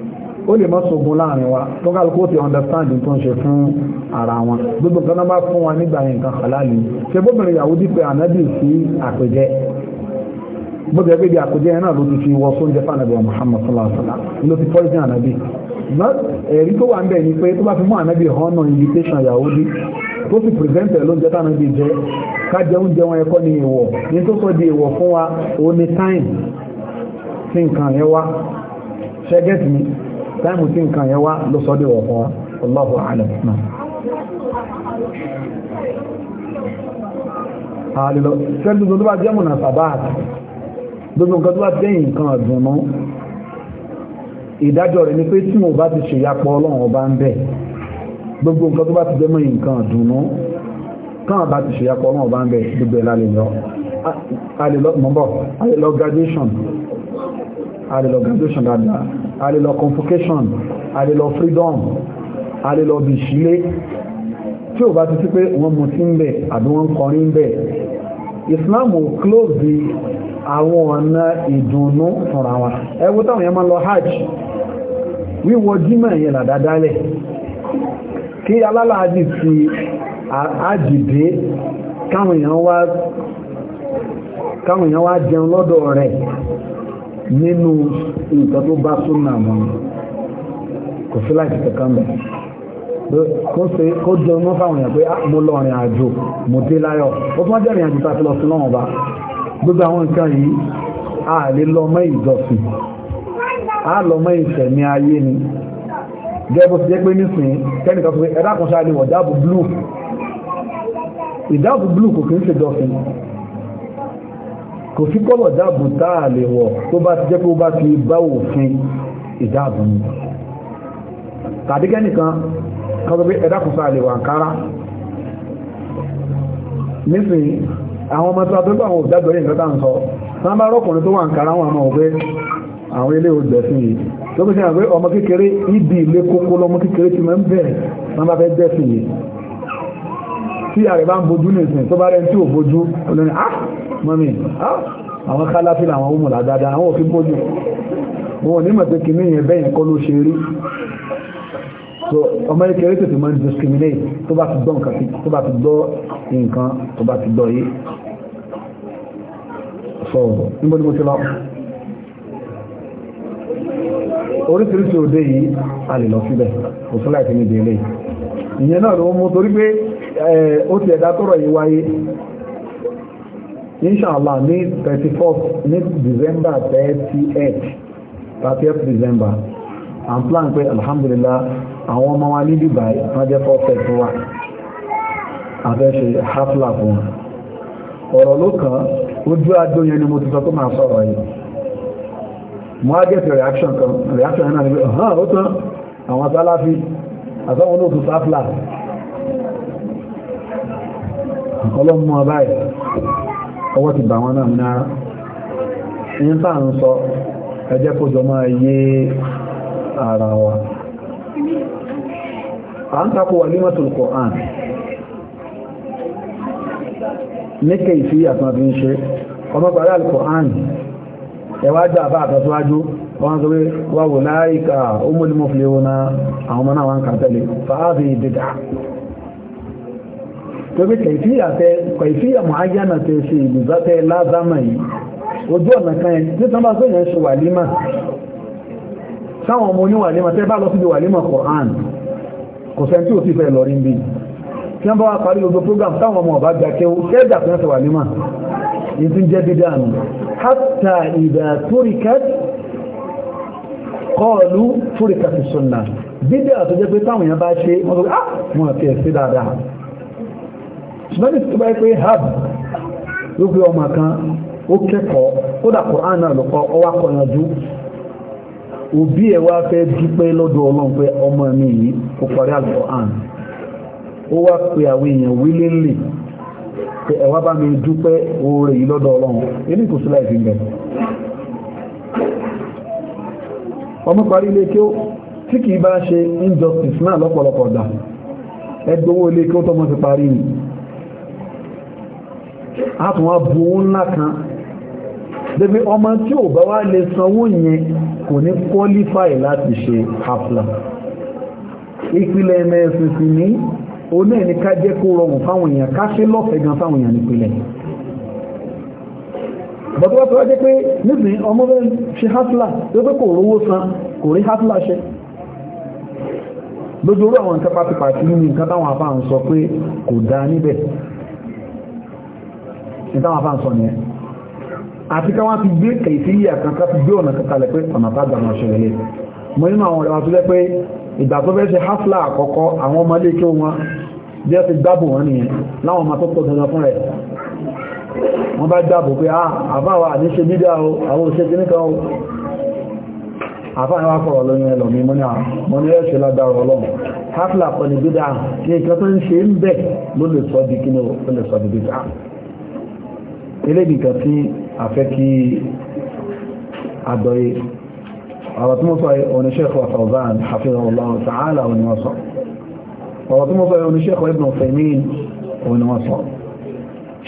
ó lè mọ́ sógun láàrin wa tó kálukú ti understand tó ń ṣe fún ara wọn gbogbo nǹkan náà bá fún wa nígbà yẹn nǹkan halali ṣe bóbìnrin Yahudi pé ànábì sí àpèjẹ bó ti ẹgbẹ́ di àpèjẹ yẹn náà ló ti fi wọ sóúnjẹ fànàbí wa Muhammad sallallahu alaihi wa sallam ló ti poison ànábì ẹ̀rí tó wà ń bẹ̀ ni pé tó bá fi mú ànábì honour invitation Yahudi tó sì present ẹ̀ lóúnjẹ tánàbì jẹ ká jẹ oúnjẹ wọn ẹ̀kọ́ ni èèwọ̀ ní tó sọ di èèwọ̀ fún wa òun time sí nǹkan yẹn wá ṣẹ́gẹ́tì táìmù tí nǹkan yẹn wá ló sọ dé ọ̀fọ́ Allahu a'lam àlèlọ sẹ́ni tó bá jẹ́ mọ̀nà sàbáàtì gbogbo nǹkan tó bá jẹ́ nǹkan ọ̀dùn mọ́ ìdájọ́ rẹ̀ ni pé tí mo bá ti ṣèyapọ̀ ọlọ́run ọba ń bẹ̀ gbogbo nǹkan tó bá ti jẹ́ nǹkan ọ̀dùn káwọn bá ti ṣèyapọ̀ ọlọ́run ọba ń bẹ̀ gbogbo ẹ̀ lálẹ́ a lè lọ graduation dáadáa a lè lọ convocation a lè lọ freedom a lè lọ bí ìṣílé tí ò bá ti sí pé wọ́n mu sí ń bẹ̀ àbí wọ́n kọrin bẹ̀ Islam ò close di àwọn ọ̀nà ìdùnnú fúnra wa ẹ wo táwọn yẹn máa lọ hajj wíwọ jímọ̀ yẹn là dáadáa lẹ̀ kí alálàájì ti àjìdé káwọn èèyàn wá jẹun lọ́dọ̀ rẹ̀ nínú nǹkan tó bá súnà wọn kò sí láti kankan bẹ̀ kó jẹ ọmọ fáwọn èèyàn pé ah, mo lọ rìn àjò mo dé láyọ̀ ó tún wá jẹ́ rìn àjò tá a fi lọ sí náà ọba gbogbo àwọn nǹkan yìí a lè lọ mọ́ ìjọsìn a lọ mọ́ ìṣẹ̀mí ayé ni gẹ́gẹ́ bó ti jẹ́ pé nísìnyí kẹ́nìkan fún ẹ̀dá kan ṣáà ni wọ̀dáàbù blue ìdáàbù blue kò kì í ṣe jọsìn kò sí kọ́lọ̀ dáàbò táà lè wọ̀ tó bá ti jẹ́ pé ó bá ti bá òfin ìdáàbò ni tàbí kẹ́nìkan kọ́sọ́ pé ẹ̀dàkùnfà lè wà kára nísìn àwọn ọmọ tó abẹ́gbà àwọn òdágbẹ̀rẹ̀ nǹkan tá ń sọ tán bá rọ́kùnrin tó wà ń kára wọn àmọ́ òwe àwọn ilé òjẹ̀ sí yìí tó kí sí àwọn ọmọ kékeré ibi ilé kókó lọmọ kékeré ti mẹ́ tí ààrẹ bá ń bojú nìsìn tó bá rẹ̀ tí ò bojú olórin ah mọ́mí ah, àwọn kálàfíà àwọn ohun làdádá àwọn òfin bojú wọn ò ní mọ̀ pé kì ní ìyẹn bẹ́yìn kọ́ ló ṣe rí so ọmọ ìkẹrẹ tètè mọ́ discriminate tó bá ti gbọ́ nǹkan tó bá ti gbọ́ nǹkan tó bá ti gbọ́ yìí so níbo ni mo ti lọ oríṣiríṣi òde yìí a lè lọ síbẹ̀ kò sí láìpẹ́ níbi eléyìí ìyẹn náà ló mú torí pé Eh, ó ti ẹ̀dá tọ́rọ̀ yìí wáyé inshallah ní 31st ní december 38 30th december and plan pé alhamdulillah àwọn ọmọ wa ní dubai wọ́n jẹ́ fọ́fẹ́ tó wà àfẹ́ṣe hafla fún ọ̀rọ̀ ló kàn ojú àjò yẹn ni mo ti sọ pé máa sọ̀rọ̀ yìí mo á gẹ̀ẹ́sì reaction kan reaction náà ni pé ọ̀hán ó tán àwọn sáláfí àtàwọn olóòtú sáfla ọlọ́mọ báyìí ọwọ́ ti bà wọn náà náà ní tàà ń sọ ẹjẹ́ kó jọ máa yé ara wa a ń takò walimatul Qur'an ní kèèfì àtàbí ń ṣe ọmọ pàdé al-Qur'an ẹwà jà bá àtàtúwájú wọ́n sọ pé wà wò láìka umul muflihuna àwọn ọmọ náà wọ́n torí kẹ̀fíyà tẹ kẹ̀fíyà mọ̀háyánà tẹ ṣe ìgbìzá tẹ lázámà yìí ojú ọ̀nà kan yẹn ní sọ́nà tó yẹn ṣe wàlímà sáwọn ọmọ oníwàlímà tẹ́ bá lọ síbi wàlímà Qur'an kò sẹ́ni tí ò sì fẹ́ lọ rí bí tí wọ́n bá wá parí gbogbo program táwọn ọmọ ọba gba kéwú kẹ́jà fún ẹsẹ̀ wàlímà yìí ti ń jẹ́ dídá nù hátà ìdà turikat kọ́ọ̀lù turikat sunnah dídá tó jẹ́ pé táwọn èèyàn bá ṣe wọ́n sọ pé ah wọ́n ti ẹ̀ sí dáadáa ṣùgbọ́n nítorí báyìí pé hab ló gbé ọmọ kan ó kẹ́kọ̀ọ́ kódà Quran náà lọ́kọ́ ọ wá kọ̀yànjú òbí ẹ̀ wá fẹ́ dúpẹ́ lọ́dọ̀ ọlọ́run ọmọ mi yìí kò parí Al-Quran ó pe àwọn èèyàn wílé lè pé ẹ wá bá mi dúpẹ́ oore yìí lọ́dọ̀ ọlọ́run èmi kò sí láì ọmọ parí ilé kí ó tí kì bá ṣe injustice náà lọ́pọ̀lọpọ̀ gbà ẹgbẹ́ owó ilé kí ó tọ́mọ ti parí yìí àtún wá bu owó ńlá kan débi ọmọ tí ò bá wá lè sanwó yẹn kò ní qualify láti ṣe hafla ìpìlẹ̀ ẹ̀mẹ́sìn sí ní oní ẹni ká jẹ́ kó rọrùn fáwọn èèyàn ká ṣe lọ́fẹ̀ẹ́ gan fáwọn èèyàn nípìnlẹ̀ bọ̀tí wọ́n tọ́wọ́ jẹ́ pé nísìnyí ọmọ bẹ́ẹ̀ ṣe hafla tó pé kò rówó san kò rí hafla ṣe lójú orú àwọn nǹkan pátípátí nínú nǹkan táwọn afá ń sọ pé kò dáa níbẹ̀ ìtàwọn afá ń sọ nìyẹn àti káwọn ti gbé kèsí yìí àkàkà ti gbé ọ̀nà kàkà lẹ́pẹ́ ọ̀nà tágbà máa ṣe rẹ̀ mọ́ nínú àwọn ọ̀rẹ́wà tó lẹ́ pé ìgbà tó fẹ́ ṣe hafla àkọ́kọ́ àwọn ọmọdé kí wọn bí ẹ ti dábò wọn nìyẹn láwọn ọmọ tó pọ̀ dandan fún rẹ̀ wọ́n bá dábò pé ah, àbáwà ní ṣe dídá o àwọn òṣè kí níkan o àfáà wá fọ̀rọ̀ lóyún ẹlòmí ah, mọ́ ní ẹ̀ṣẹ̀ ládàrọ̀ ọlọ́run hafla pẹ̀lú dídá ní ìkan tó ń ṣe ń bẹ̀ ló lè sọ di kí ni ó lè sọ di dídá eléyìí kan tí a fẹ́ kí àgbọ̀yé ọ̀rọ̀ tí mo sọ oníṣẹ́kù Fawzan hafizahullahu ta'ala òní wọ́n sọ ọ̀rọ̀ tí mo sọ oníṣẹ́kù Ibn Uthaymeen òní wọ́n sọ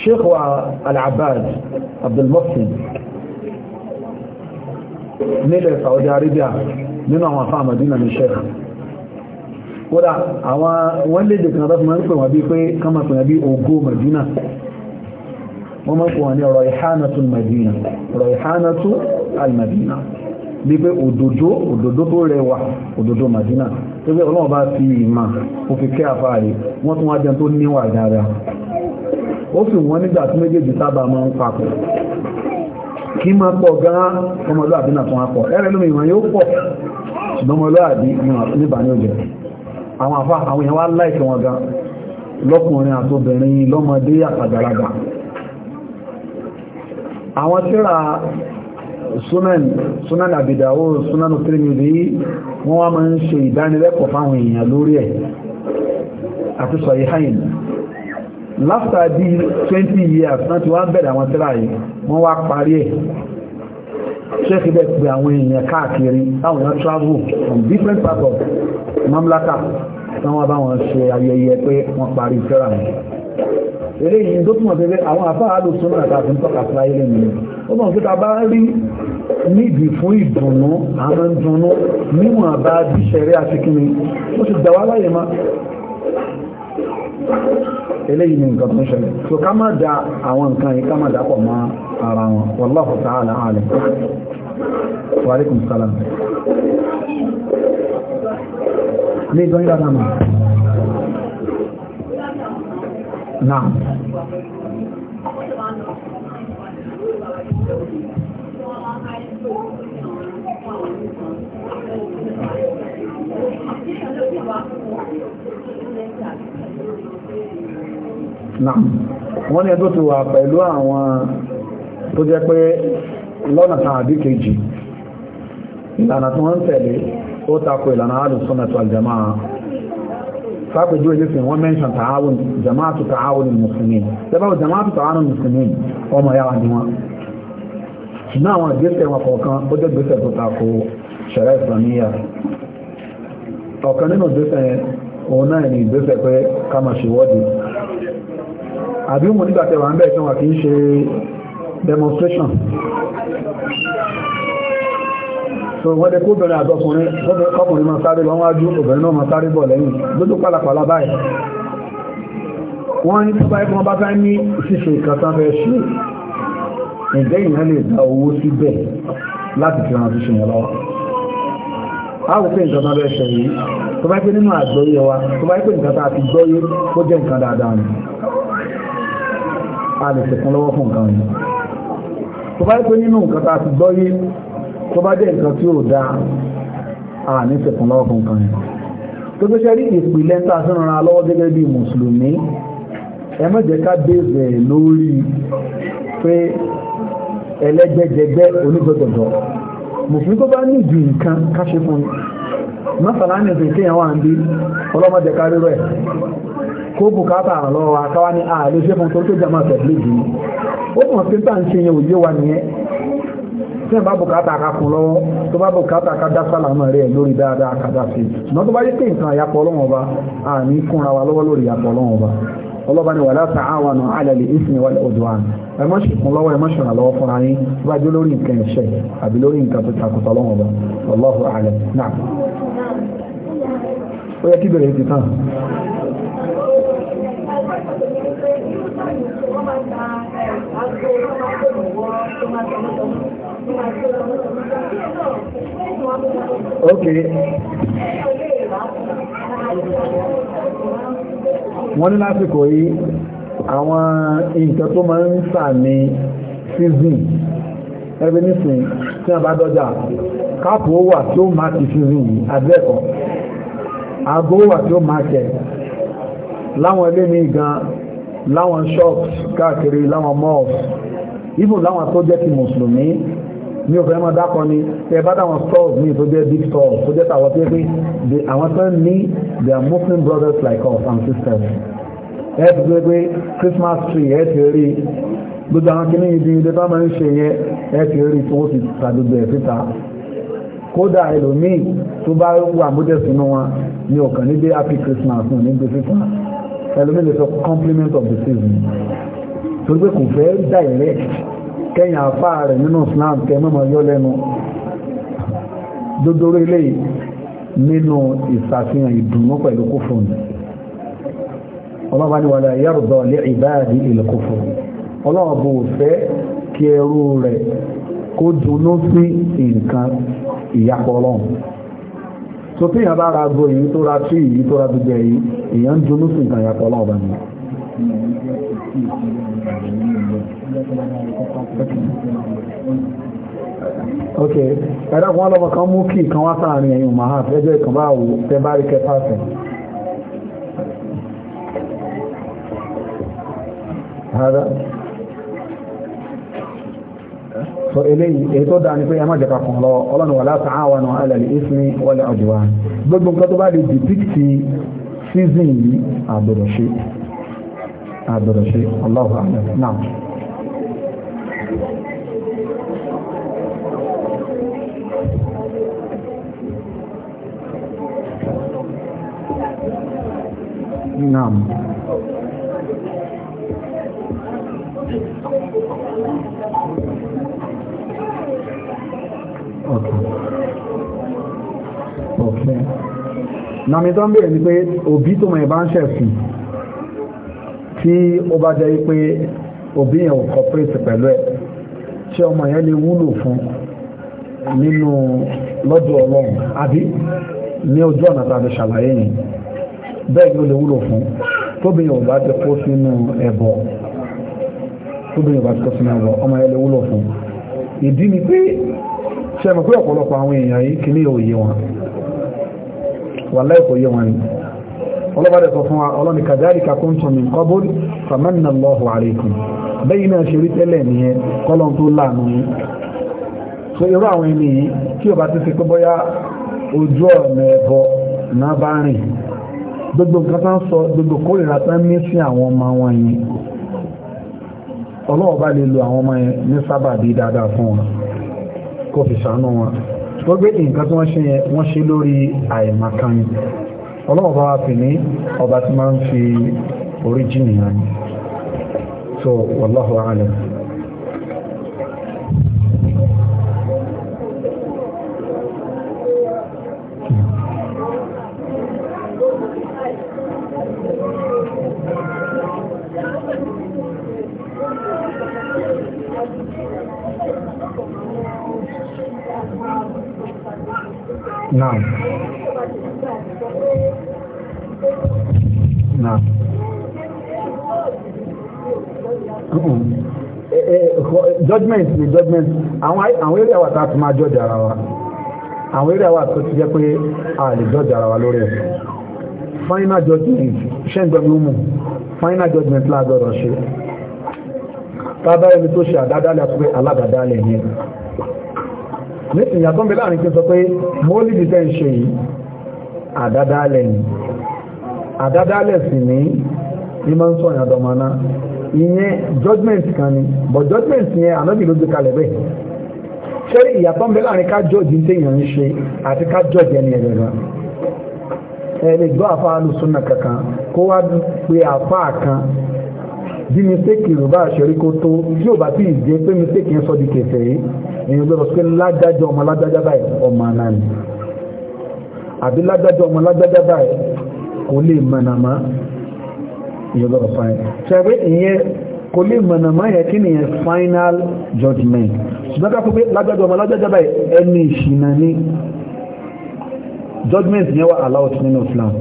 ṣẹ́kù Al-Abbad Abdul Muhsin nílẹ̀ Saudi Arabia nínú àwọn afá àmàdínà ní ṣẹ́kù kódà wọ́n mọ́ pọ̀ ní ọ̀rọ̀ ìhánàtú almadina ọ̀rọ̀ ìhánàtú òdòdó òdòdó tó rẹwà òdòdó madina tó pé ọlọ́wọ́ bá fi ìmà o fi kẹ́ àfáàrí wọ́n tún wá tó níwà dáadáa ó fi wọ́n nígbà tí méjèèjì sábà máa ń papọ̀ kí pọ̀ tún wá pọ̀ àwọn tíra sunan sunan abidawo sunan tirimidi wọ́n wá máa ń ṣe ìdánilẹ́kọ̀ọ́ fáwọn èèyàn lórí ẹ̀ àti sahihain láfta bí 20 years náà ti wá bẹ̀rẹ̀ àwọn tíra yìí wọ́n wá parí ẹ̀ ṣẹ́kì bẹ̀ pé àwọn èèyàn káàkiri táwọn èèyàn travel from different parts of mamlaka tí wọ́n bá wọn ṣe ayẹyẹ pé wọ́n parí tíra yìí eré yìí tó túnmọ̀ tẹ́lẹ̀ àwọn àfáà ló súnmọ̀ àtàkì ń tọ́ka sí ayé lẹ́nu ó mọ̀ pé ta bá rí níbi fún ìdùnnú àwọn ìdùnnú níwọ̀n bá bí ṣẹ̀rẹ́ àti kíni ó ti dàwà láyé má eléyìí ni nǹkan tó ń ṣẹlẹ̀ so ká má da àwọn nǹkan yìí ká má da pọ̀ mọ́ ara wọn wallahu ta'ala alim wa alaikum salam ní ìgbọ́n yìí dáadáa Na. náà wọ́n ní ẹjọ́ ti wà pẹ̀lú àwọn tó jẹ́ pé lọ́nà kan àbí kejì ìlànà tí wọ́n ń tẹ̀lé ó tako ìlànà Na. tó àjẹmáà fápẹjú ìlẹ́sìn wọ́n mẹ́ṣàn tààwọn jamaatu tààwọn mùsùlùmí lẹ́bàá jamaatu tààwọn mùsùlùmí ọmọ yára ni wọn náà wọn gbèsè wọn kọ̀ọ̀kan ó jẹ́ gbèsè tó tako ṣẹ̀rẹ́ ìsìlámíyà ọ̀kan nínú gbèsè òun náà ní gbèsè pé ká máa ṣe wọ́de àbí mo nígbà tẹ̀wà ń bẹ̀ tí kì í ṣe demonstration so wọ́n dẹ kó bẹ̀rẹ̀ àtọkùnrin kọkùnrin máa sáré lọ wájú obìnrin náà máa sáré bọ̀ lẹ́yìn lójú pàlàpàlà báyìí wọ́n ní tó báyìí wọ́n bá fẹ́ ní ṣíṣe ìkàtà fẹ́ ṣe ìgbẹ́ ìyẹn lè dá owó síbẹ̀ láti fi hàn ṣíṣe yẹn lọ́wọ́ àwọn òfin ìjọba bẹ́ ṣe yìí tó bá pé nínú àgbọ́yé wa tó bá pé nǹkan tá a ti gbọ́yé ó jẹ́ nǹkan dáadáa ni a lè ṣẹ̀kún lọ́wọ́ fún nǹkan yìí tó bá pé nínú nǹkan tá a ti gbọ́yé tó bá jẹ́ nǹkan tí ó dá a ní tẹ̀kùn lọ́wọ́ kankan yẹn tó tó ṣe rí ìpìlẹ̀ tá a sọ́nà lọ́wọ́ gẹ́gẹ́ bí mùsùlùmí ẹ má jẹ́ ká bèèrè lórí pé ẹlẹ́gbẹ́jẹgbẹ́ onígbẹ́gbẹ̀dọ̀ mùsùlùmí tó bá nídìí nǹkan káṣe fún un mọ́sàlá ní ìsìn kéèyàn wà ń bí ọlọ́mọdé kárí rẹ̀ kó bùkátà àrànlọ́wọ́ akáwá ní ààrẹ ṣe fún tó tó jẹ́ máa tẹ̀lé jù ú ó mọ̀ sí tá à ń ṣe yẹn òye wa nìyẹn tí ẹ̀ bá bùkátà ká kún lọ́wọ́ tó bá bùkátà ká dá sálàmù rẹ̀ lórí dáadáa ká dá sí i ṣùgbọ́n tó bá yẹ pé nǹkan àyàpọ̀ ọlọ́wọ́n ọba àní kúnra wa lọ́wọ́ lórí àyàpọ̀ ọlọ́wọ́n ọba ọlọ́ba ni wàlá sàáwànà alẹ́lẹ́ ìsìn wal udwan ẹ má ṣe lọ́wọ́ ẹ má yín tó bá jẹ́ lórí nǹkan ẹ̀ṣẹ̀ àbí lórí nǹkan tó takùtà ọlọ́wọ́n ọba Allahu a'lam náà ó yẹ kí bèrè ti tán. Okay. wọ́n ní lásìkò yìí àwọn nǹkan tó máa ń sà ní season ẹgbẹ́ nísìn tí a bá dọ́jà káàpù ó wà tí ó máa ti season yìí àbẹ́ẹ̀kọ́ aago wà tí ó máa kẹ láwọn ilé ní ìgan láwọn shops káàkiri láwọn malls even láwọn tó jẹ́ ti mùsùlùmí ní ọ̀fẹ́ máa dákọ̀ ni ẹ bá dáwọn stores ní tó jẹ́ big stores tó jẹ́ tàwọn pé pé àwọn tó ń ní their Muslim brothers like us and sisters ẹ ti pé pé Christmas tree ẹ ti rí gbogbo àwọn kìíní ibi ilé bá máa ń ṣe yẹn ẹ ti rí tí wọ́n ti tàdúgbò ẹ̀ síta kódà ẹlòmíì tó bá wà múdẹ̀ sínú wọn ní ọ̀kan níbi happy Christmas náà níbi síta ẹlòmíì lè sọ compliment of the season torí pé kò fẹ́ direct kẹ́yìn àfá rẹ̀ nínú Islam kẹ yọ́ lẹ́nu dódóró ilé nínú ìsàfihàn ìdùnnú pẹ̀lú kúfù ni ọlọ́ba ni yàrùdọ̀ lé ìbáàdì ilẹ̀ kúfù ọlọ́ọ̀bù fẹ́ kí rẹ̀ kó sí nǹkan ok ẹ̀dá kan lọ́wọ́ kan mú kí kan wá sáàrin ẹ̀yìn mahaf ẹjọ́ ìkan bá wò tẹ bá rí kẹfà fẹ̀ ara so eléyìí èyí tó dáa ni pé ẹ má jẹ́ka kan lọ ọlọ́run wà láti àwọn àwọn alẹ́lẹ́ ìsinmi wọlé ọjọ́ wa gbogbo nǹkan tó bá lè dìpíkìtì season yìí àgbọ̀dọ̀ ṣe àbẹ̀rẹ̀ ṣe Allahu a'lam náà. Naam. Okay. Okay. Nàmì tó ń bèèrè ni pé òbí tó mọ̀ ẹ̀ bá ń ṣẹ̀sìn tí ó bá jẹ́ pé òbí yẹn ò cooperate pẹ̀lú ẹ̀ tí ọmọ yẹn lè wúlò fún nínú lọ́dọ̀ ọlọ́run àbí ní ojú ọ̀nà tàbí ṣàlàyé yìí bẹ́ẹ̀ ni ó lè wúlò fún tóbi yẹn ò bá ti kó sínú ẹbọ tóbi yẹn ò bá ti kó sínú ẹbọ ọmọ yẹn lè wúlò fún ìdí ni pé ṣe mọ̀ pé ọ̀pọ̀lọpọ̀ àwọn èèyàn yìí kì ọlọ́bàdẹ̀ sọ fún wa ọlọ́ni kàdáríkà kuntum min qabl famanna Allahu alaykum bẹ́yìn náà ṣe rí tẹ́lẹ̀ nìyẹn kọ́lọ́n tó láàánú yìí so irú àwọn ẹni yìí kí ọba ti fi pé bóyá ojú ọ̀nà ẹ̀bọ náà bá rìn gbogbo nǹkan tá ń sọ gbogbo kórìíra tá ní sí àwọn ọmọ wọn yẹn ọlọ́wọ́ bá lè lo àwọn ọmọ yẹn ní sábàbí dáadáa fún wọn kó fi ṣàánú wọn gbogbo nǹkan tí wọ́n ṣe yẹn wọ́n ṣe lórí àìmọ̀kan ni ọlọ́wọ́ bá wá fi ní ọba tí máa ń fi orí jìnnìyàn ni so wallahu a'lam. Naam. Eh, eh, eh, judgment ni judgment àwọn eré àwàtà tó máa judge ara wa àwọn eré àwàtà tó jẹ́ pé a lè judge ara wa lórí ẹ̀ final judgment ṣẹ́gbẹ̀mú final judgment lágbọ́dọ̀ ṣe tábá ẹni tó ṣe àdádálẹ̀ àti pé aládàdálẹ̀ yẹn nísìnyà tó ń bẹ láàrin kí n sọ pé mọ́lì dìtẹ́ ń ṣe yìí àdádálẹ̀ yìí àdádálẹ̀ sì ní ní máa ń sọ ìyàdọ̀mọ́ná ìyẹn judgment kan ni but judgment yẹn ànábì ló gbé kalẹ̀ bẹ́ẹ̀ ṣé ìyàtọ̀ ń bẹ láàrin ká jọ́ọ̀jì téèyàn ń ṣe àti ká jọ́ọ̀jì ẹni ẹ̀rẹ̀ náà ẹ̀lẹ́ gbọ́ àfa alùsùnà kankan kó wá pé àfa kan bí mistake rò bá àṣẹrí kó tó tí ò bá tí ì jẹ́ pé mistake yẹn sọ di kẹfẹ́ yìí èyàn gbọ́dọ̀ pé ládájọ́ ọmọ ládájá báyìí ọmọ náà ni àbí ládájọ́ ọmọ ládájá báyìí kò lè mọ̀nàmọ́ ìyẹ́gbọ́dọ̀ fine ṣẹ́gbẹ́ ìyẹn kò lè mọ̀nà máa yẹ kí nìyẹn final judgment ṣùgbọ́n ká fún pé lágbàjọ ọmọ lágbàjọ báyìí ẹni ìṣìnà ní judgment yẹn wà allowed nínú Islam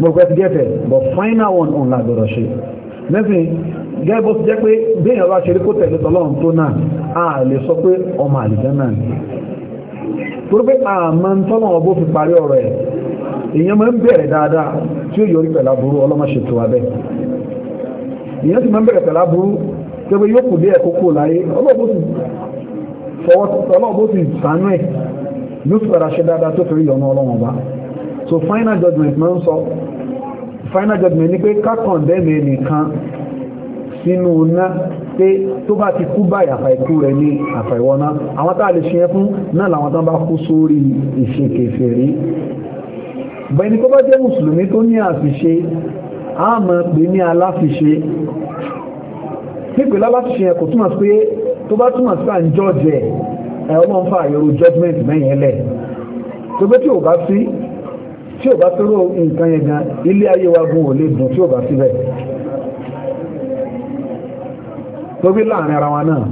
mo fẹ́ ti gẹ́fẹ̀ but final one on lágbàdọ̀ ṣe lẹ́sìn gẹ́gẹ́ bó ti jẹ́ pé béèyàn bá ṣe rí kó tẹ̀lé tọ́lọ́run tó náà a lè sọ pé ọmọ àlìjẹ́ náà ni torí pé àmọ́ ń tọ́lọ́run bó fi parí ọ̀rọ̀ ẹ̀ èèyàn máa ń bẹ̀rẹ̀ dáadáa tí ó yọrí pẹ̀lá burú ọlọ́mọṣètò abẹ́ ìyẹn sì máa ń bẹ̀rẹ̀ pẹ̀lá burú tẹ́gbẹ́ yóò kù dé ẹ̀kókò láyé ọlọ́ọ̀bó sì sànú ẹ̀ yóò sì padà ṣe dáadáa tó fẹ́rí yọ̀nà ọlọ́run ọba so final judgment máa ń sọ final judgment ni pé kákan dẹ́mẹ̀ nìkan sínú ná pé tó bá ti kú báyìí àfà ikú rẹ̀ ní àfà ìwọ́ná àwọn tá a lè ṣe yẹn fún náà làwọn tán bá kú sórí ìṣe kèfèrí bẹni tó bá jẹ́ mùsùlùmí tó ní àfiṣe a máa pè ní aláfiṣe pípẹ̀ láláfiṣe ẹ̀kọ́ túmọ̀ sí pé tó bá túmọ̀ sí à ń jọ́jẹ̀ ẹ̀wọ́n fa àyọrò judgment mẹ́yìn ẹlẹ̀ tó bẹ́ tí ò bá sí tí ò bá tó rò nǹkan yẹn gan ilé ayé wa gun ò dùn tí ò bá síbẹ̀ tó bí láàrin ara wa náà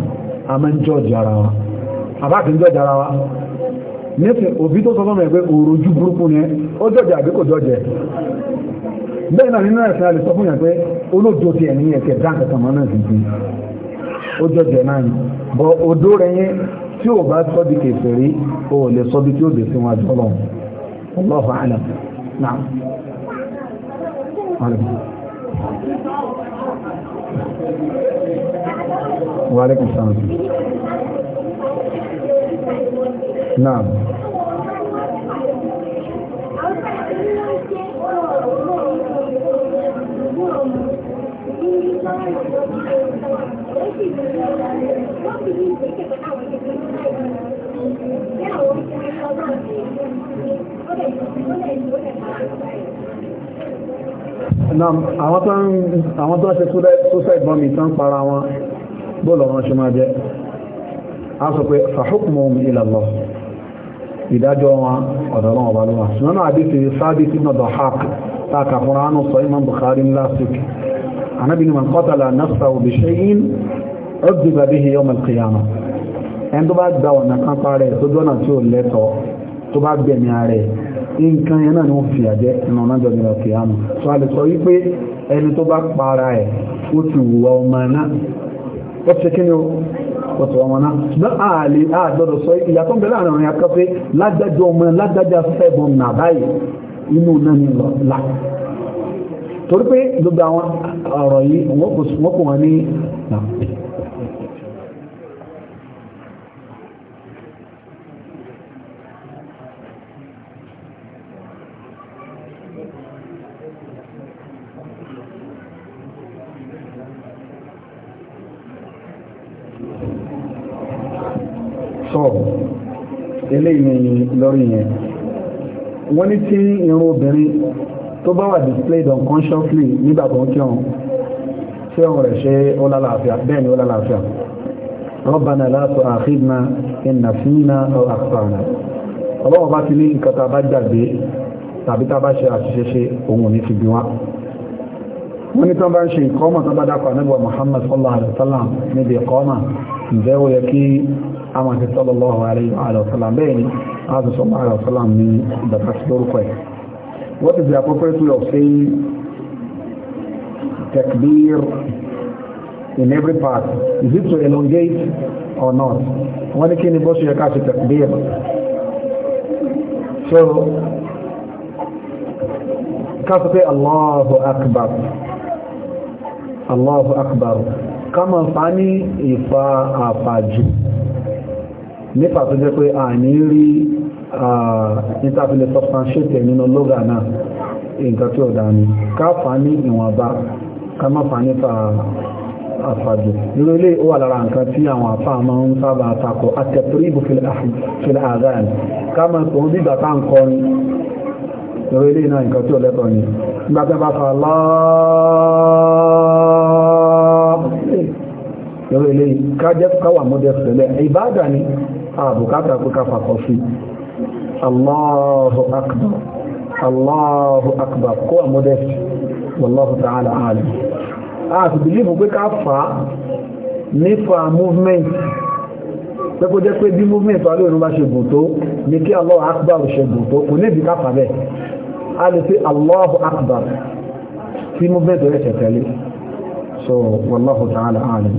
a ń jọ́jẹ̀ ara wa àbá kì ń jọ́jẹ̀ ara wa nífẹ̀ẹ́ òbí tó sọ́mọ́ ẹgbẹ́ òròjú burúkú ni ó jọ́jẹ́ àbí kò jọ́jẹ́ bẹ́ẹ̀ náà nínú ẹ̀sẹ̀ alẹ́ sọ fún yàn olóòjò ti ẹ̀ní ẹ̀kẹ́ dáǹkà ti o sọ ala na náà àwọn tó ń ṣe suicide bombing tán para wọn bóòlù ọ̀rọ̀ ṣe máa jẹ́ a sọ pé fa hukmuhum ila ìdájọ́ wọn ọ̀dọ̀ ọlọ́run ọba lọ́wọ́ ṣùgbọ́n àdíṣe sábit ibn dahaq láàkà fún ránù sọ imam bukhari ńlá sókè anábì ni man qatala nafsahu bi shay'in udhiba bihi yawm al-qiyamah ẹn tó bá gba ọ̀nà kan parẹ́ tó dọ́nà tí ò lẹ́tọ̀ tó bá gbẹ̀mí ààrẹ nǹkan yẹn náà ni wọ́n ó ti wùwà ọmọ náà ó ti kí ni ó àkọ́tọ̀ wọn náà lọ àlè àgbọ̀dọ̀ sọ ìyàtọ̀ ń bẹ láàrin àwọn akẹ́fẹ́ ládájọ́ ọmọ ládájá fẹ́bọ̀n nà báyìí inú náà ni lọ là torí pé gbogbo àwọn ọ̀rọ̀ yìí wọ́n kò wọ́n kò wọ́n ní eléyìn lórí yẹn wọ́n ní tí irun tó bá wà displayed unconsciously nígbà tó ń kírun tí ọ̀rọ̀ rẹ̀ ṣe ọlálàáfíà bẹ́ẹ̀ ni ọlálàáfíà rọ́bànà látọ̀ àfihàn ìnàfíìnà àfàànà ọlọ́wọ́ bá ti ní nǹkan tá a bá gbàgbé tàbí tá a bá ṣe àṣìṣeṣe òun ní fi bí wá wọ́n ní tán bá ń ṣe ìkọ́mọ̀ tán àwọn àti ni ìdàkà sí lórúkọ ẹ̀ what is the appropriate way of saying takbir in every part is it to elongate or not wọ́n ní kí ni bó ṣe yẹ ká ṣe takbir so káfí pé Allahu akbar Allahu akbar ká fani ìfa àfàjù nípa tó jẹ́ pé àní rí interface substantiate nínú lọ́gà náà nǹkan tí ó dá ní káfà ní ìwọ̀nba ká má fà nípa àfàjò irú ilé ó wà lára nǹkan tí àwọn àfà máa ń sábà takò àtẹ̀tìrìbù ilé ni mọ́dẹ̀ ni àbùkátà ah, pẹ́ka fàkọ̀ sí Allahu akbar Allahu akbar kó àmọ́dẹ́sì wallahu ta'ala alim àti ah, bìlífù pé ká fà á nífà movement pẹ́kọ́ jẹ́ pé bí movement wà lóòrùn bá ṣe gùn tó ní kí Allahu akbar ṣe gùn tó kò ní ìdíká fà bẹ́ẹ̀ so wallahu ta'ala alim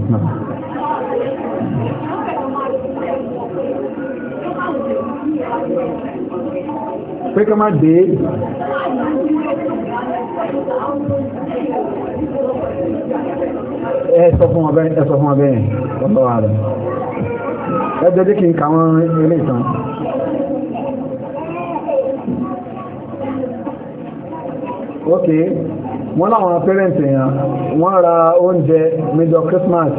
pé ká má dé ẹ̀sọ fún ọbẹ̀ ẹ̀sọ fún ọbẹ̀ yẹn ọlọ́wà rẹ̀ ẹjọ́ jẹ́ kí n kàwọn ilé ìtàn ok wọ́n láwọn parents èèyàn wọ́n ra oúnjẹ major Christmas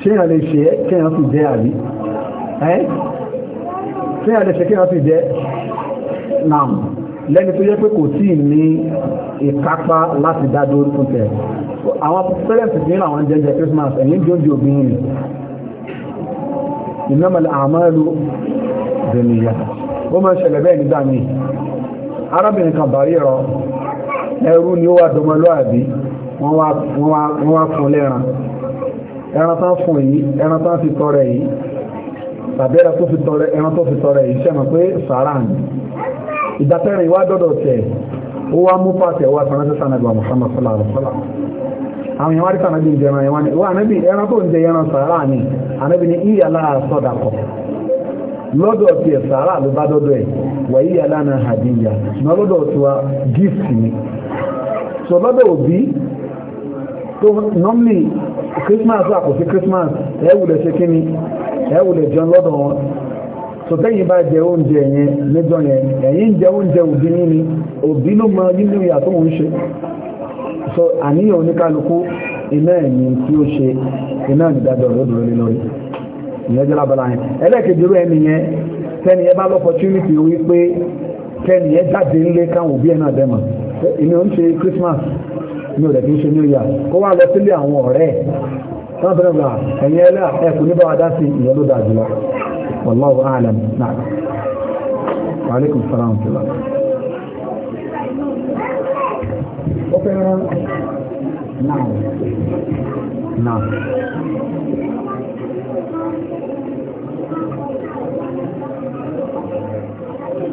ṣíyàn lè ṣe kí èèyàn fi jẹ́ àbí ẹ́ tí a lè ṣe kí wọ́n sì jẹ́ nam lẹ́ni tó yẹ pé kò tí ní ìkápá láti dá dúró fún tẹ̀ àwọn pẹ́rẹ́ǹtì tí àwọn jẹ́jẹ́ Christmas ẹ̀yìn jóúnjẹ obìnrin ni ìnámọ̀lẹ̀ àmọ́lù dènìyà ó máa ń ṣẹlẹ̀ bẹ́ẹ̀ nígbà míì arábìnrin kan bàrí rọ ẹrú ni ó wà dọmọlúàbí wọ́n wá fún lẹ́ran ẹran tán fún yìí ẹran tán fi tọrẹ yìí tàbẹ́rẹ́ tó fi tọrẹ ẹran tó fi tọrẹ yìí sẹ́mọ̀ pé sàrán ìdátẹ́rin wá dọ́dọ̀ tẹ̀ ó wá mú pàtẹ́ wá sàrán sẹ́sàn àgbà Muhammad sallallahu alaihi wasallam àwọn èèyàn wá rí sàrán bí ìjẹ ẹran ẹ̀wọ́n wá anábì ẹran tó ń jẹ ẹran sàrán ni anábì ní ìyàlá sọ́dàkọ̀ lọ́dọ̀ tí ẹ̀ sàrá ló bá dọ́dọ̀ ẹ̀ wà ìyàlá náà hàdíyà ṣùgbọ́n lọ́dọ̀ tí wa gift ni so lọ́dọ̀ òbí so normally christmas àkọsí christmas ẹ̀wùlẹ̀ ṣe kíní ẹ̀wùlẹ̀ jẹun lọ́dọ̀ wọn so tẹ́yìn bá jẹ oúnjẹ yẹn lẹ́jọ́ yẹn ẹ̀yin jẹ oúnjẹ òbí níní òbí ló mọ nínú ìyàtọ̀ òun ṣe so àníyàn oníkálukú iná ẹ̀mí tí ó ṣe iná ìdájọ́ rẹ̀ dúró lé lórí ìyẹn jẹ́ lábala yẹn ẹlẹ́ẹ̀kejì rẹ̀ ẹni yẹn tẹ́ni ẹ bá lọ́pọ̀tunity wípé kẹ́ni ẹ jáde ńlé káwọn òbí ẹ̀ náà dẹ́mọ̀ ìní ó ń ṣe christmas ní òdẹ̀ kìí ṣe ní ìyà kó wá lọ sílé àwọn ọ̀rẹ́ tán fẹ́rẹ̀ gbà ẹ̀yìn ẹlẹ́ ẹ̀kù ní báwa dá sí ìyẹn ló dáa jùlọ wallahu a'lam náà wa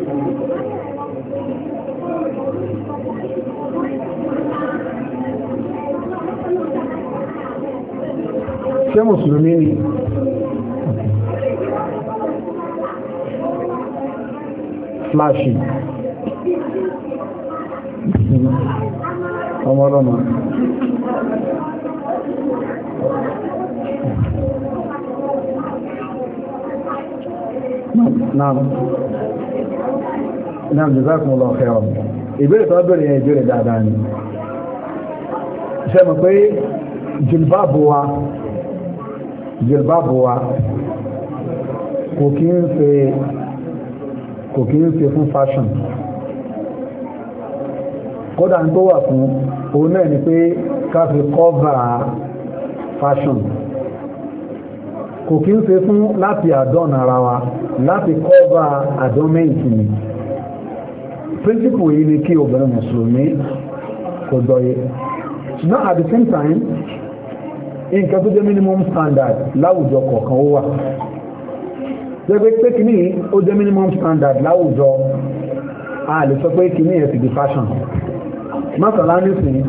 Thank you. ṣé mùsùlùmí ni flashi ọmọ ọlọ́mọ Naam. Naam, jazakumullahu khairan. Ìbéèrè tó bẹ̀rẹ̀ yẹn ìbéèrè dáadáa ni. Ṣé mọ̀ pé jìlbáàbù wa jilbabu wa kò kí ń ṣe kò kí fún fashion kódà tó wà fún òun náà ni pé ká fi fashion kò kí ń ṣe fún láti àdọ́nà ara wa láti cover àdọ́mẹ́ǹtì ni principle yìí ni kí obìnrin mùsùlùmí kò dọ̀ye ṣùgbọ́n at the same time nǹkan tó jẹ́ minimum standard láwùjọ kọ̀ọ̀kan ó wà jẹ́gbẹ́ pé kìíní ó jẹ́ minimum standard láwùjọ a lè sọ pé kìíní ẹ̀ ti di fashion mọ́sàlá nísìnyí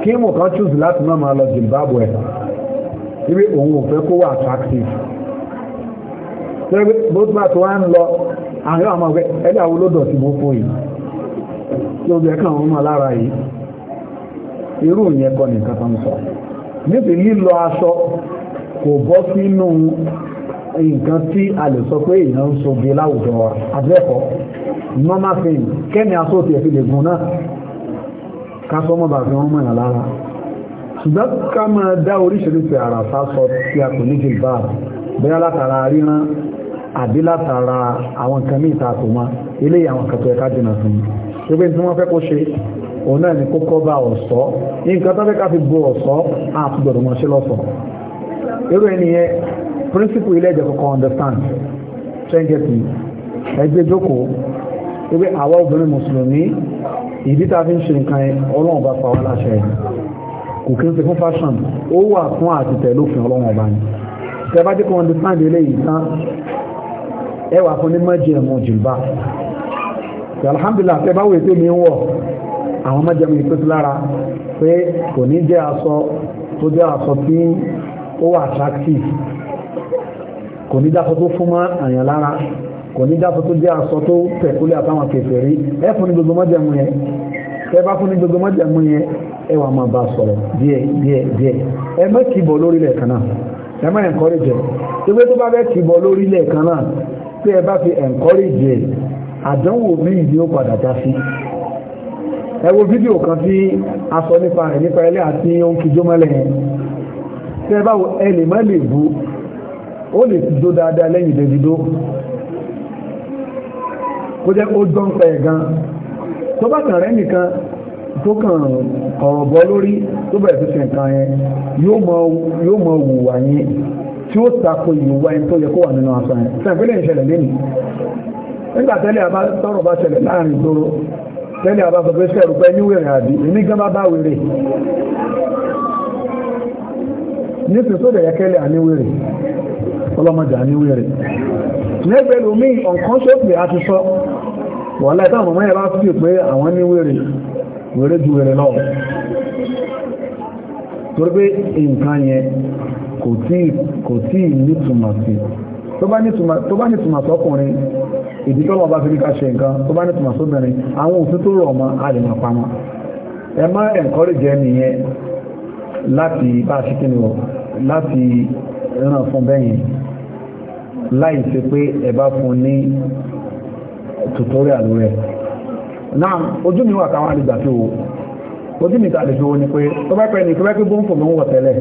kí mò kan choose láti máa máa lọ Zimbabwe ibi òun ò fẹ́ kó wà attractive jẹ́gbẹ́ bó tí wà tó wá ń lọ àwọn àwọn ọ̀gbẹ́ ẹ̀dá wo ló dọ̀tí mú fún yìí tí ó bẹ̀ kàn wọ́n mọ̀ lára yìí irú ìyẹn kọ́ nìkan tó ń sọ níbi lílọ aṣọ kò bọ́ sínú nǹkan tí a lè sọ pé èèyàn ń so gé láwùjọ wa abẹ́ẹ̀kọ́ normal thing kẹ́ni aṣọ ti ẹ̀fi lè gùn náà ká sọ mọ́ bàbá wọn mọ̀nà lára ṣùgbọ́n ká máa dá oríṣiríṣi àrà sásọ tí a kò ní jù bá bẹ́ẹ̀ látara ríran àbí látara àwọn nǹkan míì ta kò eléyìí àwọn kẹtọ́ ẹ̀ká jìnnà sí i ṣé fẹ́ kó ṣe òun náà ní kókó bá ọ̀ṣọ́ ní nǹkan tó fẹ́ ká fi bo ọ̀ṣọ́ àtúgbọ̀dọ̀ mọ̀ ṣe lọ́sọ̀ irú ẹni principle ilé ẹ̀jẹ̀ kọ̀ọ̀kan understand ṣẹ́ńgẹ̀tì ẹgbẹ́ jókòó wípé àwa obìnrin mùsùlùmí ìdí tá a fi ń ṣe nǹkan ọlọ́run bá pa wá láṣẹ ẹ̀ kò kí ń ṣe fún fashion ó wà fún àti tẹ̀lé òfin ọlọ́run ọba ni tẹ́bá jẹ́ kó understand eléyìí tán ẹ wà fún ní mọ́jì ẹ̀mọ́ jìlbá alhamdulillah tẹ́bá wò ètò mi ń wọ̀ àwọn mẹ́jẹ̀mú ìpèsè lára pé kò ní jẹ́ aṣọ tó jẹ́ aṣọ tí ó wà attractive kò ní dáṣọ tó fún mọ́ àyàn lára kò ní dáṣọ tó jẹ́ aṣọ tó pẹ̀kúlẹ̀ àtàwọn kẹfẹ́ rí ẹ fún ní gbogbo mẹ́jẹ̀mú yẹn ẹ bá fún wà máa bá sọ̀rọ̀ díẹ̀ díẹ̀ díẹ̀ ẹ má encourage ewé tó bá fẹ́ kìbọ̀ lórí lẹ̀kan náà encourage àdánwò míì ni ó ẹ wo fídíò kan tí a sọ nípa rẹ̀ nípa ẹlẹ́ àti ohun kìjó mọ́lẹ̀ yẹn tí ẹ báwo ẹ lè má lè bú ó lè ti dó dáadáa lẹ́yìn ìdẹ̀dúdó kó jẹ́ ó dán pẹ̀ gan tó bá kàn rẹ̀ nìkan tó kàn ọ̀rọ̀ bọ́ lórí tó bẹ̀rẹ̀ tó ṣe nǹkan yẹn yóò mọ wùwà yẹn tí ó tako ìwà ẹni tó yẹ kó wà nínú aṣọ yẹn sẹ́yìn pé lè nígbà tẹ́lẹ̀ àbá tọrọ bá ṣẹlẹ̀ láàrin ìgboro lẹ́ni àbáfẹ́ pé sẹ́rù pé ní wèrè àbí èmi gan bá bá wèrè nítorí tó dẹ̀ yẹ́kẹ́lẹ̀ àníwèrè ọlọ́mọdé àníwèrè lẹ́gbẹ̀lú mí unconsciously a ti sọ wà láì táwọn ọmọ ẹ̀rá sí pé àwọn ní wèrè wèrè ju wèrè lọ torí pé nǹkan yẹn kò tí ì nítumọ̀ sí tó bá nítumọ̀ sọkùnrin ìdí ọba bá fi rí ká ṣe nǹkan tó bá nìtùmọ̀ sóbìnrin àwọn òfin tó rọ̀ mọ́ àdìmọ̀ pamọ́ ẹ má encourage nìyẹn láti bá a ṣíkí nìwọ̀ láti ràn fún bẹ́yìn láì ṣe pé ẹ bá fún ní tutorial rẹ̀ náà ojú mi wà káwọn àdìgbà fi wo ojú mi tàbí fi ni pé tó bá pẹ́ ni tó bá pẹ́ bó ń fò mọ́ wọ̀ tẹ́lẹ̀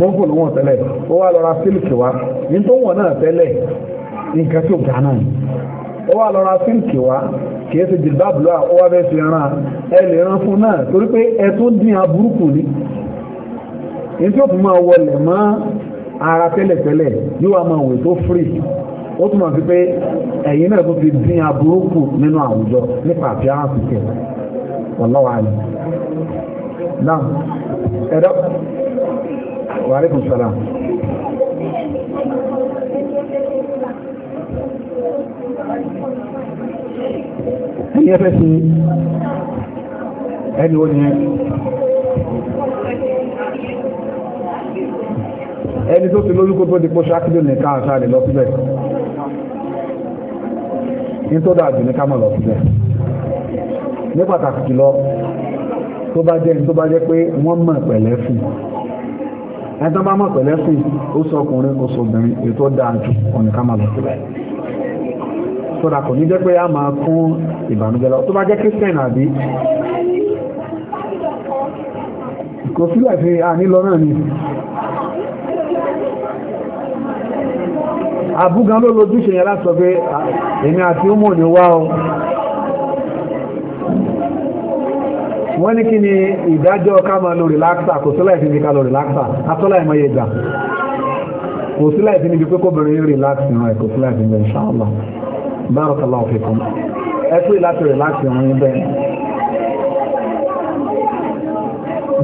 bọ́ǹkù ló wọ̀n tẹ́lẹ̀ ó wá lọ ra sílìkì wá ní tó wọ̀n náà tẹ́lẹ̀ nǹkan tó ga náà ó wá lọ ra sílìkì wá kìí ṣe jìlbáàbù lọ́wọ́ ó wá bẹ́ẹ̀ fi ran ẹ lè ran fún náà torí pé ẹ tó dín aburúkú ni ní tí ó fi máa wọlé mọ́ ara tẹ́lẹ̀tẹ́lẹ̀ yóò wá máa wè tó free ó túnmọ̀ sí pé ẹ̀yin náà tó fi dín aburú kù nínú àwùjọ nípa àti àrùn wọ́n lọ́wọ́ àlè náà ẹ̀dọ́ Wa alaikum salaam. Ẹni ẹfẹ́ sí ẹni ó ní ẹni tó ti lórúkọ tó di pọ́ṣọ́ ákídò ní káàkiri rẹ̀ lọ síbẹ̀. Ní tó dáa jù ní kámọ̀ lọ síbẹ̀. Ní pàtàkì jùlọ, tó bá jẹ́ tó bá jẹ́ pé wọ́n mọ̀ pẹ̀lẹ́ fún un ẹ̀tọ́ bá mọ̀ pẹ̀lẹ́ fún ó sọ ọkùnrin ó sọ obìnrin ètò dáadù ọ̀nà ká máa lọ sílẹ̀ sọ́dà kò ní jẹ́ pé a máa kún ìbànújẹ́ lọ tó bá jẹ́ kírísítẹ̀nì àbí kò sílẹ̀ fi a nílọ náà ni àbúgan ló lójúṣe yẹn láti sọ pé ah, èmi àti ó mọ̀ ní wá o wọ́n ní kí ni ìdájọ́ ká máa lo relaxer kò sílẹ̀ ìfini ká lo relaxer atọ́lá ìmọ̀ yẹ gbà kò sílẹ̀ ìfini bí pé kóbìnrin relax ìran ẹ̀ kò sílẹ̀ ìfini bẹ́ẹ̀ ṣáàlá barakallahu fikum ẹ pé láti relax ìran yín bẹ́ẹ̀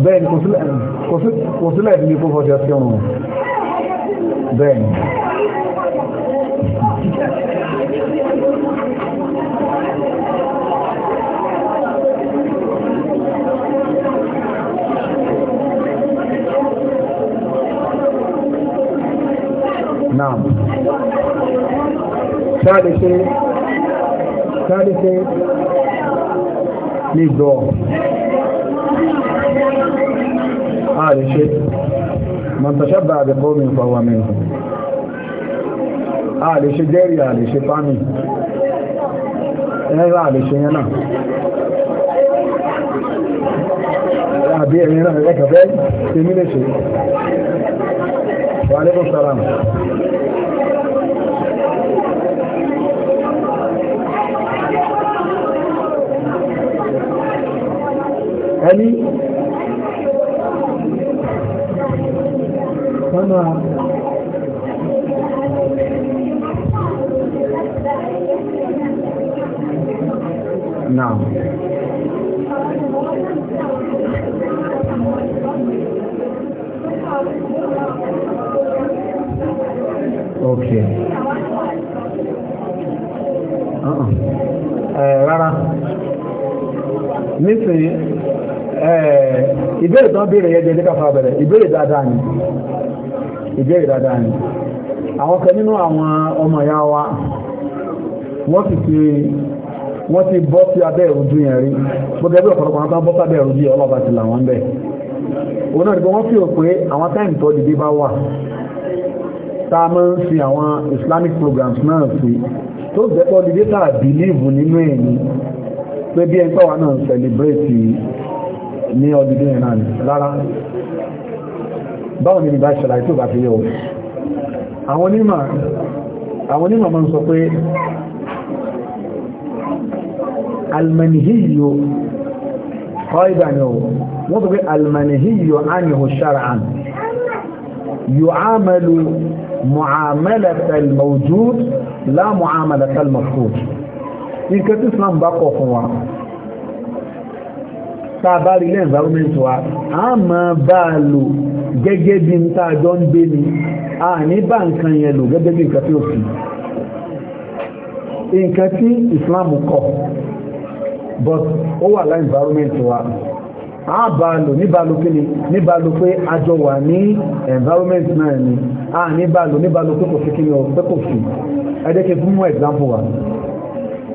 bẹ́ẹ̀ ni kò sílẹ̀ ìfini kó fọ́ṣẹ́ náà sáàdìsẹ́ sáàdìsẹ́ lè dọ̀ ààrẹ̀ṣẹ́ mọ̀tàṣàbà àbẹ̀kọ́ mi fọwọ́ mẹ́rin ààrẹ̀ṣẹ́ jẹ́rì ààrẹ̀ṣẹ́ fámi ẹ̀rọ ààrẹ̀ṣẹ́ yẹn náà àbí ẹ̀rin náà ẹ̀kàfẹ́ tèmi lè ṣe wà ẹni sọ́nà náà Okay. Uh -uh. Uh, rárá nísìnyí ìbéèrè tán béèrè yẹn jẹ́ nípa fàbẹ̀rẹ̀ ìbéèrè dáadáa ni ìbéèrè dáadáa ni àwọn kan nínú àwọn ọmọ ìyá wa wọ́n sì ti wọ́n ti bọ́ sí abẹ́ ìrújú yẹn rí gbogbo ẹgbẹ́ ọ̀pọ̀lọpọ̀ àwọn tán bọ́ sábẹ́ ìrújú yẹn ọlọ́ba ti là wọ́n bẹ̀ òun náà ni wọ́n fi hàn pé àwọn táìmù tó dìde bá wà tá a máa ń fi àwọn Islamic programs náà sí tó jẹ́ pọ́ dìde tá a bìlíìvù nínú ẹ̀ ni pé bí ẹgbẹ́ wa náà sẹlẹ̀bírẹ́tì ní ọdún díẹ̀ náà rárá báwọn nínú bá ṣàlàyé tó bá fi yọ àwọn onímọ̀ ma ń sọ pé almanihiyo ọ̀ìdà ni ọ̀ wọ́n tó pé almanihiyo ánìhò ṣara'an yu'amalu mu'amalatal mawjud la mu'amalatal mafqud nǹkan tí Islam bá kọ̀ fún wa tá a bá rí ilé environment wa a máa bá a lò gẹ́gẹ́ bí n tá jọ ń gbé ni a ní bá nǹkan yẹn lò gẹ́gẹ́ bí nǹkan tí ó fi nǹkan tí Islam kọ̀ but ó wà lá environment wa a bá lò níbàlò kí ni níbàlò pé a jọ wà ní environment náà ni a níbàlò níbàlò pé kò sí kí ni ọ pé kò sí ẹ̀dẹ́kẹ́ fún mú example wa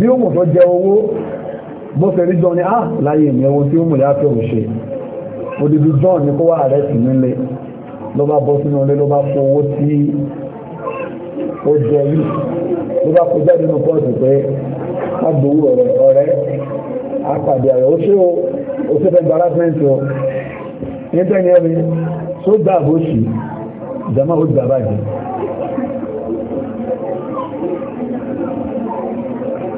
bí ó mọ̀ tó jẹ owó bó fẹ́ rí john ní à ah, láyé ìmì ẹwọ tí ó mọ̀ láti ọ̀rọ̀ ṣe odidi john ní kó wà rẹ̀ sí nílé ló bá bọ́ sínú ilé ló bá kó owó tí ó jẹ yìí ló bá kó jáde nínú pọ́ọ̀tù pé wọ́n gbowó ọ̀rẹ́ ọ̀rẹ́ apàdé ààrẹ ó ṣe o ó ṣe fẹ́ gbarásẹ́ǹtì o ní tẹ́ni ẹ̀rí tó gbà bó ṣì jama ó gbà bàjẹ́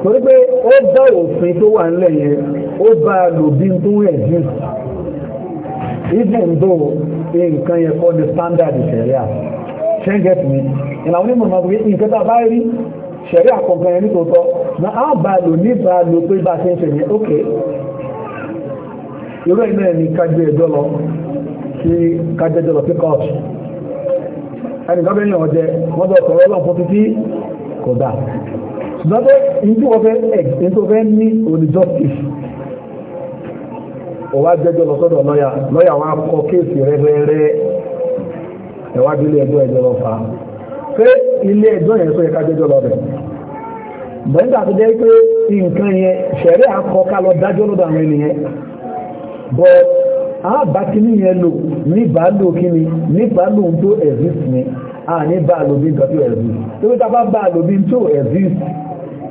torí pé ó bá òfin tó wà nílẹ̀ yẹn ó bá a tó ń ẹ̀jìn even though nǹkan yẹn kọ́ ni standard ìṣẹ̀ríà ṣẹ́ngẹ̀t mi ìlànà onímọ̀ máa wí nǹkan tá a bá rí ṣẹ̀rí àkọ̀kan yẹn nítòótọ́ na á bá a lò ní bá a lò pé bá a ṣe ń ṣe yẹn ok irú ẹ̀ náà ni kájú ẹjọ́ lọ sí kájú ẹjọ́ lọ sí kọ́ọ̀tù ẹnì kan bẹ́ẹ̀ ni wọ́n bọ̀ sọ̀rọ̀ fún títí kò dáa ṣùgbọ́n pé ìdí wọ́n fẹ́ ẹ̀gbẹ́ eh, tó fẹ́ ní òní justice ó wá jẹ́jọ́ lọ sọ́dọ̀ lọ́yà lọ́yà wa kọ kéèsì rẹ́rẹ́rẹ́ ẹ̀wájú ilé ẹjọ́ ẹjọ́ lọ fà á pé ilé ẹjọ́ yẹn sọ yẹ ká jẹ́jọ́ lọ bẹ̀ bẹ́ńdà tó jẹ́ pé nǹkan yẹn ṣẹ̀rí àkọ́ ká lọ dájọ́ lọ́dọ̀ àwọn ènìyàn bọ́ àbá kíní yẹn lò ní bàálù kíní ní bàálù tó exist ni a ní bàálù bí nǹkan tó exist tó bí ta bá bàálù bí tó exist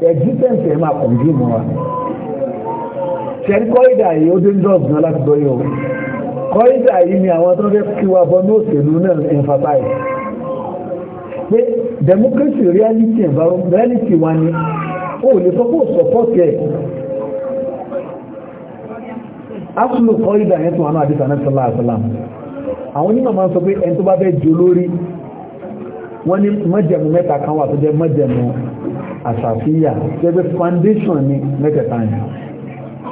existence ẹ̀ máa kọ̀ǹdí mọ́ wa ṣẹ́ni kọ́ídà yìí ó dé ń dọ̀bù náà láti gbọ́yọ̀ kọ́ídà yìí ni àwọn tó fẹ́ kí wa bọ́ ní òṣèlú náà emphasize pé democracy reality environment reality wa ni ó lè sọ pé ó support ẹ̀ asùlù kọ́ídà yẹn tó wà náà àdìsá náà sọlá àsọlá àwọn onímọ̀ máa ń sọ pé ẹni tó bá fẹ́ jolórí wọ́n ní májẹ̀mú mẹ́ta kan wà tó jẹ́ májẹ̀mú àṣàfíyà gẹ́gẹ́ foundation ní mẹ́tẹ̀ẹ̀ta yìí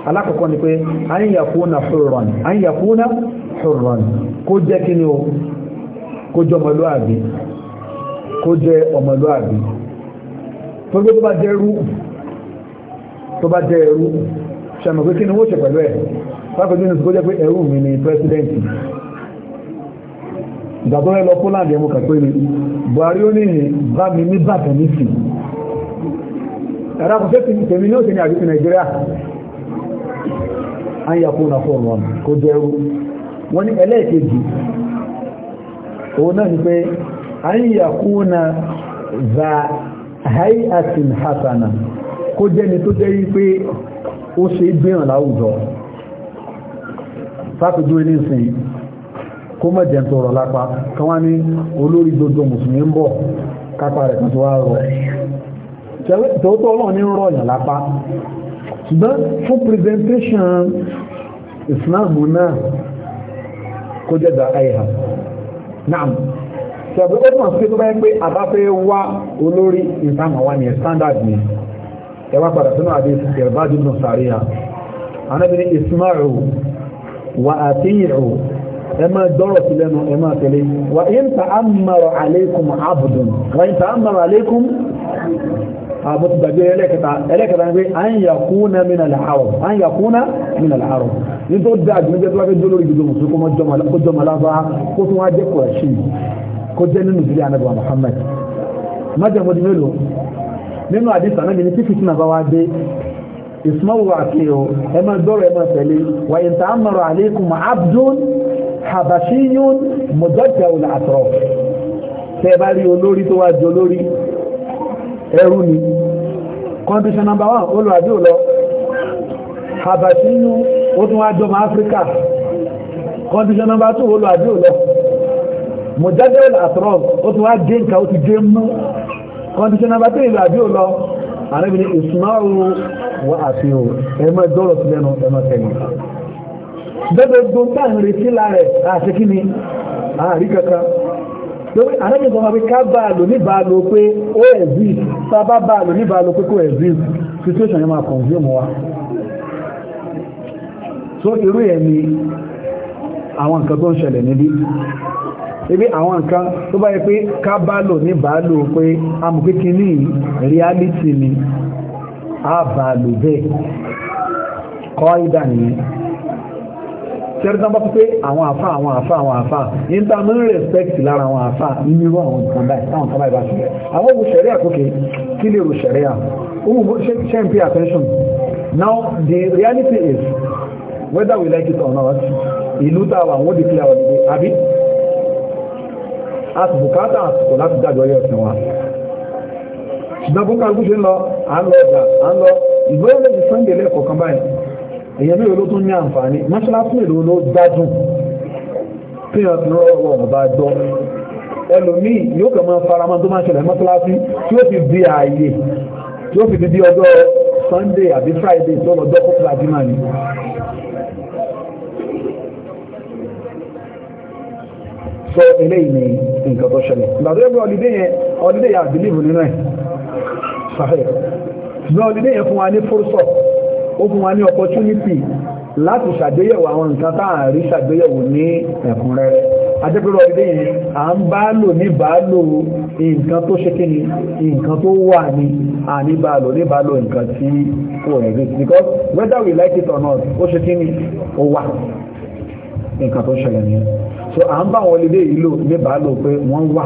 alákọ̀ọ́kọ́ ni pé àyíyàkúnà fúrọ̀n àyíyàkúnà fúrọ̀n kó jẹ́ kí ni o kó jẹ́ ọmọlúàbí kó jẹ́ ọmọlúàbí tó gbé tó bá jẹ́ rú tó bá jẹ́ ẹrú ṣàmọ̀ pé kí ni wọ́n ṣe pẹ̀lú ẹ̀ fáfẹ́ jínú tó jẹ́ pé ẹrú mi ni pẹ́sidẹ́ntì ìgbàgbọ́rẹ́ lọ Poland ẹ̀mú kàpé ni Buhari ó ní bá mi ní bàtẹ̀ nísìn ẹ̀rọ akọ̀ṣẹ́ ti tèmi òṣèlú nàìjíríà a ń yàkó na fún kó jẹ́ ẹrú wọ́n ní ẹlẹ́ẹ̀kejì náà ni pé a ń yàkó na za hayatin hasana kó jẹ́ ni tó jẹ́ yí pé ó ṣe gbéhàn láwùjọ fáfijú ilé ìsìn kó mọ̀ jẹ́ tọrọ lápá kan olórí gbogbo mùsùlùmí ń bọ̀ kápá rẹ̀ kan tó wá rọ̀ tòótọ́ ọlọ́run ní rọ̀yàn lápá ṣùgbọ́n fún presentation islam náà kó jẹ́ da àyà náà ṣàbí ó mọ̀ sí tó báyẹ́ pé àbáfẹ́ wá olórí ìsámà wá ní standard ni ẹwà padà sínú àbí ìrìbájú náà sàríyà anábìnrin ismaru wa àtíyìrù ẹ máa dọ́rọ̀ sí lẹ́nu ẹ máa tẹ̀lé wa in ta'ammara alaykum abdun wa in ta'ammara alaykum àbọ̀ ti gbàgbé ẹlẹ́kẹta ẹlẹ́kẹta pé à ń yàkúnà mìíràn làárọ̀ à ń yàkúnà mìíràn làárọ̀ ní tó dáa jù ní jẹ́ tó bá fẹ́ jó lórí gbogbo mùsùlùmí kó jọmọ lábá kó tún wá jẹ́ kùrẹ́ṣì kó jẹ́ nínú ìdílé anábọ̀ Muhammad májàmú di mélòó nínú àdìsá náà ní tífìtì náà bá wá dé ìsúnmọ́wò àti ẹ̀ ẹ máa dọ́rọ̀ ẹ máa tẹ̀lé wàyí ta á mọ̀rọ̀ àlékún abdul habashiyun mọ̀jọ́jà òlà àtọ̀rọ̀ bá rí olórí tó wá jọ lórí ẹrú ni condition number one olùwàbí ò lọ àbàtí inú ó tún wá jọmọ áfíríkà condition number two olùwàbí ò lọ mojadel atron ó tún wá gé nǹkan ó ti gé mú condition number three olùwàbí ò lọ àrẹ́bìnrin ìsúnáwó wà àfi ò ẹ̀mọ́ ìdọ́rọ̀ sí lẹ́nu ẹ̀mọ́ tẹ̀lé gbẹ́gbẹ́ gbọ́n tá retí lára ẹ̀ àti kí ni àárí kankan lórí àlejò sọ wípé ká bá a lò ní bá a lò pé ó ẹ̀zí tá a bá bá a lò ní bá a lò pé kó ẹ̀zí situation yẹn máa consume wa so irú ẹ̀ ni àwọn nǹkan tó ń ṣẹlẹ̀ níbí ibi àwọn nǹkan tó bá yẹ pé ká bá lò ní bá a lò pé amòkíkí ní reality ni a bá a lò bẹ́ẹ̀ kọ́ ìdá nìyẹn ṣẹ́rí tán bá fi pé àwọn àfa àwọn àfa àwọn àfa yín tá a máa ń respect lára àwọn àfa nínú àwọn nǹkan báyìí táwọn nǹkan báyìí bá ṣẹlẹ̀ àwọn òwò ṣẹ̀rí àkókè kí lè rò ṣẹ̀rí à òwò ṣe ń pay attention now the reality is whether we like it or not ìlú tá a wà wọ́n di clear ọ̀dẹ̀ àbí àti bùkátà àsìkò láti dájọ́ yẹ̀ ọ̀sìn wa ṣùgbọ́n bó kálukú ṣe ń lọ à ń lọ ọjà à ń lọ ìgbóyè lè fi sunday lẹ́ẹ̀kọ̀ọ̀kan báyìí èyàn mẹ́rin ló tún ní àǹfààní mọ́ṣáláṣí mẹ́rin ló gbádùn tí wọ́n ti rọ́rọ̀ wọn bá gbọ́ ẹlòmíì yóò kàn máa faramọ́ tó máa ṣẹlẹ̀ mọ́ṣáláṣí tí ó fi di ààyè tí ó fi di ọjọ́ Sunday àbí Friday tó lọ́jọ́ kókòlá jimá ni sọ eléyìí ni nǹkan tó ṣẹlẹ̀ ìgbàdo ẹgbẹ́ ọlídé yẹn ọlídé yẹn àbílíìfù nínú ẹ̀ sàfẹ́ ṣùgbọ́n ọlídé yẹn fún wa ní fúrúsọ̀ ó fún wa ní opportunity láti ṣàgbéyẹ̀wò àwọn nǹkan táà rí ṣàgbéyẹ̀wò ní ẹ̀kúnrẹ́rẹ́ adẹ́gbẹ̀rọ ilé yìí à ń bá lò ní bàálò nǹkan tó ṣe kí ni nǹkan tó wà ní àní bàálò ní bàálò nǹkan tí kò rẹ̀ because whether we like it or not ó ṣe kí ni ó wà nǹkan tó ṣẹlẹ̀ ní so à ń bá wọn ilé yìí lò ní bàálò pé wọ́n wà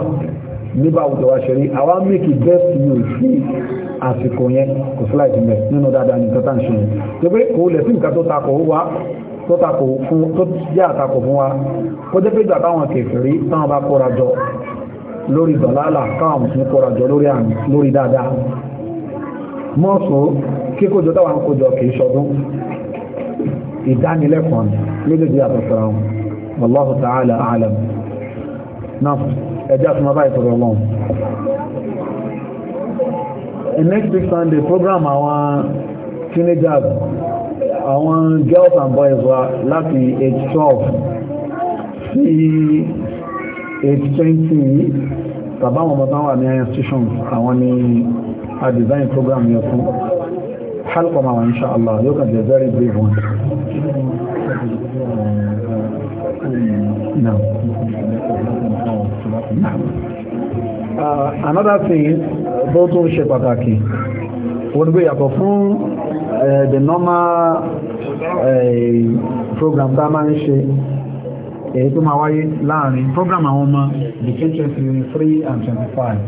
nígbà àwùjọ wa ṣe rí àwa mẹ́kì best news sí àsìkò yẹn kò sí láì jùlẹ̀ nínú dáadáa nìkan tá ń ṣe tó pé kò lẹ̀ sí nǹkan tó takò wá tó takò fún tó jẹ́ àtakò fún wa kó jẹ́ pé ìgbà táwọn kèfèrí táwọn bá kóra jọ lórí dọ̀lálà káwọn mùsùlùmí kóra jọ lórí àmì lórí dáadáa mọ́ọ̀sù kíkójọ táwọn kójọ kìí ṣọdún ìdánilẹ́kọ̀ọ́ méjèèjì àtọ̀sọ̀rọ̀ Wallahu ta'ala a'lam náà ẹjá tó máa bá ìtọ̀rọ̀ wọn next week Sunday program àwọn teenagers àwọn girls and boys wa láti age 12 sí age 20 tàbá àwọn ọmọdé wà ní institutions àwọn ni a design program yẹ fún halkọ ma wà ní ṣàlá yóò kàn jẹ very brave one. No. Ah, another thing uh, tó tún ṣe pàtàkì wọ́n gbé yàtọ̀ fún eh, the normal eh, program tá máa ń ṣe èyí tó máa wáyé láàrin program àwọn ọmọ between 23 and 25